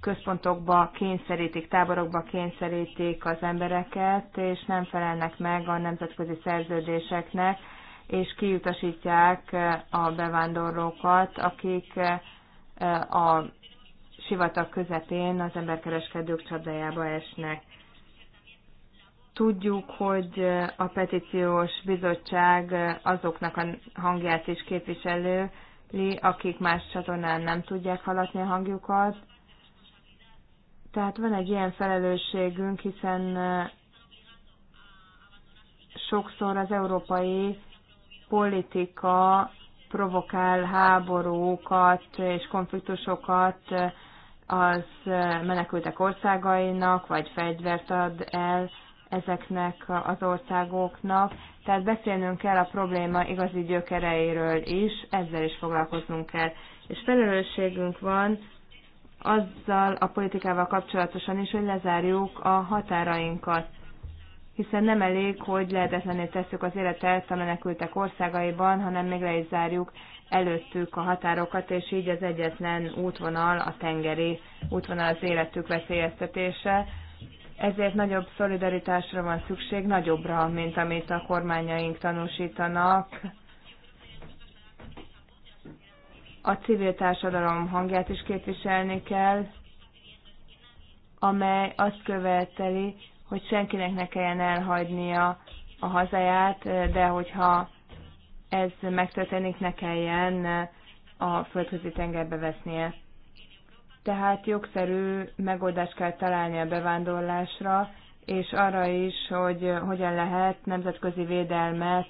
Speaker 3: központokba kényszerítik, táborokba kényszerítik az embereket, és nem felelnek meg a nemzetközi szerződéseknek, és kiutasítják a bevándorlókat, akik a sivatag közepén az emberkereskedők csapdájába esnek. Tudjuk, hogy a petíciós bizottság azoknak a hangját is képviseli, akik más csatornán nem tudják hallatni a hangjukat. Tehát van egy ilyen felelősségünk, hiszen sokszor az európai politika provokál háborúkat és konfliktusokat az menekültek országainak, vagy fegyvert ad el ezeknek az országoknak, tehát beszélnünk kell a probléma igazi gyökereiről is, ezzel is foglalkoznunk kell. És felelősségünk van azzal a politikával kapcsolatosan is, hogy lezárjuk a határainkat. Hiszen nem elég, hogy lehetetlené tesszük az életet a menekültek országaiban, hanem még le is zárjuk előttük a határokat, és így az egyetlen útvonal, a tengeri útvonal az életük veszélyeztetése ezért nagyobb szolidaritásra van szükség, nagyobbra, mint amit a kormányaink tanúsítanak. A civil társadalom hangját is képviselni kell, amely azt követeli, hogy senkinek ne kelljen elhagynia a hazáját, de hogyha ez megtörténik, ne kelljen a földközi tengerbe vesznie tehát jogszerű megoldást kell találni a bevándorlásra, és arra is, hogy hogyan lehet nemzetközi védelmet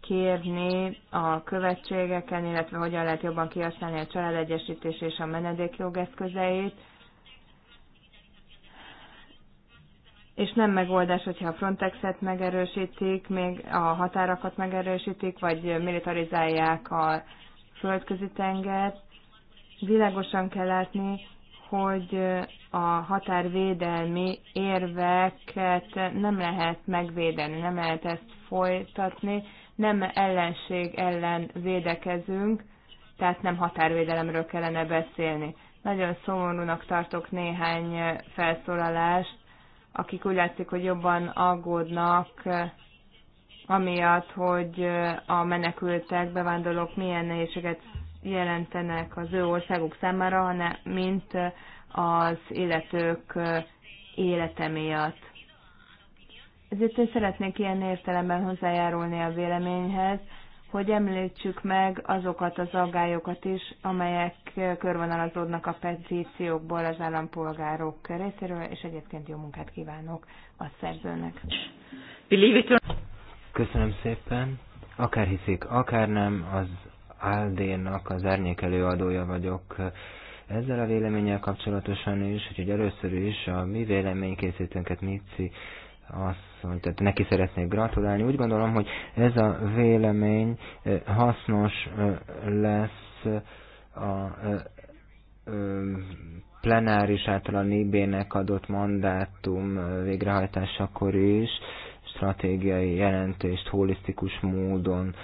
Speaker 3: kérni a követségeken, illetve hogyan lehet jobban kihasználni a családegyesítés és a menedékjog eszközeit. És nem megoldás, hogyha a Frontexet megerősítik, még a határakat megerősítik, vagy militarizálják a földközi tengert, Világosan kell látni, hogy a határvédelmi érveket nem lehet megvédeni, nem lehet ezt folytatni, nem ellenség ellen védekezünk, tehát nem határvédelemről kellene beszélni. Nagyon szomorúnak tartok néhány felszólalást, akik úgy látszik, hogy jobban aggódnak amiatt, hogy a menekültek, bevándorlók milyen nehézséget jelentenek az ő országuk számára, hanem mint az életők élete miatt. Ezért én szeretnék ilyen értelemben hozzájárulni a véleményhez, hogy említsük meg azokat az aggályokat is, amelyek körvonalazódnak a petíciókból az állampolgárok részéről, és egyébként jó munkát kívánok a szerzőnek.
Speaker 1: Köszönöm szépen. Akár hiszik, akár nem, az Aldénak az árnyékelő adója vagyok ezzel a véleménnyel kapcsolatosan is, úgyhogy először is a mi véleménykészítőnket Mici mondta, tehát neki szeretnék gratulálni. Úgy gondolom, hogy ez a vélemény hasznos lesz a plenáris által a Nibének adott mandátum végrehajtásakor is, stratégiai jelentést holisztikus módon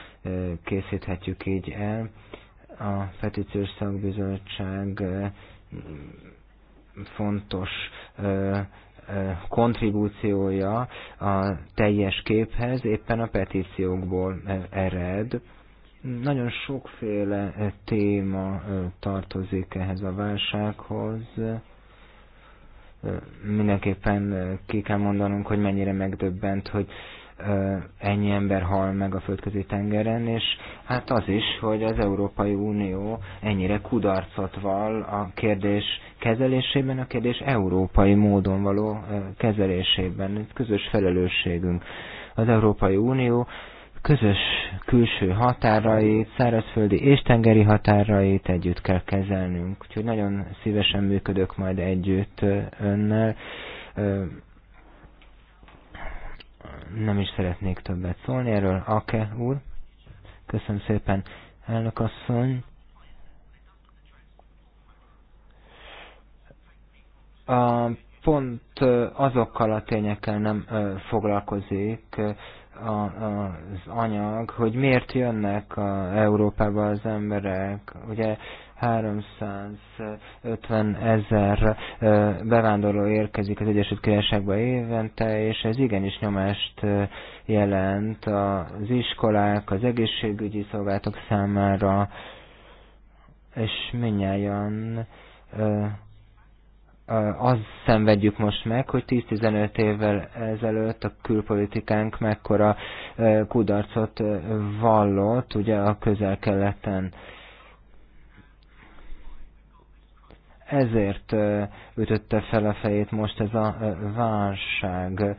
Speaker 1: készíthetjük így el. A petíciós szakbizottság fontos kontribúciója a teljes képhez éppen a petíciókból ered. Nagyon sokféle téma tartozik ehhez a válsághoz mindenképpen ki kell mondanunk, hogy mennyire megdöbbent, hogy ennyi ember hal meg a földközi tengeren, és hát az is, hogy az Európai Unió ennyire kudarcot val a kérdés kezelésében, a kérdés európai módon való kezelésében. Ez közös felelősségünk. Az Európai Unió közös külső határait, szárazföldi és tengeri határait együtt kell kezelnünk. Úgyhogy nagyon szívesen működök majd együtt önnel. Nem is szeretnék többet szólni erről. Ake úr, köszönöm szépen. Elnök asszony, pont azokkal a tényekkel nem foglalkozik, a, az anyag, hogy miért jönnek a Európába az emberek. Ugye 350 ezer bevándorló érkezik az Egyesült Királyságba évente, és ez igenis nyomást jelent az iskolák, az egészségügyi szolgáltatók számára, és minnyáján az szenvedjük most meg, hogy 10-15 évvel ezelőtt a külpolitikánk mekkora kudarcot vallott, ugye a közel-keleten. Ezért ütötte fel a fejét most ez a válság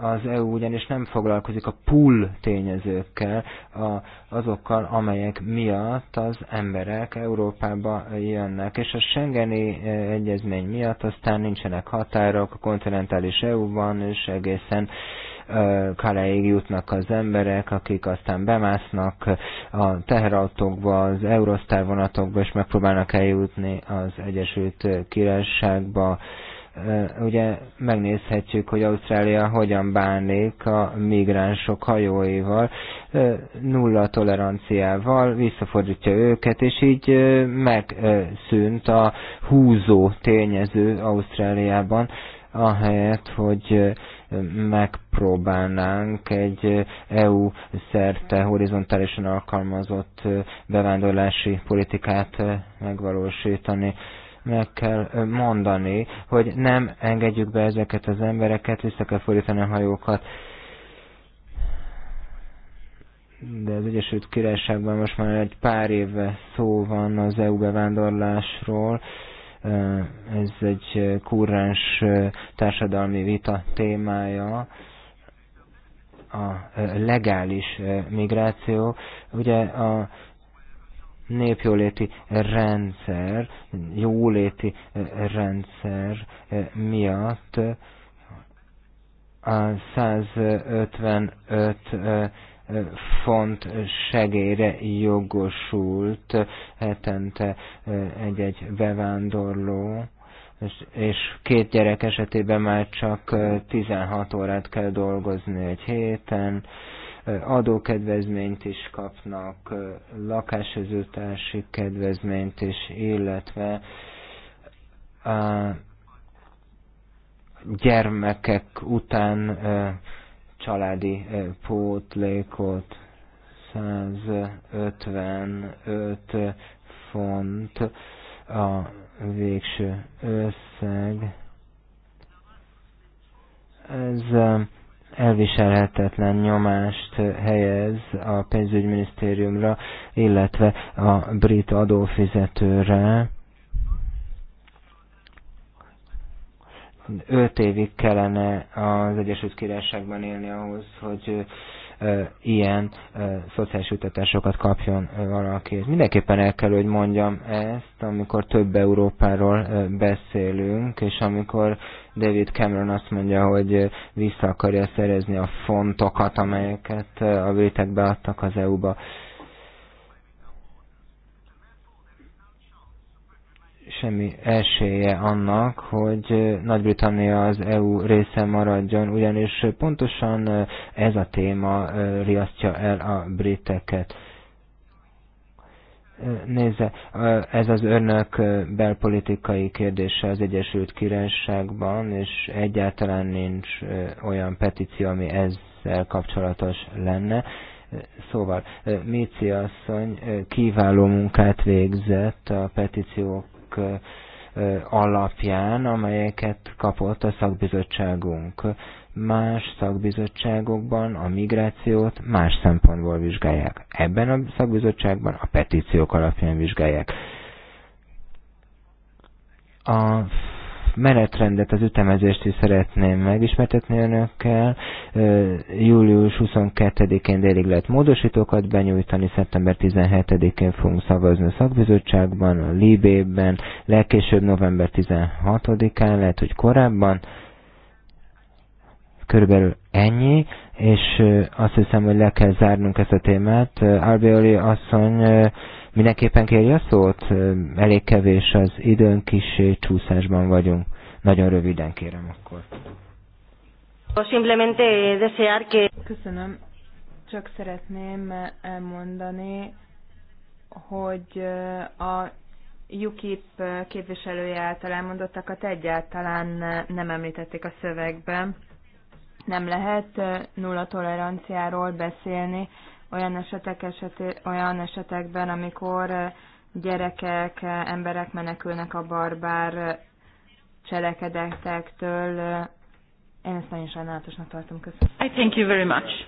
Speaker 1: az EU ugyanis nem foglalkozik a pull tényezőkkel, a, azokkal, amelyek miatt az emberek Európába jönnek. És a Schengeni egyezmény miatt aztán nincsenek határok, a kontinentális EU-ban és egészen Kaleig jutnak az emberek, akik aztán bemásznak a teherautókba, az Eurostar vonatokba, és megpróbálnak eljutni az Egyesült Királyságba Ugye megnézhetjük, hogy Ausztrália hogyan bánik a migránsok hajóival, nulla toleranciával, visszafordítja őket, és így megszűnt a húzó tényező Ausztráliában, ahelyett, hogy megpróbálnánk egy EU szerte horizontálisan alkalmazott bevándorlási politikát megvalósítani meg kell mondani, hogy nem engedjük be ezeket az embereket, vissza kell fordítani a hajókat. De az Egyesült Királyságban most már egy pár éve szó van az EU bevándorlásról, ez egy kurráns társadalmi vita témája, a legális migráció. Ugye a népjóléti rendszer, jóléti eh, rendszer eh, miatt 155 eh, font segélyre jogosult hetente egy-egy bevándorló, és két gyerek esetében már csak 16 órát kell dolgozni egy héten, adókedvezményt is kapnak, lakáshözőtársi kedvezményt is, illetve a gyermekek után családi pótlékot 155 font a végső összeg. Ez elviselhetetlen nyomást helyez a pénzügyminisztériumra, illetve a brit adófizetőre. Öt évig kellene az Egyesült Királyságban élni ahhoz, hogy ilyen szociális juttatásokat kapjon valaki. Mindenképpen el kell, hogy mondjam ezt, amikor több Európáról beszélünk, és amikor David Cameron azt mondja, hogy vissza akarja szerezni a fontokat, amelyeket a britek beadtak az EU-ba semmi esélye annak, hogy Nagy-Britannia az EU része maradjon, ugyanis pontosan ez a téma riasztja el a briteket. Nézze, ez az önök belpolitikai kérdése az Egyesült Királyságban, és egyáltalán nincs olyan petíció, ami ezzel kapcsolatos lenne. Szóval Mici asszony kiváló munkát végzett a petíciók ajánlások alapján, amelyeket kapott a szakbizottságunk. Más szakbizottságokban a migrációt más szempontból vizsgálják. Ebben a szakbizottságban a petíciók alapján vizsgálják. A menetrendet, az ütemezést is szeretném megismertetni önökkel. Július 22-én délig lehet módosítókat benyújtani, szeptember 17-én fogunk szavazni a szakbizottságban, a Libében, legkésőbb november 16-án, lehet, hogy korábban. Körülbelül ennyi és azt hiszem, hogy le kell zárnunk ezt a témát. Albeoli asszony mindenképpen kérje a szót? Elég kevés az időnk is, csúszásban vagyunk. Nagyon röviden kérem akkor.
Speaker 3: Köszönöm. Csak szeretném elmondani, hogy a UKIP képviselője által elmondottakat egyáltalán nem említették a szövegben nem lehet nulla toleranciáról beszélni olyan, esetek eseté, olyan esetekben, amikor gyerekek, emberek menekülnek a barbár cselekedetektől. Én ezt nagyon sajnálatosnak tartom. Köszönöm. I thank
Speaker 2: you very much.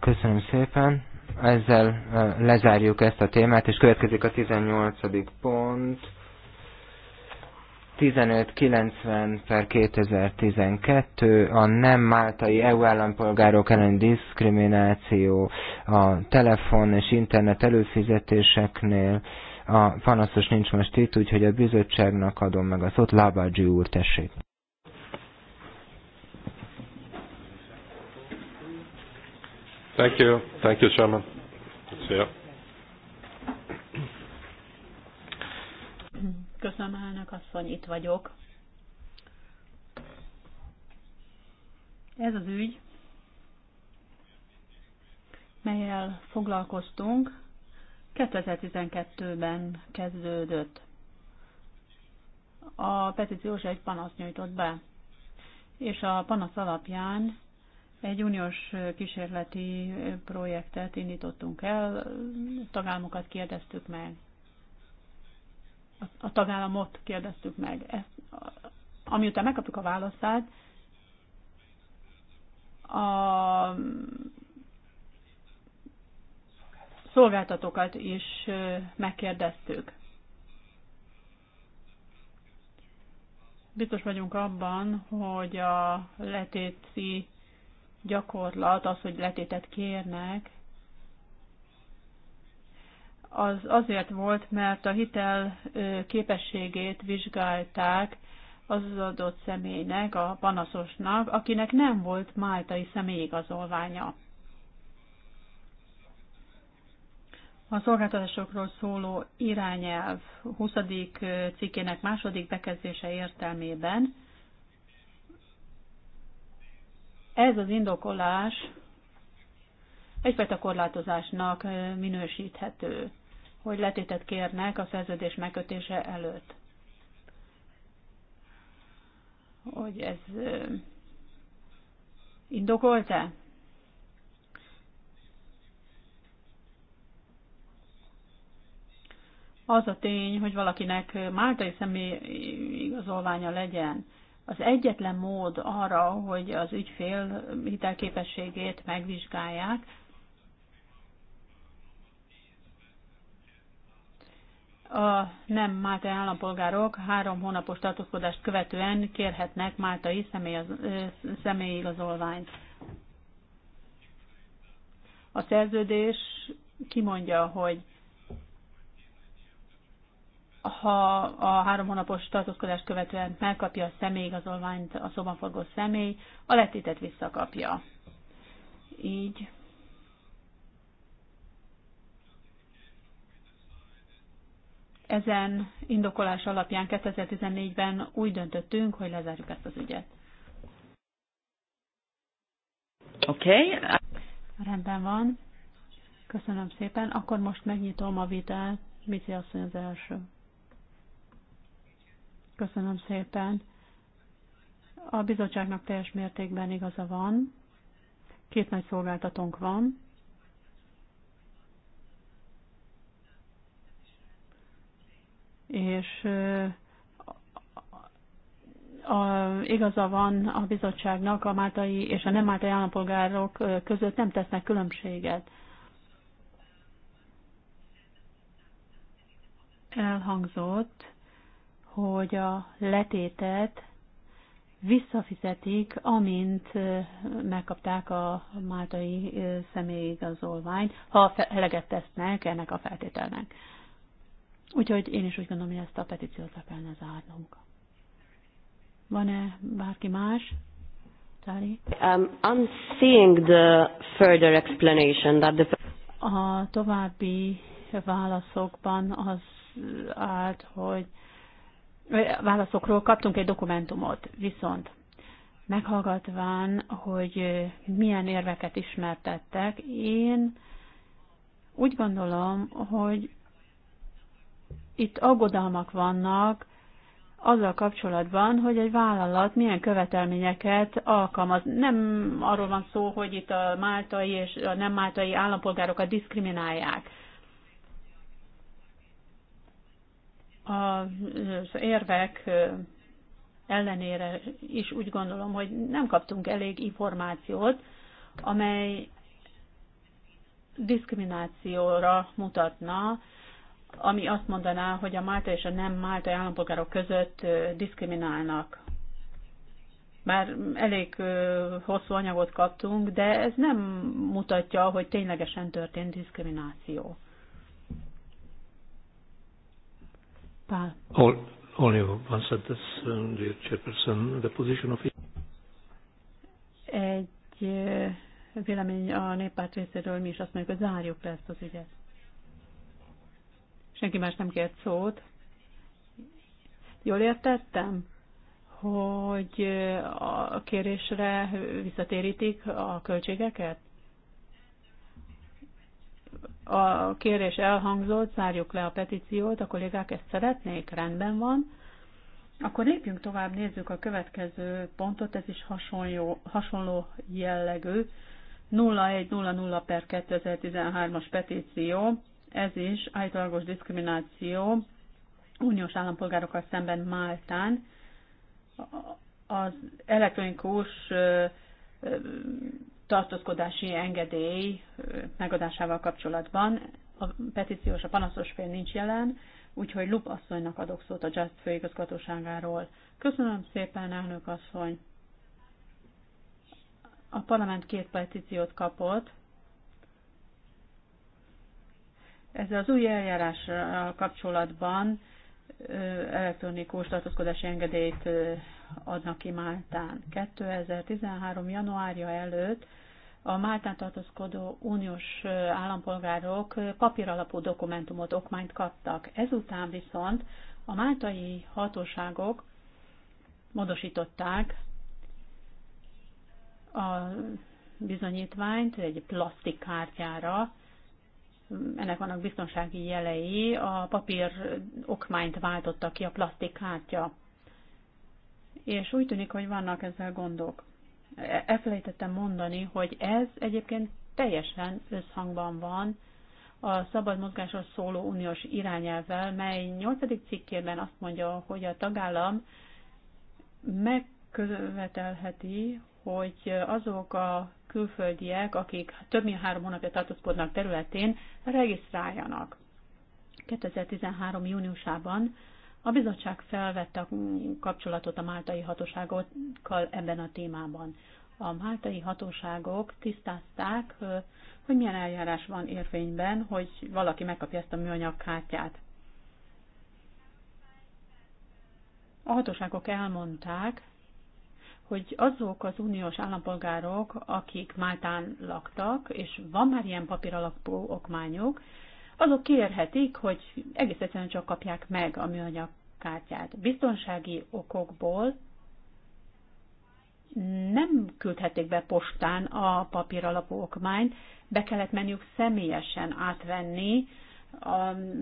Speaker 1: Köszönöm szépen. Ezzel lezárjuk ezt a témát, és következik a 18. pont. 1590 per 2012 a nem máltai EU állampolgárok ellen diszkrimináció a telefon és internet előfizetéseknél. A panaszos nincs most itt, úgyhogy a bizottságnak adom meg a szót. Lábágyi úr, tessék. Thank you. Thank you, Chairman. See you.
Speaker 2: Köszönöm, elnök asszony, itt vagyok. Ez az ügy, melyel foglalkoztunk, 2012-ben kezdődött. A petíciós egy panasz nyújtott be, és a panasz alapján egy uniós kísérleti projektet indítottunk el, tagállamokat kérdeztük meg a tagállamot kérdeztük meg. Ezt, amiután megkaptuk a válaszát, a szolgáltatókat is megkérdeztük. Biztos vagyunk abban, hogy a letéci gyakorlat, az, hogy letétet kérnek, az azért volt, mert a hitel képességét vizsgálták az adott személynek, a panaszosnak, akinek nem volt máltai személyigazolványa. A szolgáltatásokról szóló irányelv 20. cikkének második bekezdése értelmében ez az indokolás egyfajta korlátozásnak minősíthető hogy letétet kérnek a szerződés megkötése előtt. Hogy ez indokolta? Az a tény, hogy valakinek máltai személy igazolványa legyen, az egyetlen mód arra, hogy az ügyfél hitelképességét megvizsgálják, a nem máltai állampolgárok három hónapos tartózkodást követően kérhetnek máltai személy, személyigazolványt. A szerződés kimondja, hogy ha a három hónapos tartózkodást követően megkapja a személyigazolványt a szobaforgó személy, a letétet visszakapja. Így Ezen indokolás alapján 2014-ben úgy döntöttünk, hogy lezárjuk ezt az ügyet.
Speaker 3: Oké. Okay.
Speaker 2: Rendben van. Köszönöm szépen. Akkor most megnyitom a vitát. Mici asszony az első. Köszönöm szépen. A bizottságnak teljes mértékben igaza van. Két nagy szolgáltatónk van. és a, igaza van a bizottságnak, a máltai és a nem máltai állampolgárok között nem tesznek különbséget. Elhangzott, hogy a letétet visszafizetik, amint megkapták a máltai személyigazolványt, ha eleget tesznek ennek a feltételnek. Úgyhogy én is úgy gondolom, hogy ezt a petíciót le kellene zárnunk. Van-e bárki más? tári? Um, I'm seeing the further explanation that the... A további válaszokban az állt, hogy válaszokról kaptunk egy dokumentumot, viszont meghallgatván, hogy milyen érveket ismertettek, én úgy gondolom, hogy itt aggodalmak vannak azzal kapcsolatban, hogy egy vállalat milyen követelményeket alkalmaz. Nem arról van szó, hogy itt a máltai és a nem máltai állampolgárokat diszkriminálják. Az érvek ellenére is úgy gondolom, hogy nem kaptunk elég információt, amely diszkriminációra mutatna, ami azt mondaná, hogy a Málta és a nem máltai állampolgárok között diszkriminálnak. Már elég hosszú anyagot kaptunk, de ez nem mutatja, hogy ténylegesen történt diszkrimináció. Pál.
Speaker 3: All, only one sentence, dear the position of...
Speaker 2: Egy vélemény a néppárt részéről mi is azt mondjuk, hogy zárjuk le ezt az ügyet. Senki más nem kért szót. Jól értettem, hogy eh, a kérésre visszatérítik a költségeket? A kérés elhangzott, zárjuk le a petíciót, a kollégák ezt szeretnék, rendben van. Akkor lépjünk tovább, nézzük a következő pontot, ez is hasonló, hasonló jellegű. 0100 per 2013-as petíció ez is állítólagos diszkrimináció uniós állampolgárokkal szemben Máltán. Az elektronikus tartózkodási engedély megadásával kapcsolatban a petíciós, a panaszos fél nincs jelen, úgyhogy Lup asszonynak adok szót a Just főigazgatóságáról. Köszönöm szépen, elnök asszony! A parlament két petíciót kapott, Ezzel az új eljárással kapcsolatban elektronikus tartózkodási engedélyt adnak ki Máltán. 2013. januárja előtt a Máltán tartózkodó uniós állampolgárok papíralapú dokumentumot, okmányt kaptak. Ezután viszont a máltai hatóságok módosították a bizonyítványt egy plastikkártyára, ennek vannak biztonsági jelei, a papír okmányt váltotta ki a plastikkártya. És úgy tűnik, hogy vannak ezzel gondok. E- elfelejtettem mondani, hogy ez egyébként teljesen összhangban van a szabad mozgásról szóló uniós irányelvvel, mely 8. cikkében azt mondja, hogy a tagállam megkövetelheti, hogy azok a külföldiek, akik több mint három hónapja tartózkodnak területén, regisztráljanak. 2013. júniusában a bizottság felvette a kapcsolatot a máltai hatóságokkal ebben a témában. A máltai hatóságok tisztázták, hogy milyen eljárás van érvényben, hogy valaki megkapja ezt a műanyag kártyát. A hatóságok elmondták, hogy azok az uniós állampolgárok, akik Máltán laktak, és van már ilyen papír alapú okmányuk, azok kérhetik, hogy egész egyszerűen csak kapják meg a műanyag kártyát. Biztonsági okokból nem küldhették be postán a papír alapú okmányt, be kellett menniük személyesen átvenni a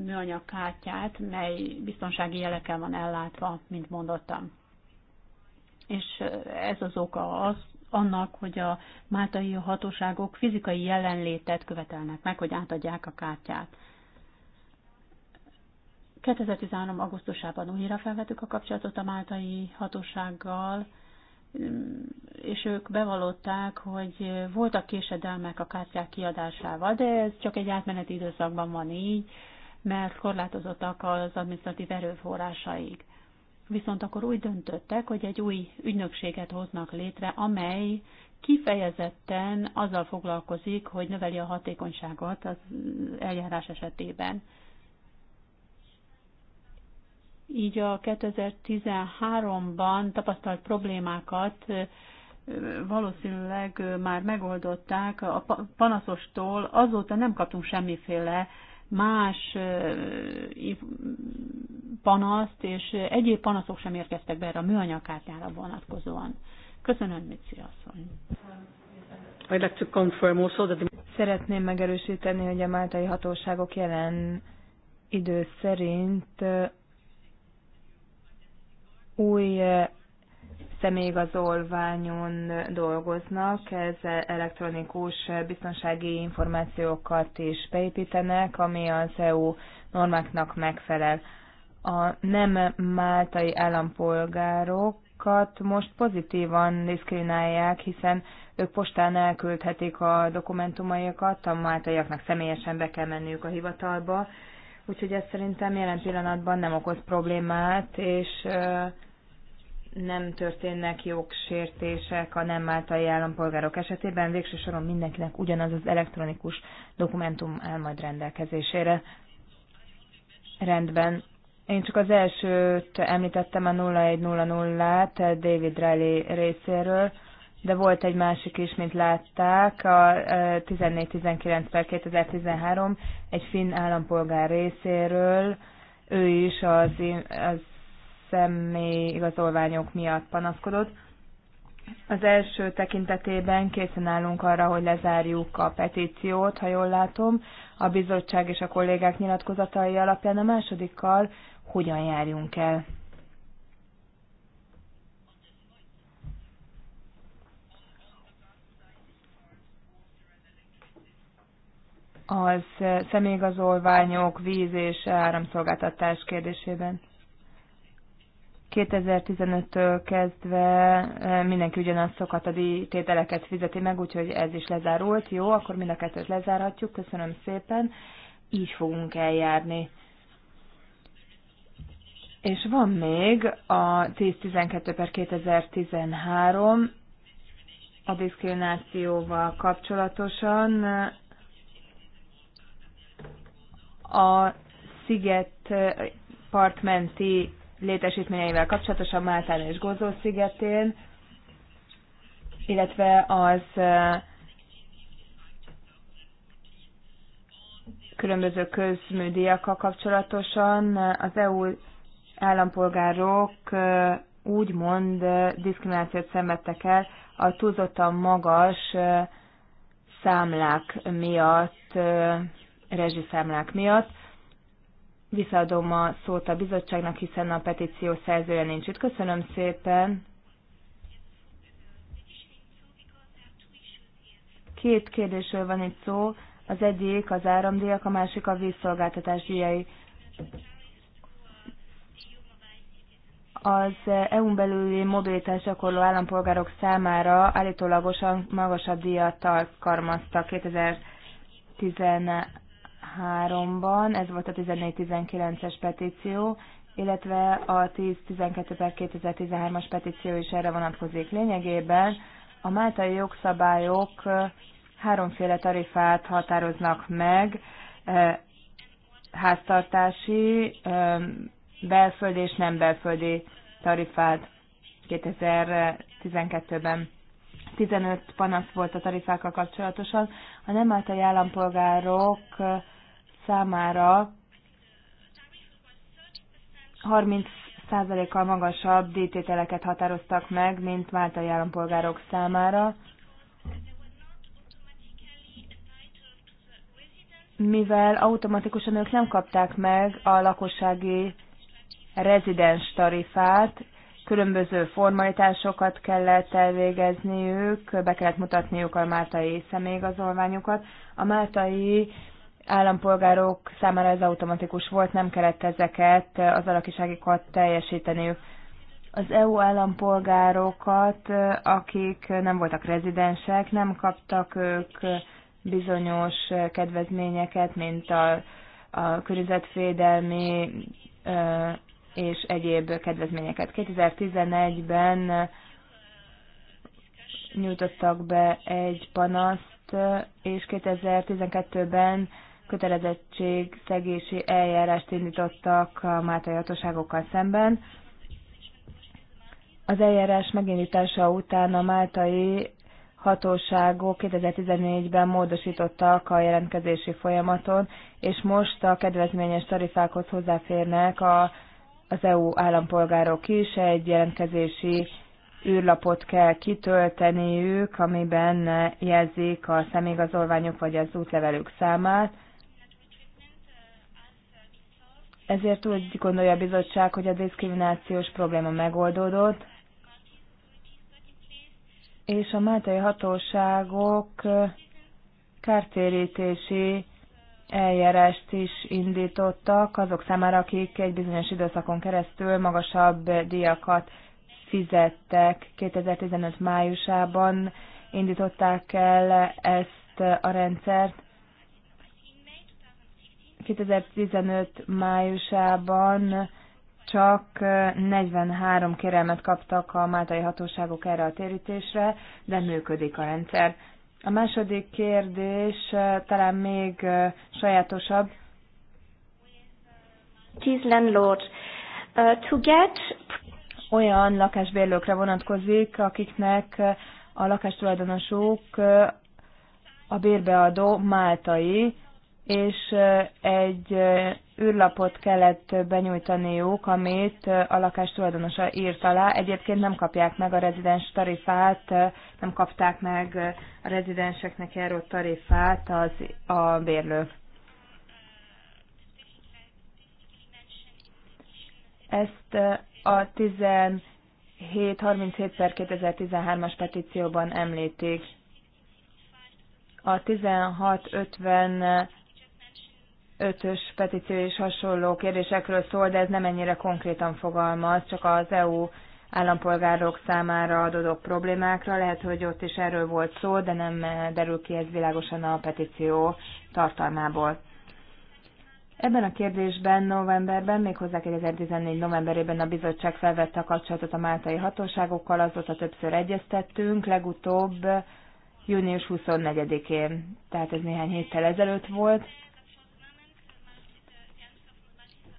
Speaker 2: műanyag kártyát, mely biztonsági jelekkel van ellátva, mint mondottam és ez az oka az, annak, hogy a máltai hatóságok fizikai jelenlétet követelnek meg, hogy átadják a kártyát. 2013. augusztusában újra felvettük a kapcsolatot a máltai hatósággal, és ők bevallották, hogy voltak késedelmek a kártyák kiadásával, de ez csak egy átmeneti időszakban van így, mert korlátozottak az administratív erőforrásaik. Viszont akkor úgy döntöttek, hogy egy új ügynökséget hoznak létre, amely kifejezetten azzal foglalkozik, hogy növeli a hatékonyságot az eljárás esetében. Így a 2013-ban tapasztalt problémákat valószínűleg már megoldották. A panaszostól azóta nem kaptunk semmiféle más panaszt, és egyéb panaszok sem érkeztek be erre a műanyagkártyára vonatkozóan. Köszönöm, Mici asszony. I'd like to confirm
Speaker 3: also that the... Szeretném megerősíteni, hogy a máltai hatóságok jelen idő szerint új személyigazolványon dolgoznak, ez elektronikus biztonsági információkat is beépítenek, ami az EU normáknak megfelel. A nem máltai állampolgárokat most pozitívan diszkriminálják, hiszen ők postán elküldhetik a dokumentumaikat, a máltaiaknak személyesen be kell menniük a hivatalba, úgyhogy ez szerintem jelen pillanatban nem okoz problémát, és nem történnek jogsértések a nem máltai állampolgárok esetében, végső soron mindenkinek ugyanaz az elektronikus dokumentum áll majd rendelkezésére. Rendben. Én csak az elsőt említettem a 0100-át David Riley részéről, de volt egy másik is, mint látták, a 1419 e, per 2013 egy finn állampolgár részéről, ő is az, az személy igazolványok miatt panaszkodott. Az első tekintetében készen állunk arra, hogy lezárjuk a petíciót, ha jól látom, a bizottság és a kollégák nyilatkozatai alapján a másodikkal hogyan járjunk el. az személyigazolványok, víz és áramszolgáltatás kérdésében. 2015-től kezdve eh, mindenki ugyanazokat a tételeket fizeti meg, úgyhogy ez is lezárult. Jó, akkor mind a kettőt lezárhatjuk. Köszönöm szépen. Így fogunk eljárni. És van még a 1012 per 2013 a diszkriminációval kapcsolatosan a sziget eh, partmenti létesítményeivel kapcsolatosan Máltán és Gozó szigetén, illetve az különböző közműdíjakkal kapcsolatosan az EU állampolgárok úgymond diszkriminációt szenvedtek el a túlzottan magas számlák miatt, rezsiszámlák miatt. Visszaadom a szót a bizottságnak, hiszen a petíció szerzője nincs itt. Köszönöm szépen. Két kérdésről van itt szó. Az egyik az áramdíjak, a másik a vízszolgáltatás díjai. Az EU-n belüli mobilitás gyakorló állampolgárok számára állítólagosan magasabb díjat alkalmaztak 2010 2013-ban, ez volt a 14-19-es petíció, illetve a 10-12 per 2013-as petíció is erre vonatkozik. Lényegében a máltai jogszabályok háromféle tarifát határoznak meg, háztartási, belföldi és nem belföldi tarifát 2012-ben. 15 panasz volt a tarifákkal kapcsolatosan. A nem általi állampolgárok számára 30%-kal magasabb díjtételeket határoztak meg, mint máltai állampolgárok számára, mivel automatikusan ők nem kapták meg a lakossági rezidens tarifát, különböző formalitásokat kellett elvégezniük, be kellett mutatniuk a máltai személyigazolványukat. A máltai állampolgárok számára ez automatikus volt, nem kellett ezeket az alakiságikat teljesíteniük. Az EU állampolgárokat, akik nem voltak rezidensek, nem kaptak ők bizonyos kedvezményeket, mint a, a környezetvédelmi és egyéb kedvezményeket. 2011-ben nyújtottak be egy panaszt, és 2012-ben kötelezettség szegési eljárást indítottak a Máltai hatóságokkal szemben. Az eljárás megindítása után a máltai hatóságok 2014-ben módosítottak a jelentkezési folyamaton, és most a kedvezményes tarifákhoz hozzáférnek a, az EU állampolgárok is. Egy jelentkezési űrlapot kell kitölteniük, amiben jelzik a személyigazolványok vagy az útlevelük számát. Ezért úgy gondolja a bizottság, hogy a diszkriminációs probléma megoldódott, és a máltai hatóságok kártérítési eljárást is indítottak azok számára, akik egy bizonyos időszakon keresztül magasabb díjakat fizettek. 2015 májusában indították el ezt a rendszert, 2015 májusában csak 43 kérelmet kaptak a máltai hatóságok erre a térítésre, de működik a rendszer. A második kérdés eh, talán még eh, sajátosabb. landlord, eh, Olyan lakásbérlőkre vonatkozik, akiknek a lakástulajdonosuk a bérbeadó máltai, és egy űrlapot kellett benyújtaniuk, amit a lakás tulajdonosa írt alá. Egyébként nem kapják meg a rezidens tarifát, nem kapták meg a rezidenseknek járó tarifát az, a bérlők. Ezt a 1737 per 2013-as petícióban említik. A 1650 ötös petíció és hasonló kérdésekről szól, de ez nem ennyire konkrétan fogalmaz, csak az EU állampolgárok számára adódott problémákra. Lehet, hogy ott is erről volt szó, de nem eh, derül ki ez világosan a petíció tartalmából. Ebben a kérdésben novemberben, méghozzá 2014 novemberében a bizottság felvette a kapcsolatot a máltai hatóságokkal, azóta többször egyeztettünk, legutóbb június 24-én, tehát ez néhány héttel ezelőtt volt.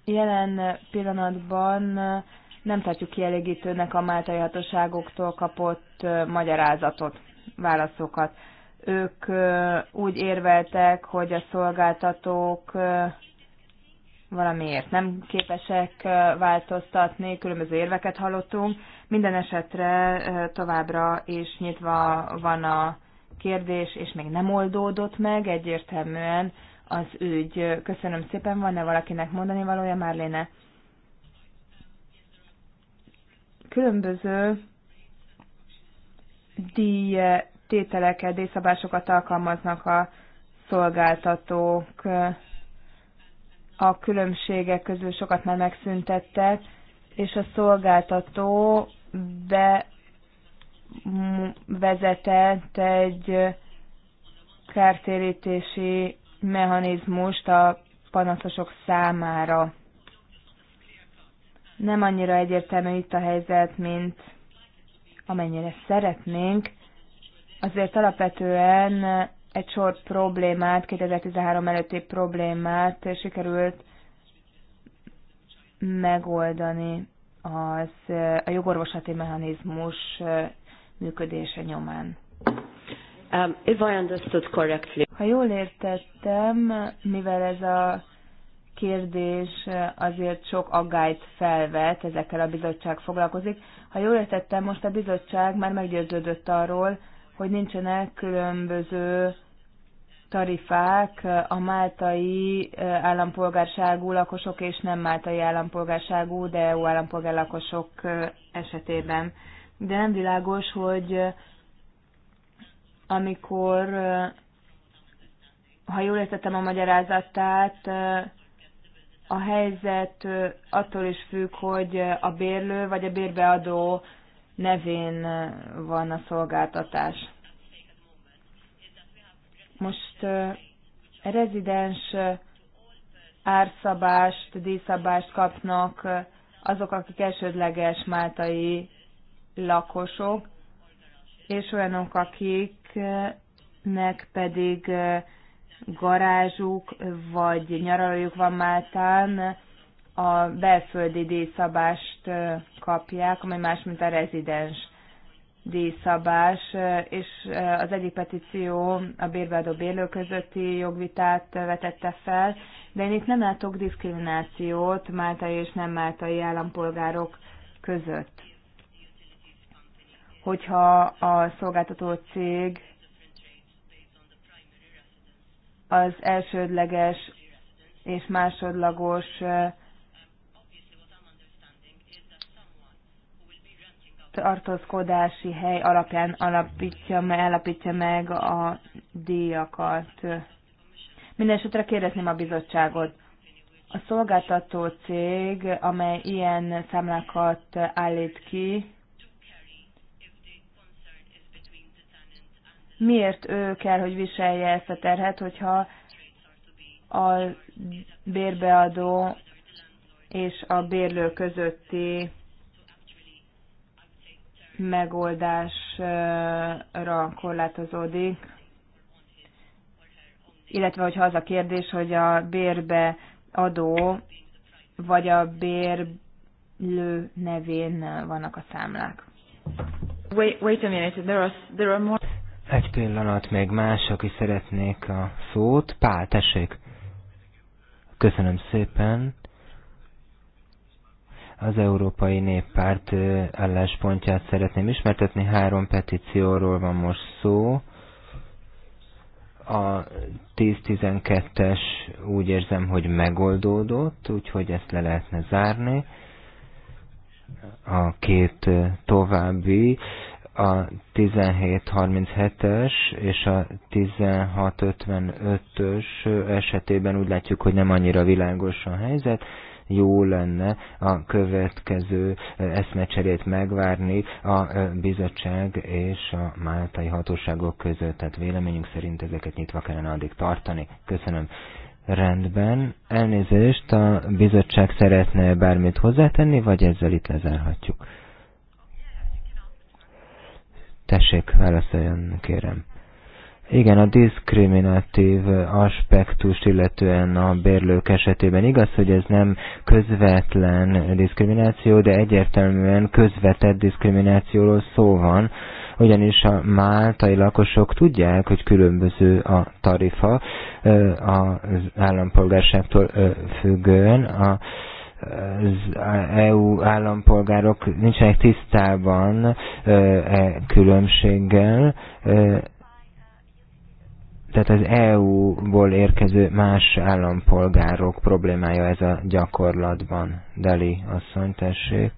Speaker 3: Jelen pillanatban eh, nem tartjuk kielégítőnek a máltai hatóságoktól kapott eh, magyarázatot, válaszokat. Ők eh, úgy érveltek, hogy a szolgáltatók valamiért nem képesek változtatni, különböző érveket hallottunk. Minden esetre továbbra is nyitva van a kérdés, és még nem oldódott meg egyértelműen az ügy. Köszönöm szépen. Van-e valakinek mondani valója, Márléne? Különböző díj tételeket, díjszabásokat alkalmaznak a szolgáltatók. A különbségek közül sokat már megszüntettek, és a szolgáltató bevezetett egy kártérítési mechanizmust a panaszosok számára. Nem annyira egyértelmű itt a helyzet, mint amennyire szeretnénk. Azért alapvetően egy sor problémát, 2013 előtti problémát sikerült megoldani az, a jogorvoslati mechanizmus működése nyomán. Um, if I understood correctly. Ha jól értettem, mivel ez a kérdés azért sok aggályt felvet, ezekkel a bizottság foglalkozik. Ha jól értettem, most a bizottság már meggyőződött arról, hogy nincsenek különböző tarifák a máltai állampolgárságú lakosok és nem máltai állampolgárságú, de EU állampolgár lakosok esetében. De nem világos, hogy amikor, ha jól értettem a magyarázatát, a helyzet attól is függ, hogy a bérlő vagy a bérbeadó nevén van a szolgáltatás. Most rezidens árszabást, díszabást kapnak azok, akik elsődleges máltai lakosok, és olyanok, akik akiknek pedig garázsuk vagy nyaralójuk van Máltán, a belföldi díjszabást kapják, ami más, mint a rezidens díjszabás, és az egyik petíció a bérbeadó bérlő közötti jogvitát vetette fel, de én itt nem látok diszkriminációt máltai és nem máltai állampolgárok között. Hogyha a szolgáltató cég az elsődleges és másodlagos tartózkodási hely alapján alapítja, elapítja meg a díjakat. Mindenesetre kérdezném a bizottságot. A szolgáltató cég, amely ilyen számlákat állít ki, miért ő kell, hogy viselje ezt a terhet, hogyha a bérbeadó és a bérlő közötti megoldásra korlátozódik, illetve hogyha az a kérdés, hogy a bérbe adó vagy a bérlő nevén vannak a számlák. Wait, wait a minute, there are, there are more...
Speaker 1: Egy pillanat, még más, aki szeretnék a szót. Pál, tessék! Köszönöm szépen! Az Európai Néppárt álláspontját szeretném ismertetni. Három petícióról van most szó. A 10-12-es úgy érzem, hogy megoldódott, úgyhogy ezt le lehetne zárni a két további a 1737-es és a 1655-ös esetében úgy látjuk, hogy nem annyira világos a helyzet, jó lenne a következő eszmecserét megvárni a bizottság és a máltai hatóságok között. Tehát véleményünk szerint ezeket nyitva kellene addig tartani. Köszönöm. Rendben. Elnézést, a bizottság szeretne bármit hozzátenni, vagy ezzel itt lezárhatjuk? Tessék, válaszoljon, kérem. Igen, a diszkriminatív aspektust, illetően a bérlők esetében igaz, hogy ez nem közvetlen diszkrimináció, de egyértelműen közvetett diszkriminációról szó van, ugyanis a máltai lakosok tudják, hogy különböző a tarifa az állampolgárságtól függően. A az EU állampolgárok nincsenek tisztában e különbséggel, tehát az EU-ból érkező más állampolgárok problémája ez a gyakorlatban. Deli asszony, tessék.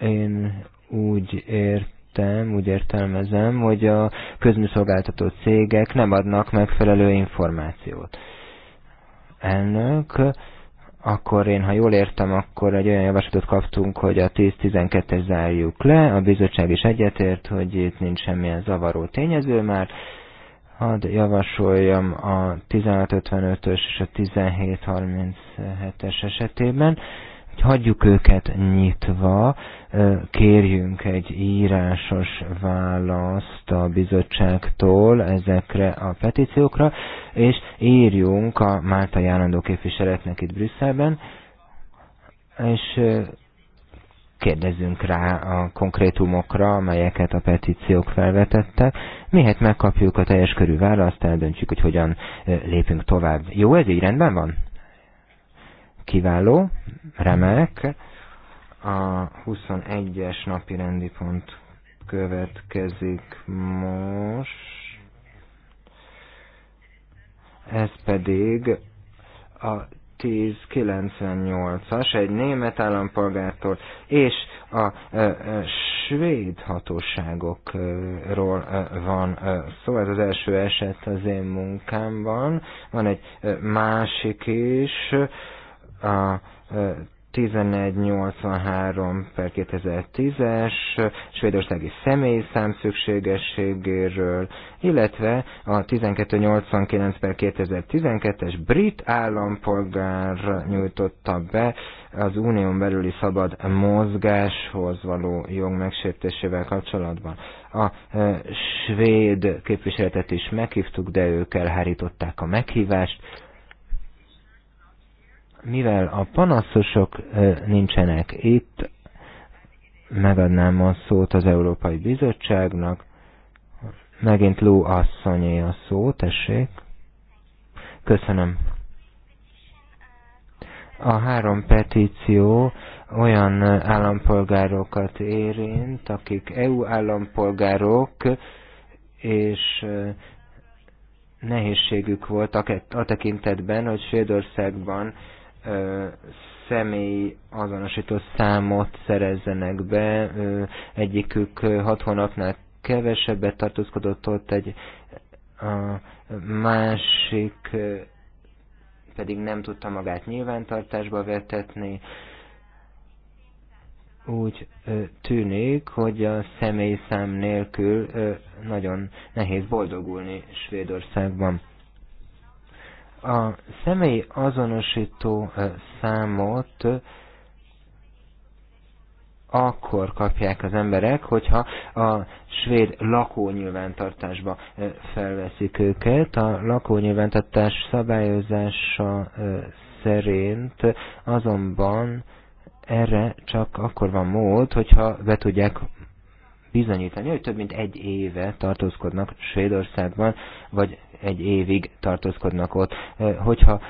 Speaker 1: Én úgy értem, úgy értelmezem, hogy a közműszolgáltató cégek nem adnak megfelelő információt. Elnök, akkor én, ha jól értem, akkor egy olyan javaslatot kaptunk, hogy a 10-12-es zárjuk le, a bizottság is egyetért, hogy itt nincs semmilyen zavaró tényező már, hadd javasoljam a 1655-ös és a 1737-es esetében, hogy hagyjuk őket nyitva, kérjünk egy írásos választ a bizottságtól ezekre a petíciókra, és írjunk a Máltai állandó képviseletnek itt Brüsszelben, és kérdezzünk rá a konkrétumokra, amelyeket a petíciók felvetettek, mihet megkapjuk a teljes körű választ, eldöntjük, hogy hogyan lépünk tovább. Jó, ez így rendben van? Kiváló, remek. A 21-es napi rendi pont következik most. Ez pedig a 1098-as, egy német állampolgártól, és a ö, ö, svéd hatóságokról van ö, szó. Ez az első eset az én munkámban. Van egy ö, másik is, a ö, 1183 per 2010-es svédországi szám szükségességéről, illetve a 1289 per 2012-es brit állampolgár nyújtotta be az unión belüli szabad mozgáshoz való jog megsértésével kapcsolatban. A e, svéd képviseletet is meghívtuk, de ők elhárították a meghívást mivel a panaszosok nincsenek itt, megadnám a szót az Európai Bizottságnak. Megint Ló asszonyé a szó, tessék. Köszönöm. A három petíció olyan állampolgárokat érint, akik EU állampolgárok, és nehézségük volt a tekintetben, hogy Svédországban személy azonosító számot szerezzenek be. Egyikük hat hónapnál kevesebbet tartózkodott ott, egy a másik pedig nem tudta magát nyilvántartásba vetetni. Úgy tűnik, hogy a személyszám nélkül nagyon nehéz boldogulni Svédországban. A személy azonosító számot akkor kapják az emberek, hogyha a svéd lakónyilvántartásba felveszik őket. A lakónyilvántartás szabályozása szerint azonban erre csak akkor van mód, hogyha be tudják bizonyítani, hogy több mint egy éve tartózkodnak Svédországban, vagy egy évig tartózkodnak ott. Hogyha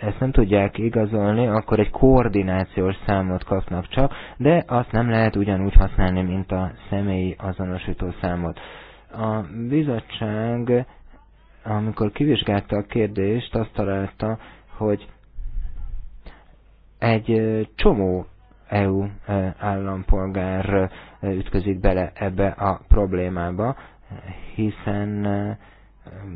Speaker 1: ezt nem tudják igazolni, akkor egy koordinációs számot kapnak csak, de azt nem lehet ugyanúgy használni, mint a személyi azonosító számot. A bizottság, amikor kivizsgálta a kérdést, azt találta, hogy egy csomó EU állampolgár ütközik bele ebbe a problémába, hiszen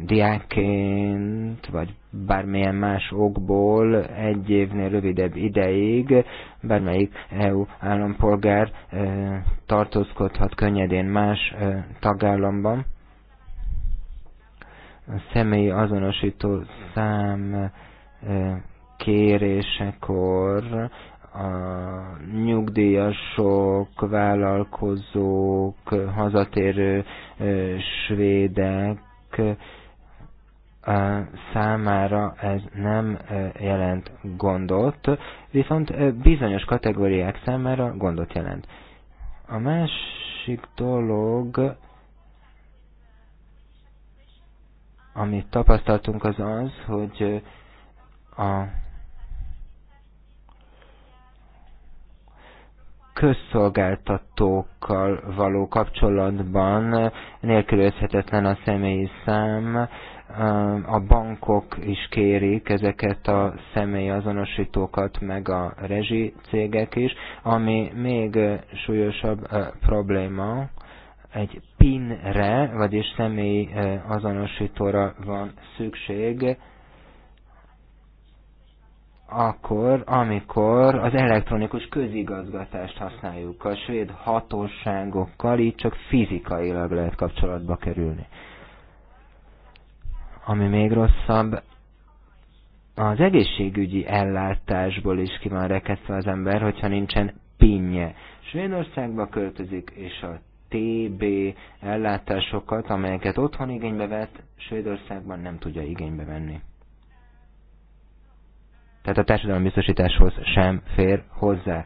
Speaker 1: diákként, vagy bármilyen más okból egy évnél rövidebb ideig bármelyik EU állampolgár eh, tartózkodhat könnyedén más eh, tagállamban. A személyi azonosító szám eh, kérésekor a nyugdíjasok, vállalkozók, hazatérő svédek számára ez nem jelent gondot, viszont bizonyos kategóriák számára gondot jelent. A másik dolog, amit tapasztaltunk, az az, hogy a közszolgáltatókkal való kapcsolatban nélkülözhetetlen a személyi szám, a bankok is kérik ezeket a személyazonosítókat, meg a rezsi cégek is, ami még súlyosabb probléma, egy PIN-re, vagyis személyazonosítóra van szükség, akkor, amikor az elektronikus közigazgatást használjuk. A svéd hatóságokkal így csak fizikailag lehet kapcsolatba kerülni. Ami még rosszabb, az egészségügyi ellátásból is ki van rekedve az ember, hogyha nincsen pinje. Svédországba költözik, és a TB ellátásokat, amelyeket otthon igénybe vett, Svédországban nem tudja igénybe venni. Tehát a társadalmi biztosításhoz sem fér hozzá.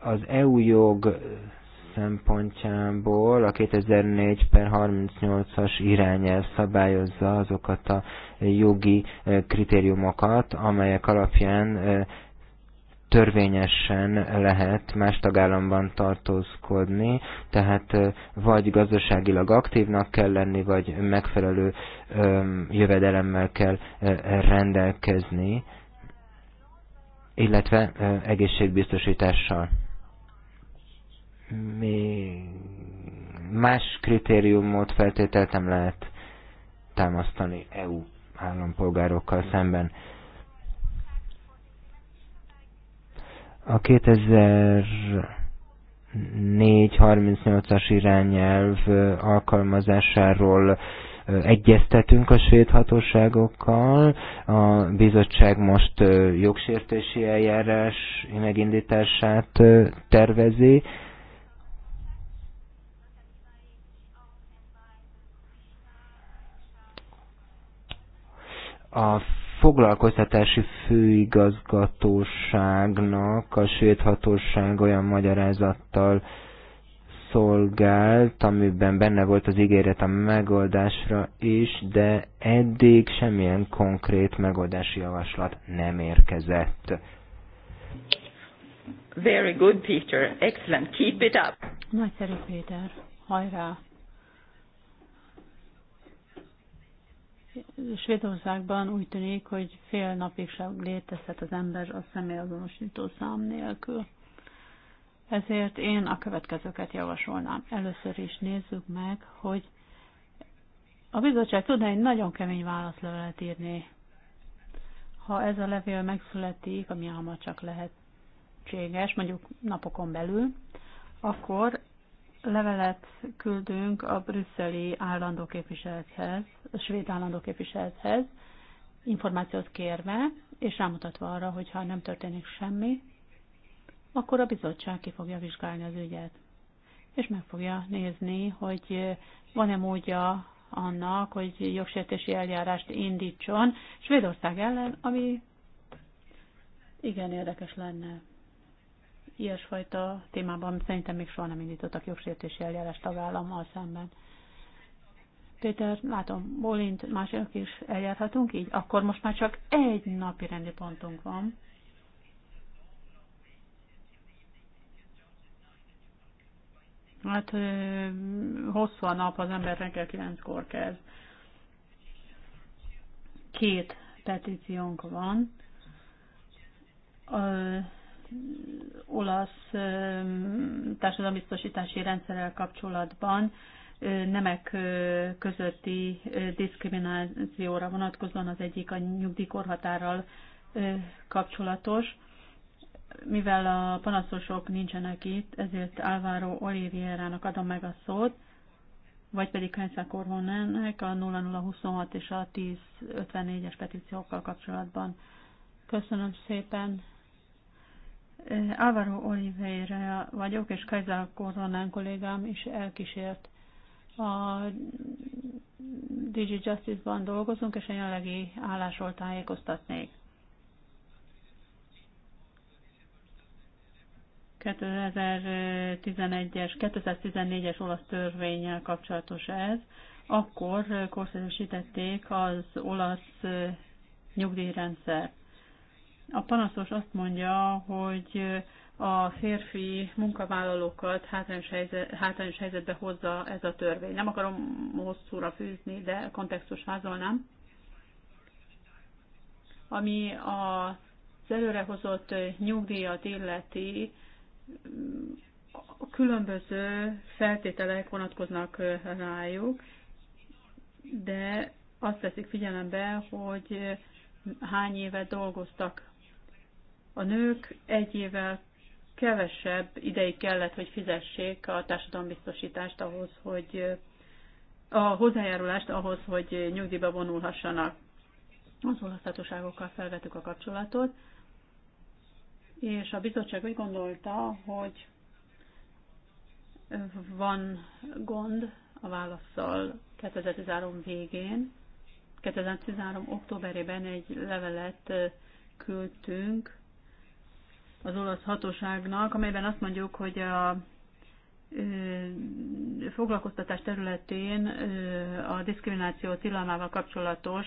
Speaker 1: Az EU jog szempontjából a 2004 per 38-as irányelv szabályozza azokat a jogi eh, kritériumokat, amelyek alapján eh, törvényesen lehet más tagállamban tartózkodni, tehát vagy gazdaságilag aktívnak kell lenni, vagy megfelelő jövedelemmel kell rendelkezni, illetve egészségbiztosítással. Mi más kritériumot feltételtem lehet támasztani EU állampolgárokkal szemben. A 2004-38-as irányelv alkalmazásáról egyeztetünk a svéd hatóságokkal. A bizottság most jogsértési eljárás megindítását tervezi. A foglalkoztatási főigazgatóságnak a svéd hatóság olyan magyarázattal szolgált, amiben benne volt az ígéret a megoldásra is, de eddig semmilyen konkrét megoldási javaslat nem érkezett.
Speaker 3: Very good, Peter. Excellent. Keep it up.
Speaker 2: Nagyszerű, Péter. Hajrá! Svédországban úgy tűnik, hogy fél napig sem létezhet az ember a személyazonosító szám nélkül. Ezért én a következőket javasolnám. Először is nézzük meg, hogy a bizottság tudna egy nagyon kemény válaszlevelet írni. Ha ez a levél megszületik, ami hamar csak lehetséges, mondjuk napokon belül, akkor levelet küldünk a brüsszeli állandó képviselethez, a svéd állandó képviselethez, információt kérve, és rámutatva arra, hogy ha nem történik semmi, akkor a bizottság ki fogja vizsgálni az ügyet, és meg fogja nézni, hogy van-e módja annak, hogy jogsértési eljárást indítson Svédország ellen, ami igen érdekes lenne ilyesfajta témában szerintem még soha nem indítottak jogsértési eljárás tagállammal szemben. Péter, látom, Bolint, mások is eljárhatunk így? Akkor most már csak egy napi rendi pontunk van. Hát hosszú a nap, az ember reggel kilenckor kezd. Két petíciónk van. A olasz társadalombiztosítási rendszerrel kapcsolatban nemek közötti diszkriminációra vonatkozóan az egyik a nyugdíjkorhatárral kapcsolatos. Mivel a panaszosok nincsenek itt, ezért Álváró Olivierának adom meg a szót, vagy pedig Kányszá Korvonennek a 0026 és a 1054-es petíciókkal kapcsolatban. Köszönöm szépen, Álvaro Oliveira vagyok, és Kajzár Koronán kollégám is elkísért. A Digi Justice-ban dolgozunk, és a jelenlegi állásról tájékoztatnék. 2011-es, 2014-es olasz törvényel kapcsolatos ez, akkor korszerűsítették az olasz nyugdíjrendszert. A panaszos azt mondja, hogy a férfi munkavállalókat hátrányos, helyzet, hátrányos helyzetbe hozza ez a törvény. Nem akarom hosszúra fűzni, de kontextus házolnám. Ami az előrehozott nyugdíjat illeti, különböző feltételek vonatkoznak rájuk, de azt veszik figyelembe, hogy hány éve dolgoztak a nők egy évvel kevesebb ideig kellett, hogy fizessék a társadalombiztosítást ahhoz, hogy a hozzájárulást ahhoz, hogy nyugdíjba vonulhassanak. Az olasz felvettük a kapcsolatot, és a bizottság úgy gondolta, hogy van gond a válaszsal 2013 végén. 2013. októberében egy levelet küldtünk az olasz hatóságnak, amelyben azt mondjuk, hogy a foglalkoztatás területén a diszkrimináció tilalmával kapcsolatos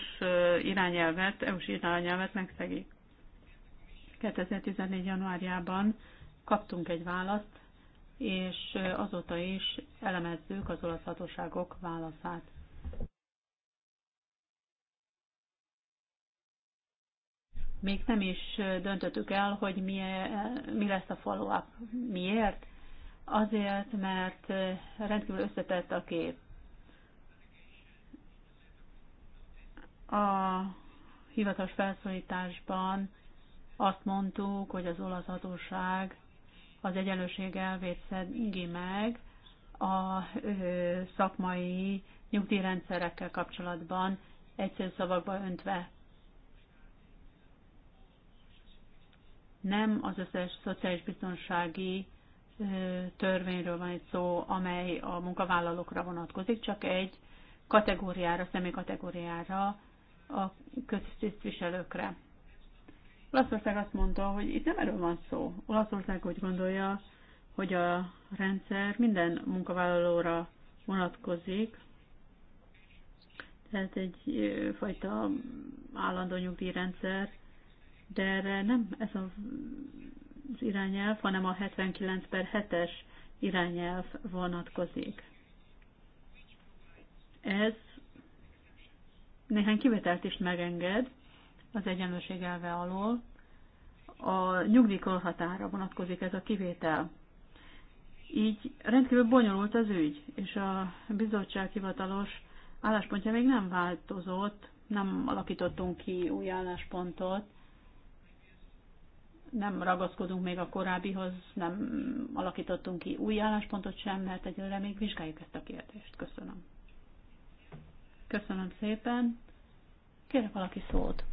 Speaker 2: irányelvet, EU-s irányelvet megszegik. 2014. januárjában kaptunk egy választ, és azóta is elemezzük az olasz hatóságok válaszát. még nem is döntöttük el, hogy mi, mi lesz a follow-up. Miért? Azért, mert rendkívül összetett a kép. A hivatalos felszólításban azt mondtuk, hogy az olasz hatóság az egyenlőség elvét szegi meg a szakmai nyugdíjrendszerekkel kapcsolatban egyszerű szavakba öntve. nem az összes szociális biztonsági törvényről van egy szó, amely a munkavállalókra vonatkozik, csak egy kategóriára, személykategóriára, a köztisztviselőkre. Olaszország azt mondta, hogy itt nem erről van szó. Olaszország úgy gondolja, hogy a rendszer minden munkavállalóra vonatkozik, tehát egyfajta állandó nyugdíjrendszer, de erre nem ez az irányelv, hanem a 79 per 7-es irányelv vonatkozik. Ez néhány kivételt is megenged az egyenlőség elve alól. A nyugdíjkorhatára vonatkozik ez a kivétel. Így rendkívül bonyolult az ügy, és a bizottság hivatalos álláspontja még nem változott, nem alakítottunk ki új álláspontot nem ragaszkodunk még a korábbihoz, nem alakítottunk ki új álláspontot sem, mert egyelőre még vizsgáljuk ezt a kérdést. Köszönöm. Köszönöm szépen. Kérek valaki szót.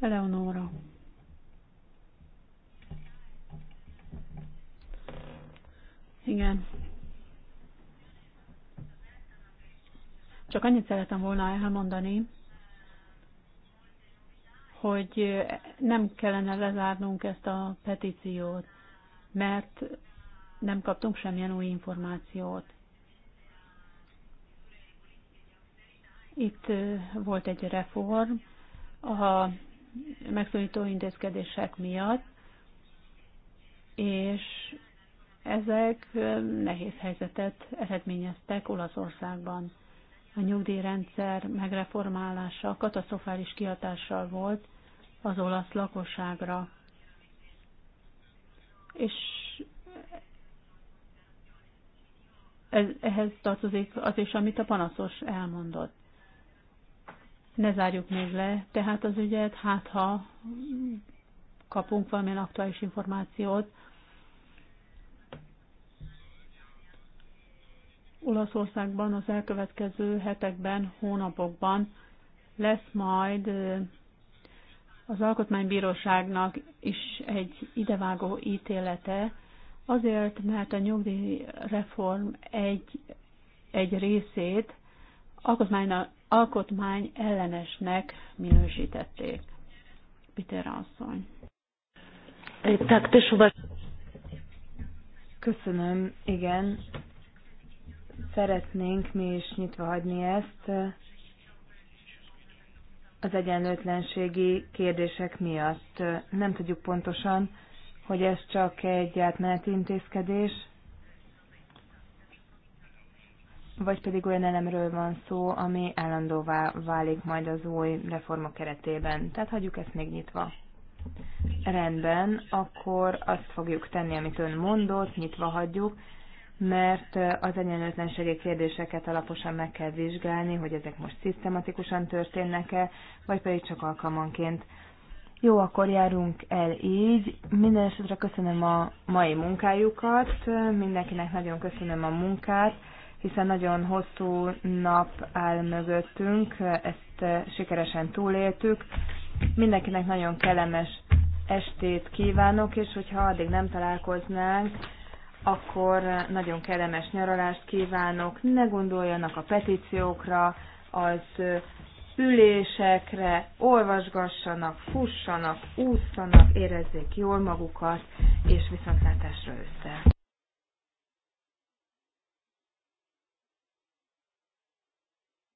Speaker 2: Eleonóra. Igen. Csak annyit szeretem volna elmondani, hogy nem kellene lezárnunk ezt a petíciót, mert nem kaptunk semmilyen új információt. Itt volt egy reform a megszólító intézkedések miatt, és ezek nehéz helyzetet eredményeztek Olaszországban a nyugdíjrendszer megreformálása katasztrofális kihatással volt az olasz lakosságra. És ez, ehhez tartozik az is, amit a panaszos elmondott. Ne zárjuk még le, tehát az ügyet, hát ha kapunk valamilyen aktuális információt, Olaszországban az elkövetkező hetekben, hónapokban lesz majd az Alkotmánybíróságnak is egy idevágó ítélete, azért, mert a nyugdíjreform egy, egy részét alkotmány, alkotmány ellenesnek minősítették. Peter asszony.
Speaker 3: Köszönöm, igen. Szeretnénk mi is nyitva hagyni ezt az egyenlőtlenségi kérdések miatt. Nem tudjuk pontosan, hogy ez csak egy átmeneti intézkedés, vagy pedig olyan elemről van szó, ami állandóvá válik majd az új reforma keretében. Tehát hagyjuk ezt még nyitva. Rendben, akkor azt fogjuk tenni, amit ön mondott, nyitva hagyjuk, mert az egyenlőtlenségi kérdéseket alaposan meg kell vizsgálni, hogy ezek most szisztematikusan történnek-e, vagy pedig csak alkalmanként. Jó, akkor járunk el így. Minden esetre köszönöm a mai munkájukat, mindenkinek nagyon köszönöm a munkát, hiszen nagyon hosszú nap áll mögöttünk, ezt sikeresen túléltük. Mindenkinek nagyon kellemes estét kívánok, és hogyha addig nem találkoznánk, akkor nagyon kellemes nyaralást kívánok, ne gondoljanak a petíciókra, az ülésekre, olvasgassanak, fussanak, ússzanak, érezzék jól magukat, és
Speaker 1: viszontlátásra össze.